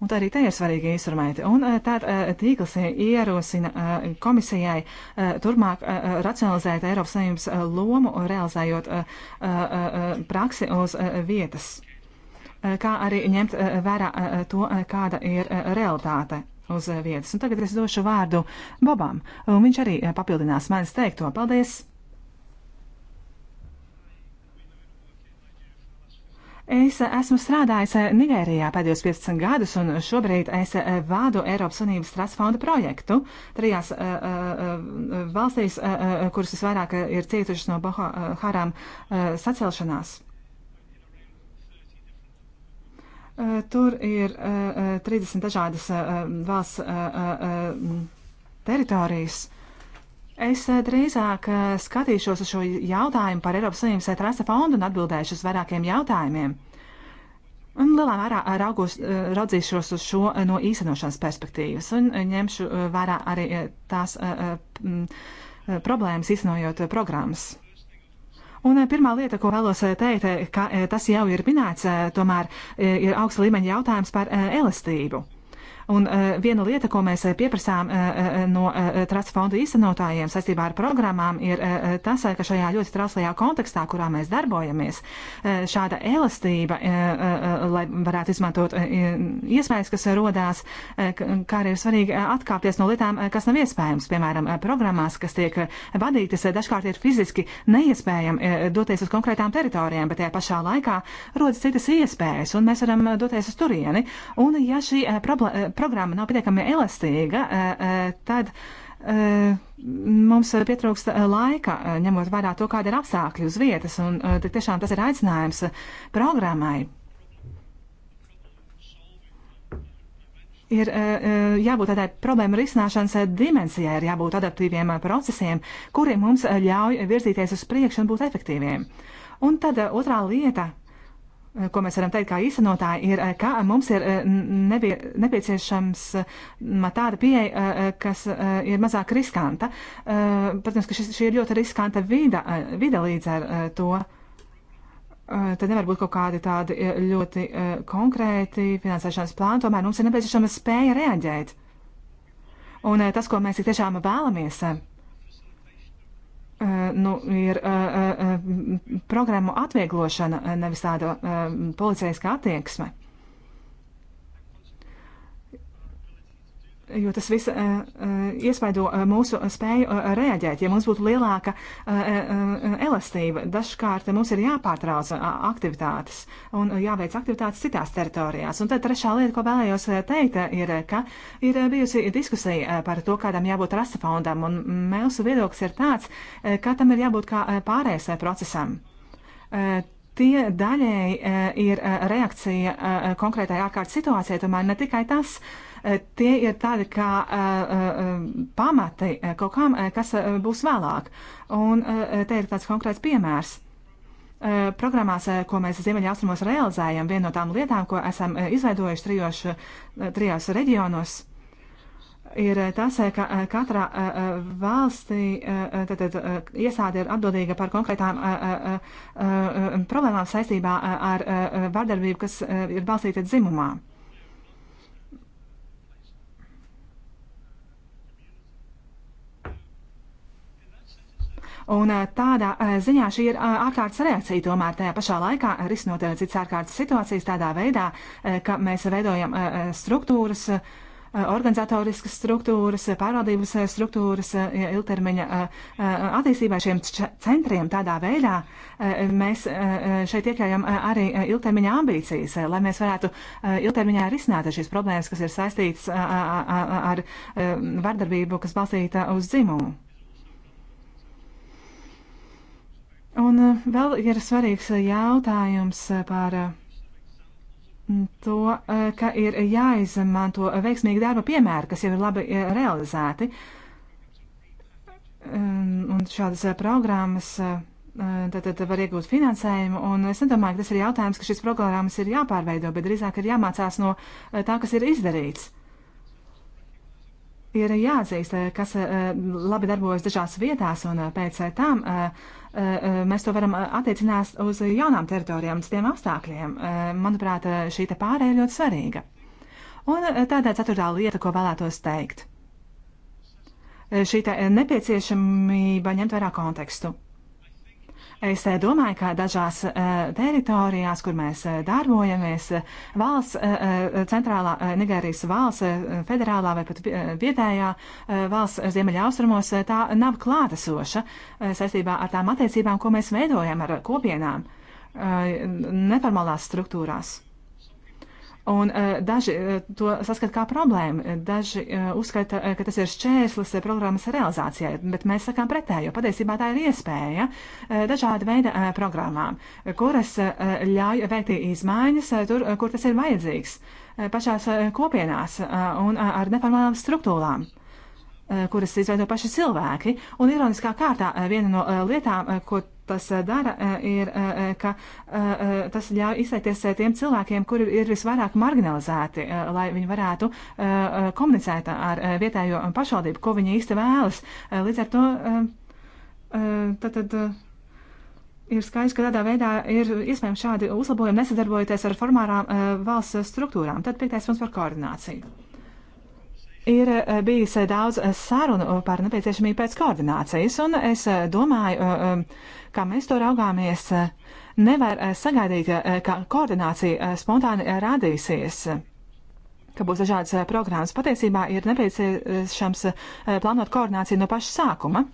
Un tā arī te ir svarīgi instrumenti. Un eh, tad eh, tīkls eh, ierosina komisijai turmāk racionalizēt Eiropas Savienības lomu, realizējot praksi uz vietas, kā arī ņemt vērā to, kāda ir realitāte uz vietas. Un tagad es došu vārdu Bobam, un viņš arī papildinās manis teikto. Paldies! Es esmu strādājis eh, Nigērijā pēdējos 15 gadus, un šobrīd es eh, vādu Eiropas Unības Trust fonda projektu trijās uh, uh, valstīs, uh, kuras visvairāk ir cietušas no Boko Haram sacelšanās. Tur ir 30 dažādas valsts teritorijas. Es eh, drīzāk eh, skatīšos uz šo jautājumu par Eiropas Savienības eh, trasta fondu un atbildēšu uz vairākiem jautājumiem. Un lielā mērā raugos, raudzīšos uz šo no īstenošanas perspektīvas un ņemšu vērā arī tās problēmas īstenojot programmas. Un pirmā lieta, ko vēlos teikt, ka tas jau ir minēts, tomēr ir augsta līmeņa jautājums par elastību. Un e, viena lieta, ko mēs e, pieprasām e, no trust fondu īstenotājiem saistībā ar programmām, ir tas, ka šajā ļoti trauslajā kontekstā, kurā mēs darbojamies, šāda elastība, lai varētu izmantot iespējas, kas rodās, kā arī ir svarīgi atkāpties no lietām, kas nav iespējams. Piemēram, programmās, kas tiek vadītas, dažkārt ir fiziski neiespējami doties uz konkrētām teritorijām, bet tajā pašā laikā rodas citas iespējas, un mēs varam doties uz turieni. Un, ja šī problēma programma nav pietiekami elastīga, eh, eh, tad eh, mums pietrūkst laika, ņemot vērā to, kāda ir apstākļi uz vietas, un tik tiešām tas ir aicinājums programmai. Ir jābūt tādai problēmu risināšanas dimensijai, ir jābūt adaptīviem procesiem, kuri mums ļauj virzīties uz priekšu un būt efektīviem. Un tad otrā lieta ko mēs varam teikt kā īstenotāji, ir, eh, ka mums ir eh, nebie, nepieciešams mm, tāda pieeja, eh, kas ir mazāk riskanta. Protams, ka šis, šī ir ļoti riskanta vida, vida līdz ar to. Tad nevar būt kaut kādi tādi ļoti konkrēti finansēšanas plāni, tomēr mums ir nepieciešama spēja reaģēt. Un tas, ko mēs tiešām vēlamies, Eh, nu, ir eh, eh, programmu atvieglošana, nevis tāda policijaska attieksme. jo tas viss eh, eh, iespaido eh, mūsu spēju reaģēt. Ja mums būtu lielāka elastība, dažkārt mums ir jāpārtrauc aktivitātes un jāveic aktivitātes citās teritorijās. Un tad trešā lieta, ko vēlējos teikt, ir, ka ir bijusi diskusija par to, kādam jābūt rasta fondam, un mūsu viedoklis ir tāds, ka tam ir jābūt kā pārējais procesam. Tie daļēji ir reakcija konkrētai ārkārtas situācijai, tomēr ne tikai tas, uh, tie ir tādi kā pamati kaut kam, kas būs vēlāk. Un te ir tāds konkrēts piemērs. Programmās, ko mēs Ziemeļaustrumos realizējam, viena no tām lietām, ko esam izveidojuši trijos, trijos reģionos, ir tas, ka katrā valstī tātad, iesāde ir atbildīga par konkrētām problēmām saistībā ar vardarbību, kas ir balstīta dzimumā. Un eh, tādā eh, ziņā šī ir eh, ārkārtas reakcija, tomēr tajā pašā laikā risinot citas ārkārtas situācijas tādā veidā, ka mēs veidojam struktūras, organizatoriskas struktūras, pārvaldības struktūras ilgtermiņa attīstībai šiem centriem. Tādā veidā mēs šeit iekļaujam arī ilgtermiņa ambīcijas, lai mēs varētu ilgtermiņā risināt šīs problēmas, kas ir saistītas ar vardarbību, kas balstīta uz dzimumu. Un eh, vēl ir svarīgs eh, jautājums eh, par to, ka ir jāizmanto veiksmīgi darba piemēri, kas jau ir labi realizēti. Un šādas programmas tad, tad var iegūt finansējumu. Un es nedomāju, ka tas ir jautājums, ka šīs programmas ir jāpārveido, bet drīzāk ir jāmācās no tā, kas ir izdarīts ir jāatzīst, eh, kas eh, labi darbojas dažās vietās, un eh, pēc tam mēs to varam attiecināt uz jaunām teritorijām, uz tiem apstākļiem. Manuprāt, šī te pārēja ir ļoti svarīga. Un tādā ceturtā lieta, ko vēlētos teikt. Šī nepieciešamība ņemt vērā kontekstu. Es eh, domāju, ka dažās eh, teritorijās, kur mēs eh, darbojamies, valsts, centrālā Nigērijas valsts, federālā vai pat vietējā valsts ziemeļaustrumos, tā nav klātesoša saistībā ar tām attiecībām, ko mēs veidojam ar kopienām neformālās struktūrās. Un uh, daži uh, to saskata kā problēmu, daži uh, uzskata, uh, ka tas ir šķērslis uh, programmas realizācijai, bet mēs sakām pretējo. Patiesībā tā ir iespēja uh, dažāda veida uh, programmām, kuras uh, ļauj veikt izmaiņas uh, tur, uh, kur tas ir vajadzīgs, uh, pašās uh, kopienās uh, un uh, ar neformālām struktūrām uh, kuras izveido paši cilvēki. Un ironiskā kārtā uh, viena no uh, lietām, uh, ko tas eh, dara, eh, ir, eh, ka tas ļauj izteikties tiem cilvēkiem, kuri ir visvairāk marginalizēti, lai viņi varētu komunicēt ar vietējo pašvaldību, ko viņi īsti vēlas. Līdz ar to tad. tad Ir skaidrs, ka tādā veidā ir iespējams šādi uzlabojumi nesadarbojoties ar formārām valsts struktūrām. Tad piektais punkts par koordināciju. Ir eh, bijis eh, daudz eh, sarunu par nepieciešamību pēc koordinācijas, un es domāju, kā mēs to raugāmies, nevar sagaidīt, ka koordinācija spontāni radīsies, ka būs dažādas programmas. Patiesībā ir nepieciešams plānot koordināciju no paša sākuma.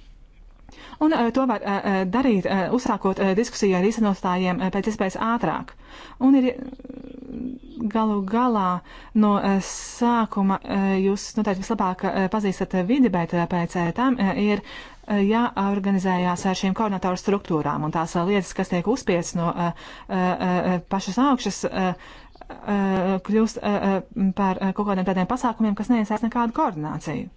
Un eh, to var eh, eh, darīt, uzsākot diskusiju ar izcenotājiem pēc iespējas ātrāk. Un ir galu galā no sākuma jūs noteikti vislabāk pazīstat vidi, bet pēc tam ir jāorganizējās ar šīm koordinatoru struktūrām un tās lietas, kas tiek uzspiestas no pašas augšas kļūst par kaut kādiem tādiem pasākumiem, kas neiesaist nekādu koordināciju.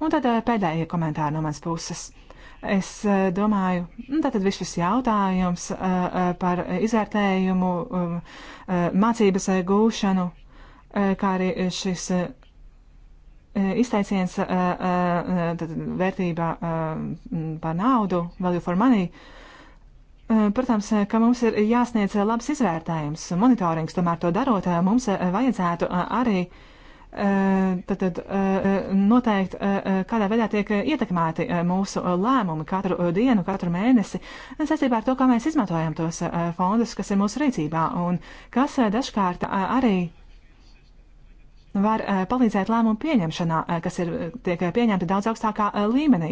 Un tad pēdējie komentāri no manas puses. Uh, Es eh, domāju, nu, tātad viss šis jautājums eh, eh, par izvērtējumu, um, mācības gūšanu, kā arī šis izteiciens vērtībā par naudu, value for money. Protams, ka mums ir jāsniedz labs izvērtējums, monitorings, tomēr to darot, mums vajadzētu arī uh, Eh, tad eh, eh, noteikti kādā veidā tiek ietekmēti mūsu lēmumi katru dienu, katru mēnesi, saistībā ar to, kā mēs izmantojam tos fondus, kas ir mūsu rīcībā un kas dažkārt arī var palīdzēt lēmumu pieņemšanā, kas ir, tiek pieņemti daudz augstākā līmenī.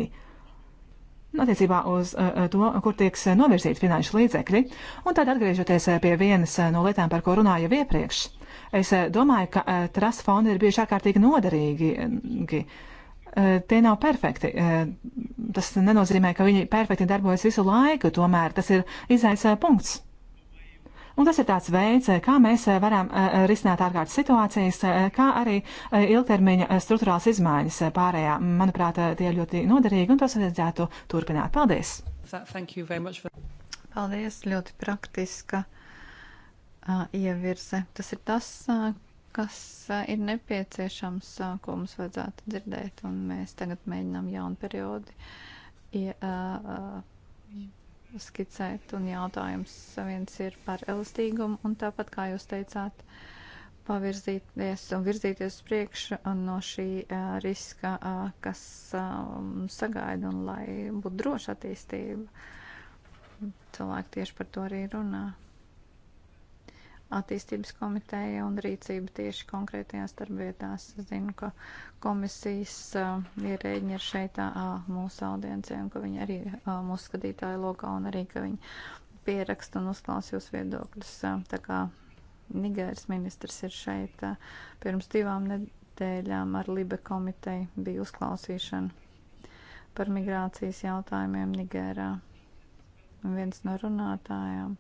Attiecībā uz to, kur tiek novirzīti finanšu līdzekļi, un tad atgriežoties pie vienas no lietām, par ko runāju iepriekš. Uh, Es eh, domāju, ka eh, trust fondi ir bijuši ārkārtīgi noderīgi. Eh, tie nav perfekti. Tas nenozīmē, ka viņi perfekti darbojas visu laiku, tomēr tas ir izaisa punkts. Un tas ir tāds veids, kā mēs varam risināt ārkārtas situācijas, kā arī ilgtermiņa struktūrāls izmaiņas pārējā. Manuprāt, tie ir ļoti noderīgi un tos vajadzētu turpināt. Paldies! For... Paldies! Ļoti praktiska jāievirza. Tas ir tas, kas ir nepieciešams, ko mums vajadzētu dzirdēt, un mēs tagad mēģinām jaunu periodu skicēt, un jautājums viens ir par elastīgumu, un tāpat, kā jūs teicāt, pavirzīties un virzīties uz priekšu no šī riska, kas sagaida, un lai būtu droša attīstība. Cilvēki tieši par to arī runā attīstības komiteja un rīcība tieši konkrētajās darbvietās. Es zinu, ka komisijas uh, ierēģi ir šeit uh, mūsu audiencē un ka viņi arī uh, mūsu skatītāju lokā un arī, ka viņi pieraksta un uzklausa jūs viedokļus. Uh, tā kā Nigēras ministrs ir šeit uh, pirms divām nedēļām ar Libe komiteju bija uzklausīšana par migrācijas jautājumiem Nigērā. Un viens no runātājām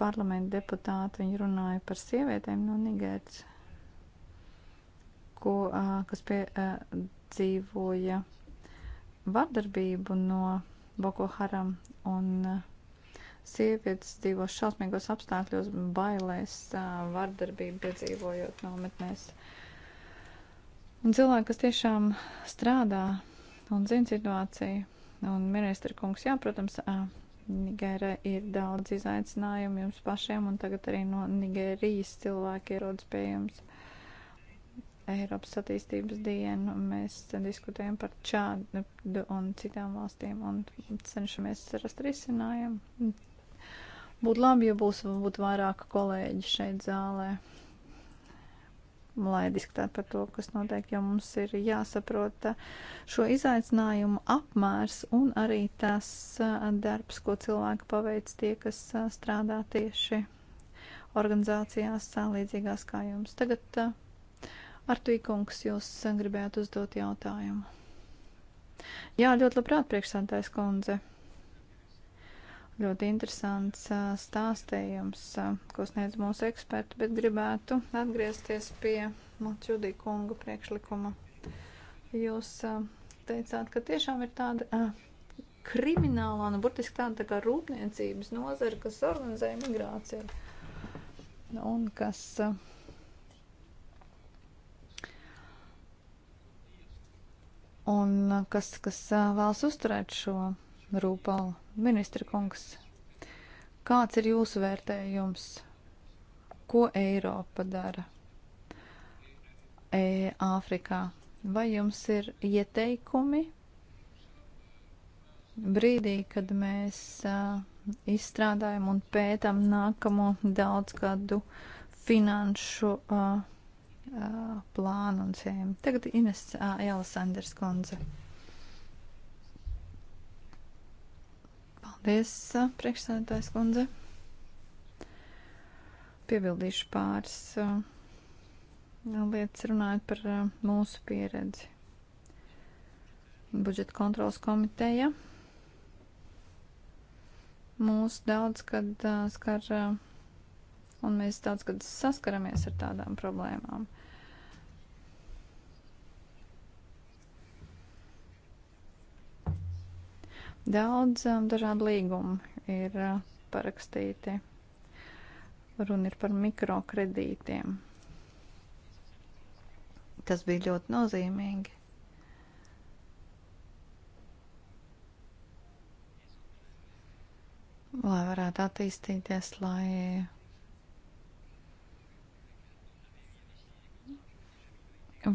parlamenta deputāti, viņi runāja par sievietēm no Nigēras, ko, uh, kas piedzīvoja uh, vardarbību no Boko Haram un uh, sievietes dzīvo šausmīgos apstākļos, bailēs, vardarbību piedzīvojot nometnēs. Un cilvēki, kas tiešām strādā un zina situāciju, un ministra kungs, jā, protams, Nigēra ir daudz izaicinājumu jums pašiem, un tagad arī no Nigērijas cilvēki ierodas pie jums. Eiropas attīstības dienu mēs diskutējam par Čādu un citām valstīm un cenšamies rast risinājumu. Būtu labi, ja būs, būtu vairāk kolēģi šeit zālē lai diskutētu par to, kas notiek, jo mums ir jāsaprot eh, šo izaicinājumu apmērs un arī tas eh, darbs, ko cilvēki paveic tie, kas eh, strādā tieši organizācijās līdzīgās kā jums. Tagad Artuīkungs, jūs gribētu uzdot jautājumu. Jā, ļoti labprāt, priekšsādātais kundze. Ļoti interesants stāstījums, ko sniedz mūsu eksperti, bet gribētu atgriezties pie Matsudī kunga priekšlikuma. Jūs teicāt, ka tiešām ir tāda kriminālā, nu, burtiski tāda tā kā rūpniecības nozara, kas organizē migrāciju un kas un kas, kas vēlas uzturēt šo Rūpāla. Ministra kungs, kāds ir jūsu vērtējums? Ko Eiropa dara e, Āfrikā? Vai jums ir ieteikumi brīdī, kad mēs uh, izstrādājam un pētam nākamo daudzgadu finanšu uh, uh, plānu un schēmu? Tagad Ines uh, Jālas Anders Konze. Paldies, priekšsēdētājs kundze. Piebildīšu pāris lietas runājot par mūsu pieredzi. Budžeta kontrolas komiteja mūs daudz, kad skar, un mēs daudz, kad saskaramies ar tādām problēmām. Daudz um, dažādu līgumu ir uh, parakstīti. Runa ir par mikrokredītiem. Tas bija ļoti nozīmīgi. Lai varētu attīstīties, lai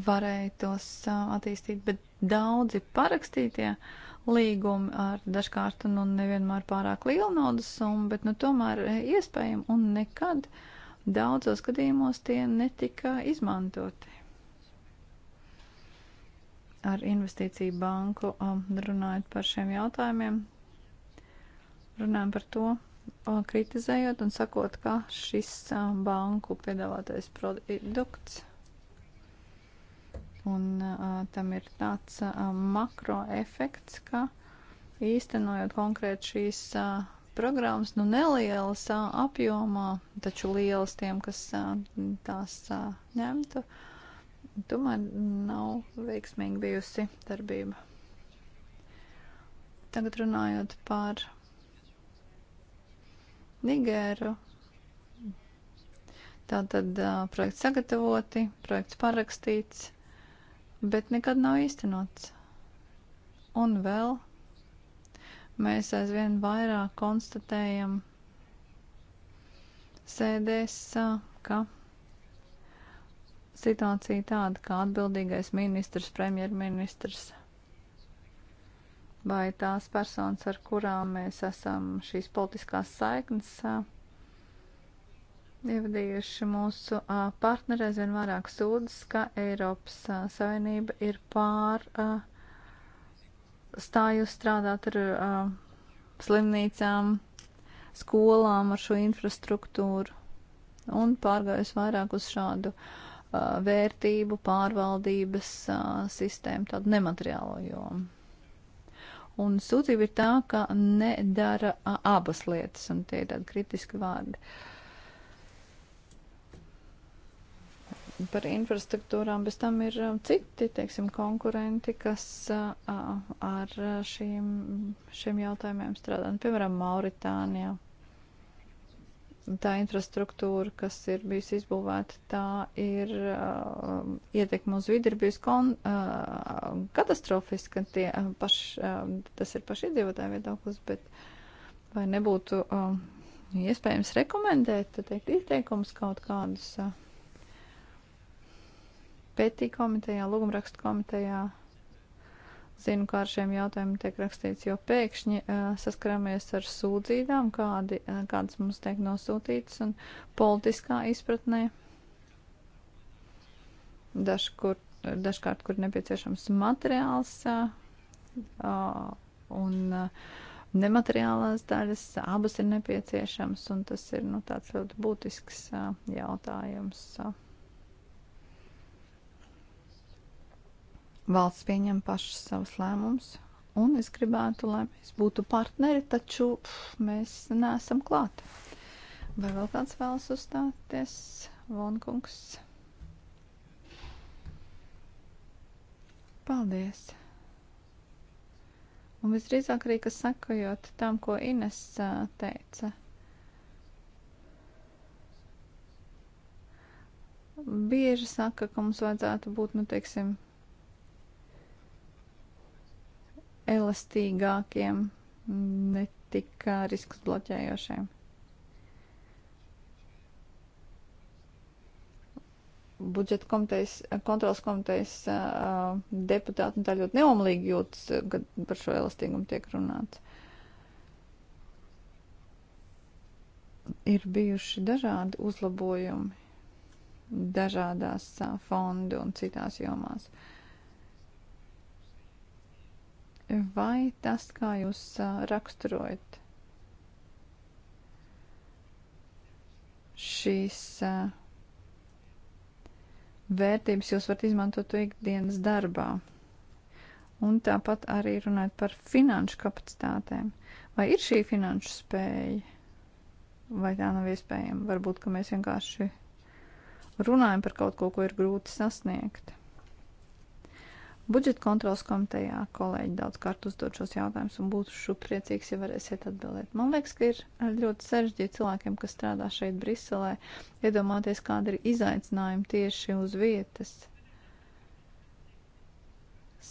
varēja tos uh, attīstīt, bet daudzi parakstītie. Ja līgumi ar dažkārt nu, nevienmēr pārāk lielu naudas summu, bet nu, tomēr eh, iespējami un nekad daudzos gadījumos tie netika izmantoti. Ar investīciju banku um, runājot par šiem jautājumiem, runājam par to, kritizējot un sakot, ka šis um, banku piedāvātais produkts Un uh, tam ir tāds uh, makroefekts, ka īstenojot konkrēt šīs uh, programmas, nu nelielas uh, apjomā, taču lielas tiem, kas uh, tās uh, ņemtu, tomēr nav veiksmīgi bijusi darbība. Tagad runājot par Nigēru. Tātad uh, projekts sagatavoti, projekts parakstīts bet nekad nav īstenots. Un vēl mēs aizvien vairāk konstatējam sēdēs, ka situācija tāda, kā atbildīgais ministrs, premjerministrs vai tās personas, ar kurām mēs esam šīs politiskās saiknes ievadījuši mūsu partneri aizvien vairāk sūdzas, ka Eiropas Savienība ir pār stājusi strādāt ar slimnīcām, skolām, ar šo infrastruktūru un pārgājusi vairāk uz šādu vērtību pārvaldības sistēmu, tādu nemateriālo jomu. Un sūdzība ir tā, ka nedara abas lietas, un tie ir tādi kritiski vārdi. Uh, par infrastruktūrām, bez tam ir um, citi, teiksim, konkurenti, kas uh, uh, ar uh, šīm, šiem jautājumiem strādā. Nu, piemēram, Mauritānijā. Tā infrastruktūra, kas ir bijusi izbūvēta, tā ir uh, ietekme uz vidi, ir bijusi kon, uh, katastrofiska. Tie, paš, uh, tas ir pašiedzīvotāju viedoklis, bet vai nebūtu uh, iespējams rekomendēt, teikt, ieteikums kaut kādus. Uh, pētī komitejā, lūgumrakstu komitejā. Zinu, kā ar šiem jautājumiem tiek rakstīts, jo pēkšņi uh, saskaramies ar sūdzībām, kādi, uh, kādas mums tiek nosūtītas, un politiskā izpratnē dažkur, dažkārt, kur nepieciešams materiāls uh, un uh, nemateriālās daļas, abas ir nepieciešams, un tas ir nu, tāds ļoti būtisks uh, jautājums. Uh. Valsts pieņem pašas savus lēmumus, un es gribētu, lai mēs būtu partneri, taču pf, mēs neesam klāt. Vai vēl kāds vēlas uzstāties? Vonkungs. Paldies! Un visdrīzāk arī, kas sakojot tam, ko Ines teica, bieži saka, ka mums vajadzētu būt, nu, teiksim, elastīgākiem, ne tik riskus bloķējošiem. budžeta komitejas, kontrolas komitejas uh, deputāti tā ļoti neomlīgi jūtas, kad par šo elastīgumu tiek runāts. Ir bijuši dažādi uzlabojumi dažādās uh, fondu un citās jomās. Uh, vai tas, kā jūs raksturojat šīs vērtības, jūs varat izmantot to ikdienas darbā. Un tāpat arī runājot par finanšu kapacitātēm. Vai ir šī finanšu spēja? Vai tā nav iespējama? Varbūt, ka mēs vienkārši runājam par kaut ko, ko ir grūti sasniegt. Budžeta kontrolas komitejā kolēģi daudzkārt uzdod šos jautājumus un būtu šupriecīgs, ja varēsiet atbildēt. Man liekas, ka ir ļoti sarežģīti cilvēkiem, kas strādā šeit Briselē, iedomāties, kāda ir izaicinājuma tieši uz vietas.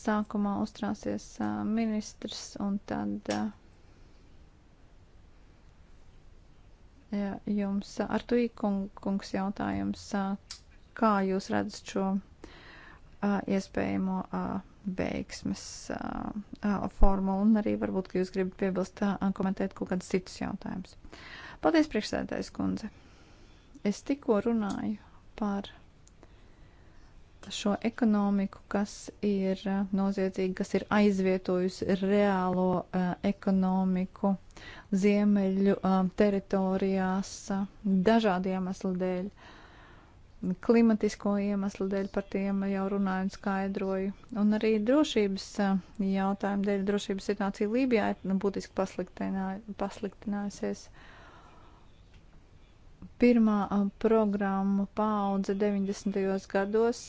Sākumā uztrāsies uh, ministrs un tad. Uh, Jā, jums ar to īkungs jautājums, kā jūs redzat šo iespējamo veiksmes formulu un arī varbūt, ka jūs gribat piebilst un komentēt kaut kādus citus jautājumus. Paldies, priekšsēdētājs kundze. Es tikko runāju par šo ekonomiku, kas ir noziedzīga, kas ir aizvietojusi reālo uh, ekonomiku ziemeļu uh, teritorijās uh, dažādu iemeslu dēļ. Uh, klimatisko iemeslu dēļ par tiem jau runāju un skaidroju. Un arī drošības jautājumu dēļ drošības situācija Lībijā ir nu, būtiski pasliktinājusies. Pirmā programma paudze 90. gados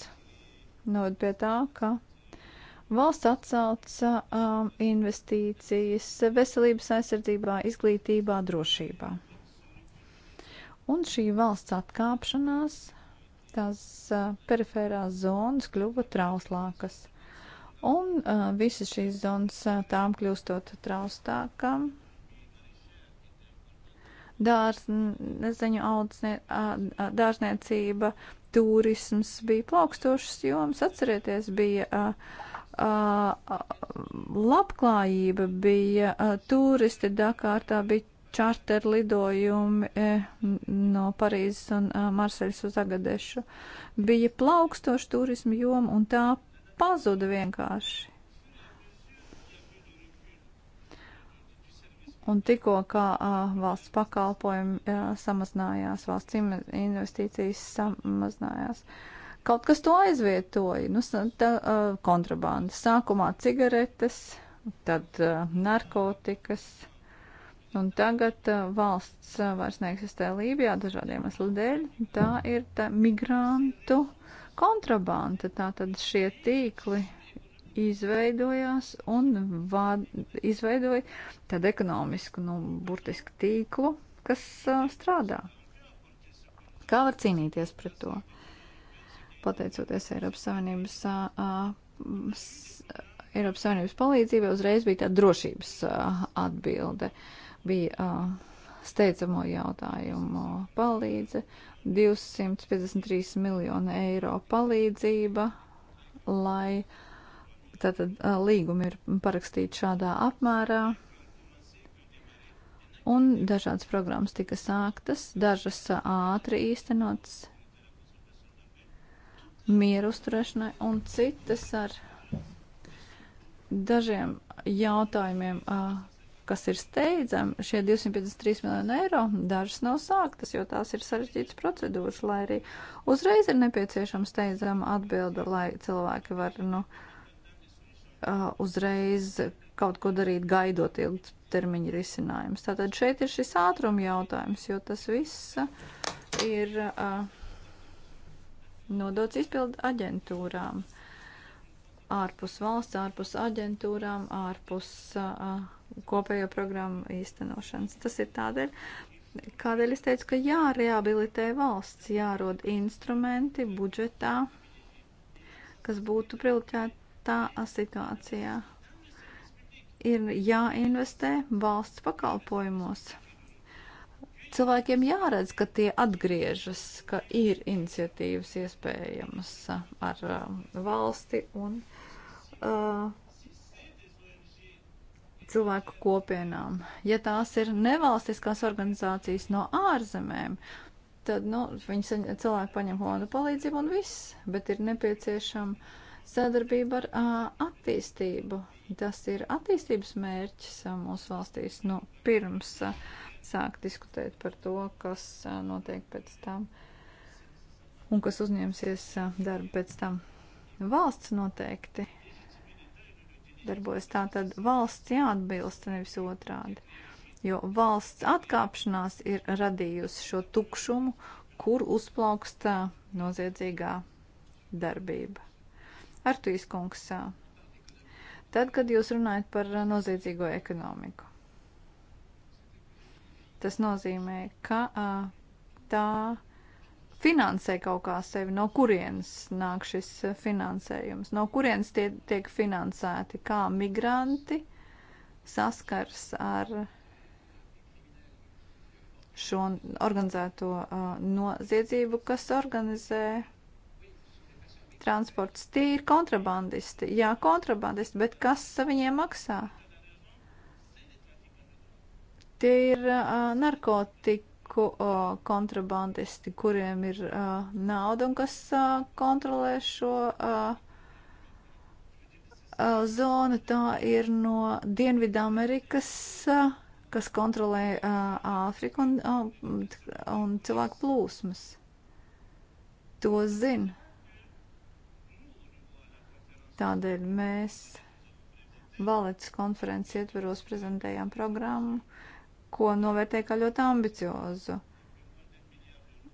noved pie tā, ka valsts atsauca um, investīcijas veselības aizsardzībā, izglītībā, drošībā. Un šī valsts atkāpšanās tās perifērās zonas kļuva trauslākas. Un uh, visas šīs zonas tām kļūstot traustākām, dārzneziņu audzne, dārzniecība, turisms bija plaukstošas jomas. Atcerieties, bija a, a, labklājība, bija a, turisti Dakārtā, bija čārter lidojumi e, no Parīzes un e, Marseļas uz Agadešu. Bija plaukstoša turisma joma un tā pazuda vienkārši. Un tikko kā uh, valsts pakalpojumi uh, samazinājās, valsts investīcijas samazinājās, kaut kas to aizvietoja. Nu, tā, uh, kontrabanda. Sākumā cigaretes, tad uh, narkotikas. Uh, Un tagad uh, valsts uh, vairs neeksistē Lībijā dažādiem aslu dēļ. Tā ir tā migrantu kontrabanda. Tātad šie tīkli izveidojās un vād, izveidoja tādu ekonomisku, nu, burtisku tīklu, kas uh, strādā. Kā var cīnīties pret to? Pateicoties Eiropas Savienības, uh, Eiropas Savienības palīdzībai, uzreiz bija tāda drošības uh, atbilde. Uh, bija steidzamo jautājumu palīdze, 253 miljonu eiro palīdzība, lai tātad līgumi ir parakstīti šādā apmērā. Un dažādas programmas tika sāktas, dažas ātri īstenotas mieru uzturēšanai un citas ar dažiem jautājumiem, kas ir steidzami, šie 253 miljoni eiro, dažas nav sāktas, jo tās ir sarežģītas procedūras, lai arī uzreiz ir nepieciešama steidzama atbilda, lai cilvēki var, nu, uh, uzreiz kaut ko darīt, gaidot ilgtermiņa risinājumus. Tātad šeit ir šis ātruma jautājums, jo tas viss ir uh, nodots izpildu aģentūrām ārpus valsts, ārpus aģentūrām, ārpus uh, kopējo programmu īstenošanas. Tas ir tādēļ, kādēļ es teicu, ka jārehabilitē valsts, jārod instrumenti budžetā, kas būtu prioritātā situācijā. Ir jāinvestē valsts pakalpojumos. Cilvēkiem jāredz, ka tie atgriežas, ka ir iniciatīvas iespējamas ar um, valsti un uh, cilvēku kopienām. Ja tās ir nevalstiskās organizācijas no ārzemēm, tad nu, viņi saņem, cilvēki paņem humānu palīdzību un viss, bet ir nepieciešama sadarbība ar ā, attīstību. Tas ir attīstības mērķis mūsu valstīs. Nu, pirms a, sāk diskutēt par to, kas a, notiek pēc tam un kas uzņemsies a, darbu pēc tam. Valsts noteikti jādarbojas. Tā tad valsts jāatbilst, nevis otrādi. Jo valsts atkāpšanās ir radījusi šo tukšumu, kur uzplaukst noziedzīgā darbība. Artuīs kungs, tad, kad jūs runājat par noziedzīgo ekonomiku, tas nozīmē, ka tā finansē kaut kā sevi, no kurienes nāk šis eh, finansējums, no kurienes tie tiek finansēti, kā migranti saskars ar šo organizēto uh, noziedzību, kas organizē transports. Tie ir kontrabandisti, jā, kontrabandisti, bet kas viņiem maksā? Tie ir uh, eh, narkotika banku uh, kontrabandisti, kuriem ir uh, nauda un kas uh, kontrolē šo uh, uh, zonu. Tā ir no Dienvidamerikas, uh, kas kontrolē uh, Āfriku un, uh, un cilvēku plūsmas. To zina. Tādēļ mēs valets konferences ietveros prezentējām programmu ko novērtē kā ļoti ambiciozu.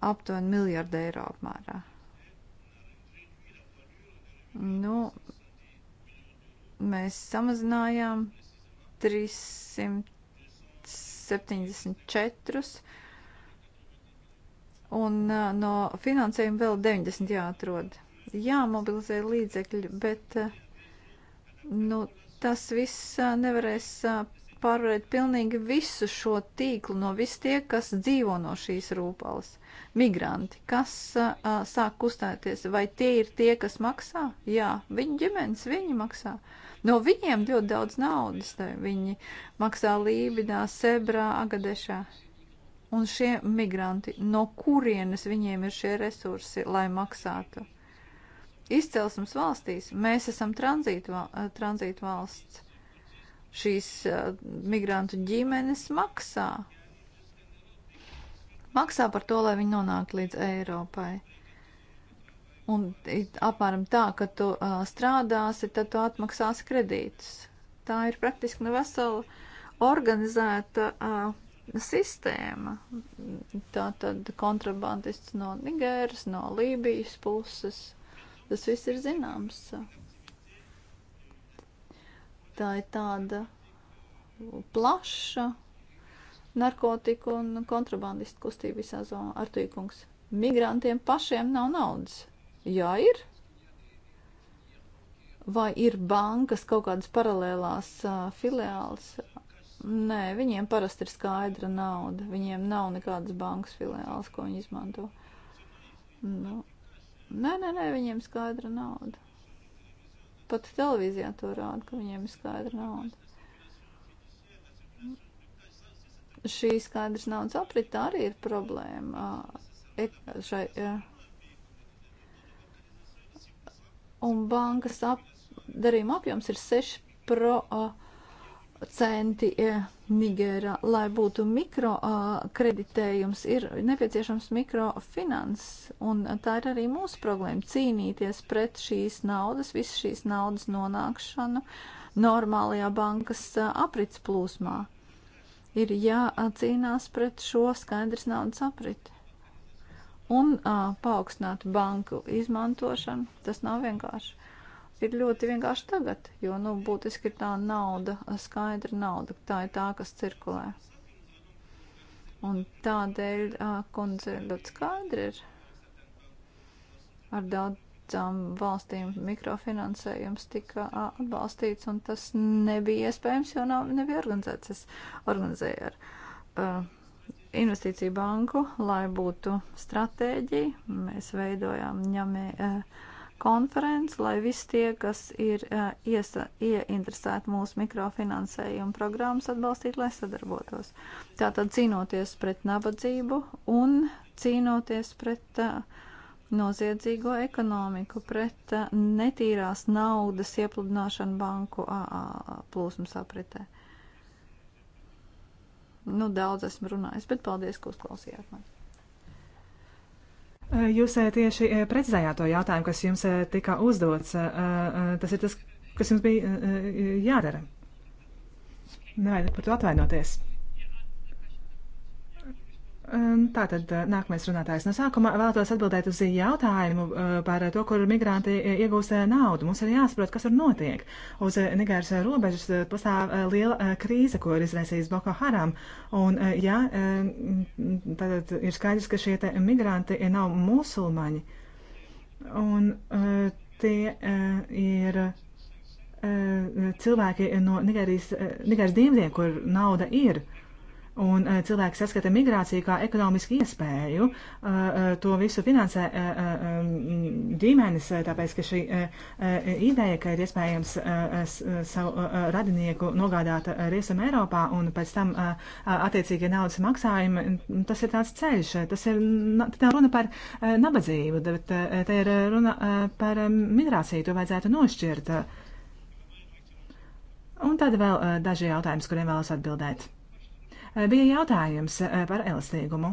Aptuveni miljardu eiro apmērā. Nu, mēs samazinājām 374 un no finansējuma vēl 90 jāatrod. Jāmobilizē līdzekļi, bet nu, tas viss nevarēs pārvarēt pilnīgi visu šo tīklu no vis tie, kas dzīvo no šīs rūpalas. Migranti, kas uh, sāk kustēties, vai tie ir tie, kas maksā? Jā, viņu ģimenes, viņi maksā. No viņiem ļoti daudz naudas, tai viņi maksā Lībijā, Sebrā, Agadešā. Un šie migranti, no kurienes viņiem ir šie resursi, lai maksātu? Izcelsmes valstīs mēs esam tranzītu, tranzītu valsts šīs uh, migrantu ģimenes maksā. Maksā par to, lai viņi nonāktu līdz Eiropai. Un apmēram tā, ka tu uh, strādāsi, tad tu atmaksāsi kredītus. Tā ir praktiski nevesela organizēta uh, sistēma. Tā tad kontrabandists no Nigēras, no Lībijas puses. Tas viss ir zināms. Uh tā ir tāda plaša narkotiku un kontrabandistu kustība visā zonā. Artīkungs. Migrantiem pašiem nav naudas. Jā, ir. Vai ir bankas kaut kādas paralēlās uh, filiāls? Nē, viņiem parasti ir skaidra nauda. Viņiem nav nekādas bankas filiāls, ko viņi izmanto. Nu. Nē, nē, nē, viņiem skaidra nauda. Pat televīzijā to rāda, ka viņiem ir skaidra nauda šī skaidrs naudas aprita arī ir problēma. Ek, šai, un bankas ap, darījuma apjoms ir 6 procenti Nigērā, lai būtu mikrokreditējums, ir nepieciešams mikrofinans, un tā ir arī mūsu problēma - cīnīties pret šīs naudas, visu šīs naudas nonākšanu normālajā bankas aprits plūsmā. Ir jācīnās pret šo skaidrs naudas apriti. Un a, paaugstināt banku izmantošanu, tas nav vienkārši ir ļoti vienkārši tagad, jo, nu, būtiski ir tā nauda, skaidra nauda, tā ir tā, kas cirkulē. Un tādēļ kundze ļoti skaidri ir ar daudzām valstīm mikrofinansējums tika atbalstīts, un tas nebija iespējams, jo nav, nebija organizēts. Es organizēju ar uh, investīciju banku, lai būtu stratēģija. Mēs veidojām ņemē. Uh, konferenci, lai visi tie, kas ir iesa, ieinteresēti mūsu mikrofinansējuma programmas atbalstīt, lai sadarbotos. Tātad cīnoties pret nabadzību un cīnoties pret uh, noziedzīgo ekonomiku, pret uh, netīrās naudas iepludināšanu banku uh, plūsmas apritē. Nu, daudz esmu runājis, bet paldies, ka uzklausījāt mani. Jūs eh, tieši eh, precizējāt to jautājumu, kas jums eh, tika uzdots. Tas ir tas, kas jums bija jādara. Nevajag par to atvainoties. Ehm, tātad eh, nākamais runātājs no sākuma vēlētos atbildēt uz jautājumu eh, par to, kur migranti eh, iegūst naudu. Mums ir jāsaprot, kas tur notiek. Uz Nigēras robežas pastāv liela krīze, ko ir izraisījis Boko Haram. Un, jā, ehm, tātad ir skaidrs, ka šie migranti nav musulmaņi. Un tie ir cilvēki no Nigērijas, Nigērijas dienvidiem, kur nauda ir. Uh, Un eh, cilvēki saskata migrāciju kā ekonomisku iespēju. Eh, eh, to visu finansē ģimenes, tāpēc ka šī ideja, ka ir iespējams savu radinieku nogādāt riesam Eiropā un pēc tam attiecīgie naudas maksājumi, tas ir tāds ceļš. Tas ir tā runa par nabadzību, bet te ir runa par migrāciju. To vajadzētu nošķirt. Un tad vēl daži jautājums, kuriem vēlos atbildēt. Eh, bija jautājums eh, par elastīgumu.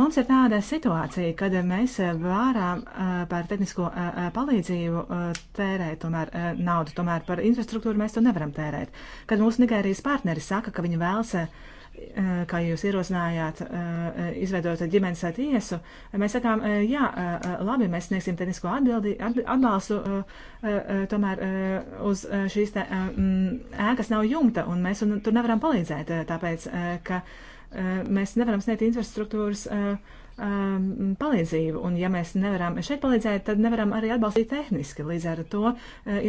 Mums ir tāda situācija, kad mēs varam eh, par tehnisko palīdzību tērēt tomēr, naudu, tomēr par infrastruktūru mēs to nevaram tērēt. Kad mūsu Nigērijas partneri saka, ka viņi vēlas Eh, kā jūs ierosinājāt, eh, eh, izveidot ģimenes tiesu, mēs sakām, jā, labi, mēs sniegsim tehnisko atbildi, atbalstu, tomēr uz šīs te, mm, ēkas nav jumta, un mēs un tur nevaram palīdzēt, tāpēc, ka mēs nevaram sniegt infrastruktūras palīdzību, un ja mēs nevaram šeit palīdzēt, tad nevaram arī atbalstīt tehniski, līdz ar to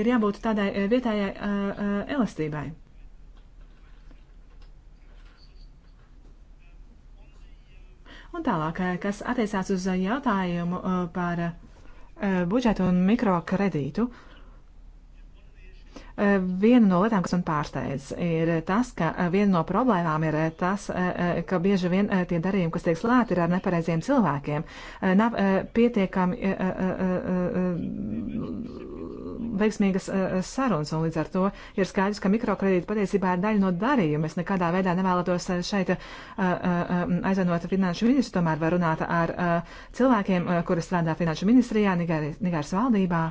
ir jābūt tādai vietējai elastībai. Un tālāk, eh, kas attiecās uz eh, jautājumu eh, par budžetu un mikrokredītu, Viena no lietām, kas man pārsteidz, ir tas, ka eh, viena no problēmām ir eh, tas, eh, ka bieži vien tie darījumi, kas tiek slēgti, ir ar nepareiziem cilvēkiem. Nav pietiekami veiksmīgas sarunas, un līdz ar to ir skaidrs, ka mikrokredīti patiesībā ir daļa no darījuma. Es nekādā veidā nevēlētos šeit aizvainot finanšu ministru, tomēr var runāt ar cilvēkiem, kuri strādā finanšu ministrijā, Nigēras valdībā.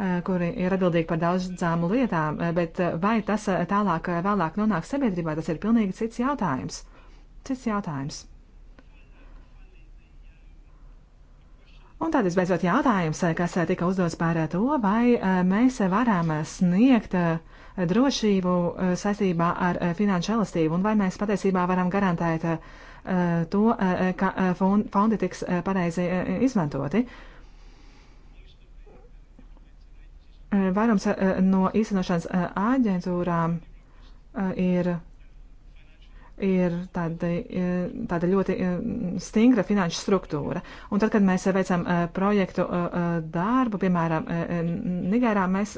Eh, kuri ir atbildīgi par daudzām lietām, eh, bet eh, vai tas tālāk vēlāk nonāk sabiedrībā, tas ir pilnīgi cits jautājums. Cits jautājums. Un tad visbeidzot jautājums, kas tika uzdots par to, vai mēs varam sniegt drošību saistībā ar finanšu elastību un vai mēs patiesībā varam garantēt to, ka fondi tiks pareizi izmantoti. Uh, Eh, vairums eh, no īstenošanas eh, aģentūrām ir, ir tāda, tāda ļoti stingra finanšu struktūra. Un tad, kad mēs veicam projektu darbu, piemēram, Nigērā, mēs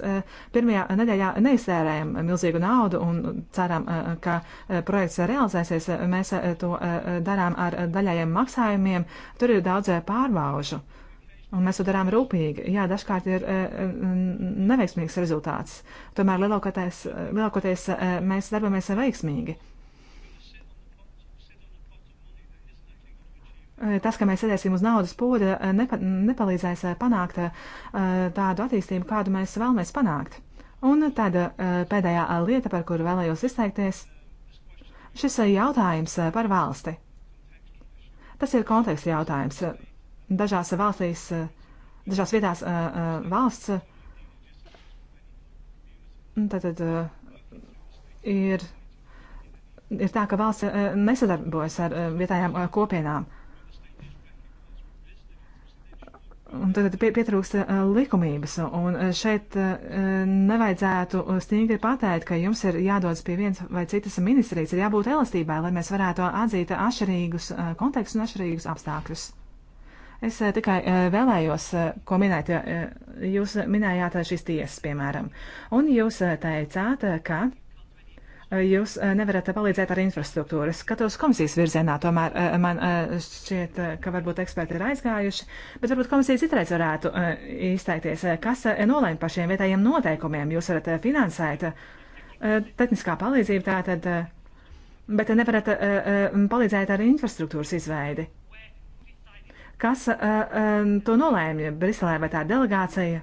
pirmajā nedēļā neiztērējam milzīgu naudu un ceram, ka projekts realizēsies. Mēs to darām ar daļajiem maksājumiem. Tur ir daudz pārbaužu. Un mēs to darām rūpīgi. Jā, dažkārt ir eh, eh, neveiksmīgs rezultāts. Tomēr lielākoties, eh, lielākoties mēs darbojamies veiksmīgi. Tas, ka mēs sēdēsim uz naudas poda, nepa, nepalīdzēs panākt tādu attīstību, kādu mēs vēlamies panākt. Un tad pēdējā lieta, par kuru vēlējos izteikties, šis jautājums par valsti. Tas ir konteksta jautājums dažās valstīs, eh, dažās vietās eh, eh, valsts tātad, mm, ir, ir tā, ka valsts nesadarbojas ar vietējām kopienām. Un tad pie, pietrūkst likumības, un šeit nevajadzētu stingri pateikt, ka jums ir jādodas pie vienas vai citas ministrijas, ir jābūt elastībai, lai mēs varētu atzīt atšķirīgus kontekstus un atšķirīgus apstākļus. Es eh, tikai eh, vēlējos, eh, ko minēt, jūs minējāt šīs tiesas, piemēram, un jūs teicāt, ka jūs nevarat palīdzēt ar infrastruktūru. Es skatos komisijas virzienā, tomēr man šķiet, ka varbūt eksperti ir aizgājuši, bet varbūt komisija citreiz varētu izteikties, kas nolēma par šiem vietējiem noteikumiem. Jūs varat finansēt tehniskā palīdzība tātad, bet nevarat palīdzēt ar infrastruktūras izveidi. Kas uh, uh, to nolēma Briselē vai tā delegācija?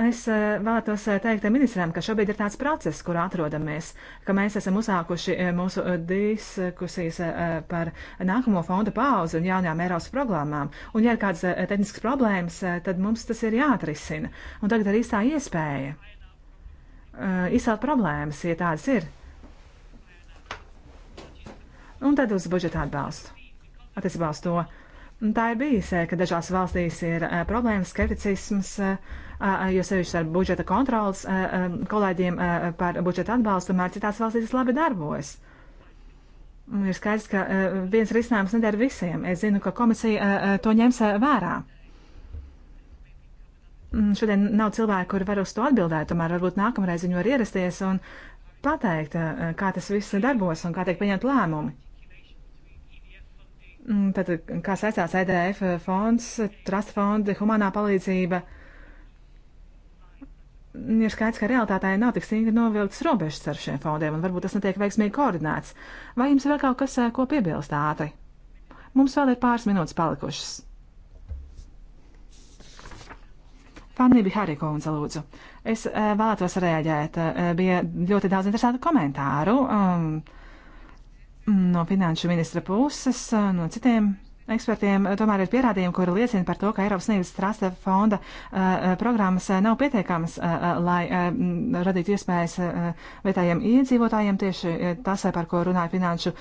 Es eh, vēlētos eh, teikt ministram, ka šobrīd ir tāds process, kur atrodamies, ka mēs esam uzsākuši mūsu diskusijas par nākamo fonda pauzi un jaunajām Eiropas programmām. Un, ja ir kādas tehniskas problēmas, tad mums tas ir jāatrisina. Un tagad ir īstā iespēja izsākt problēmas, ja tādas ir. Un tad uz budžeta atbalstu. Attiecībā uz to. Uh, Tā ir bijis, ka dažās valstīs ir eh, problēmas, skepticisms, eh, eh, jo sevišķi ar budžeta kontrolas kolēģiem par budžeta atbalstu, tomēr citās valstīs tas labi darbojas. Ir skaidrs, ka viens risinājums neder visiem. Es zinu, ka komisija to ņems vērā. Mm, šodien nav cilvēku, kuri var uz to atbildēt, tomēr varbūt nākamreiz viņu var ierasties un pateikt, kā tas viss darbos un kā tiek pieņemt lēmumi. Tātad, mm, kā saistās EDF fonds, trust fondi, humanā palīdzība, ir skaidrs, ka realitātē nav tik stingri novilktas robežas ar šiem fondiem, un varbūt tas netiek veiksmīgi koordinēts. Vai jums vēl kaut kas, eh, ko piebilst ātri? Mums vēl ir pāris minūtes palikušas. Fanny Biharikundze, lūdzu. Es eh, vēlētos reaģēt. Eh, bija ļoti daudz interesantu komentāru. Um, no finanšu ministra puses, no citiem ekspertiem tomēr ir pierādījumi, kuri liecina par to, ka Eiropas Savienības trasta fonda uh, programmas eh, nav pietiekamas, uh, lai uh, radītu iespējas vietējiem iedzīvotājiem. Tieši tas, par ko runāja finanšu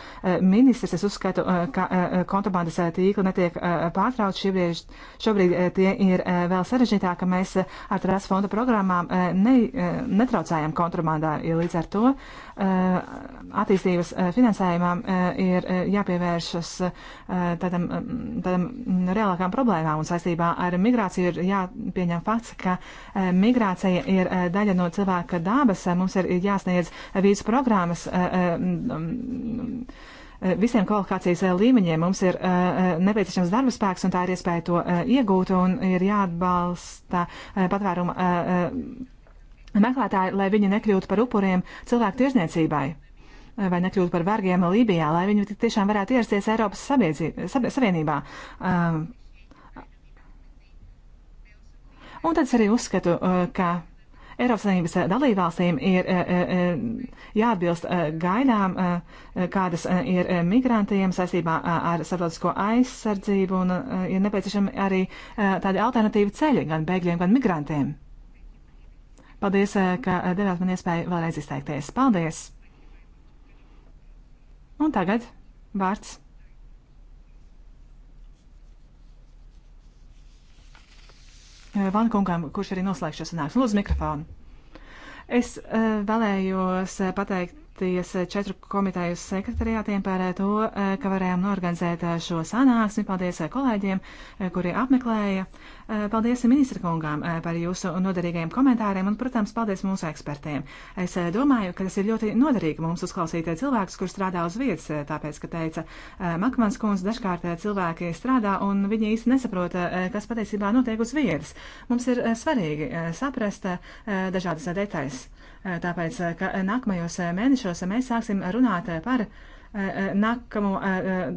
ministrs, es uzskatu, ka kontrabandas tīkli netiek pārtraukt. Šobrīd, šobrīd tie ir vēl sarežģītāk, ka mēs ar trasta fonda programmām ne, netraucējam kontrabandai. Līdz ar to Eh, attīstības eh, finansējumam eh, ir jāpievēršas tādam, mm, tādam reālākām problēmām un saistībā ar migrāciju ir jāpieņem fakts, ka migrācija ir daļa no cilvēka dabas. Mums ir jāsniedz vīzu programmas mm, mm, visiem kvalifikācijas līmeņiem mums ir uh, nepieciešams darba spēks, un tā ir iespēja to uh, iegūt, un ir jāatbalsta uh, patvēruma meklētāji, lai viņi nekļūtu par upuriem cilvēku tirzniecībai vai nekļūtu par vergiem Lībijā, lai viņi tiešām varētu ierasties Eiropas Savienībā. Um, un tad es arī uzskatu, uh, ka Eiropas Savienības dalībvalstīm ir uh, uh, jāatbilst gaidām, kādas ir migrantiem saistībā ar starptautisko aizsardzību, un ir nepieciešami arī tādi alternatīvi ceļi gan bēgļiem, gan migrantiem. Paldies, eh, ka eh, devāt man iespēju vēlreiz izteikties. Paldies! Un tagad vārds. Eh, Vankungam, kurš arī noslēgšos sanāks, lūdzu mikrofonu. Es vēlējos pateikt pateikties četru komiteju sekretariātiem par to, ka varējām norganizēt šo sanāksmi. Paldies kolēģiem, kuri apmeklēja. Paldies ministra kungām par jūsu noderīgajiem komentāriem un, protams, paldies mūsu ekspertiem. Es domāju, ka tas ir ļoti noderīgi mums uzklausīt cilvēkus, kur strādā uz vietas, tāpēc, ka teica Makmans kungs, dažkārt cilvēki strādā un viņi īsti nesaprota, kas patiesībā notiek uz vietas. Mums ir svarīgi saprast dažādas detaļas. Eh, tāpēc, eh, ka eh, nākamajos mēnešos mēs sāksim runāt par nākamo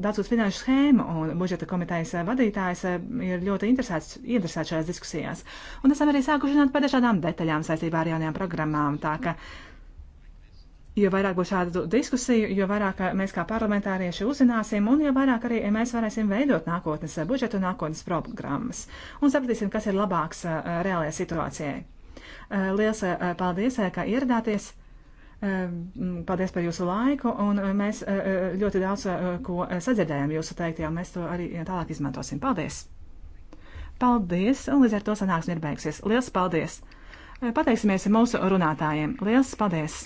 daudzos finanšu schēmu, un budžeta komitejas vadītājs ir ļoti interesēts, interesēts šajās diskusijās. Un esam arī sākuši runāt par dažādām detaļām saistībā ar jaunajām programmām. Tā, ka, Jo vairāk būs šādu diskusiju, jo vairāk mēs kā parlamentārieši uzzināsim, un jo vairāk arī mēs varēsim veidot nākotnes budžetu, nākotnes programmas. Un sapratīsim, kas ir labāks reālajai situācijai. Eh, Lielas eh, paldies, eh, ka ieradāties! Paldies par jūsu laiku, un mēs ļoti daudz ko sadzirdējām jūsu teiktajā, un mēs to arī tālāk izmantosim. Paldies! Paldies, un līdz ar to sanāksme ir beigsies. Lielas paldies! Pateiksimies mūsu runātājiem. Lielas paldies!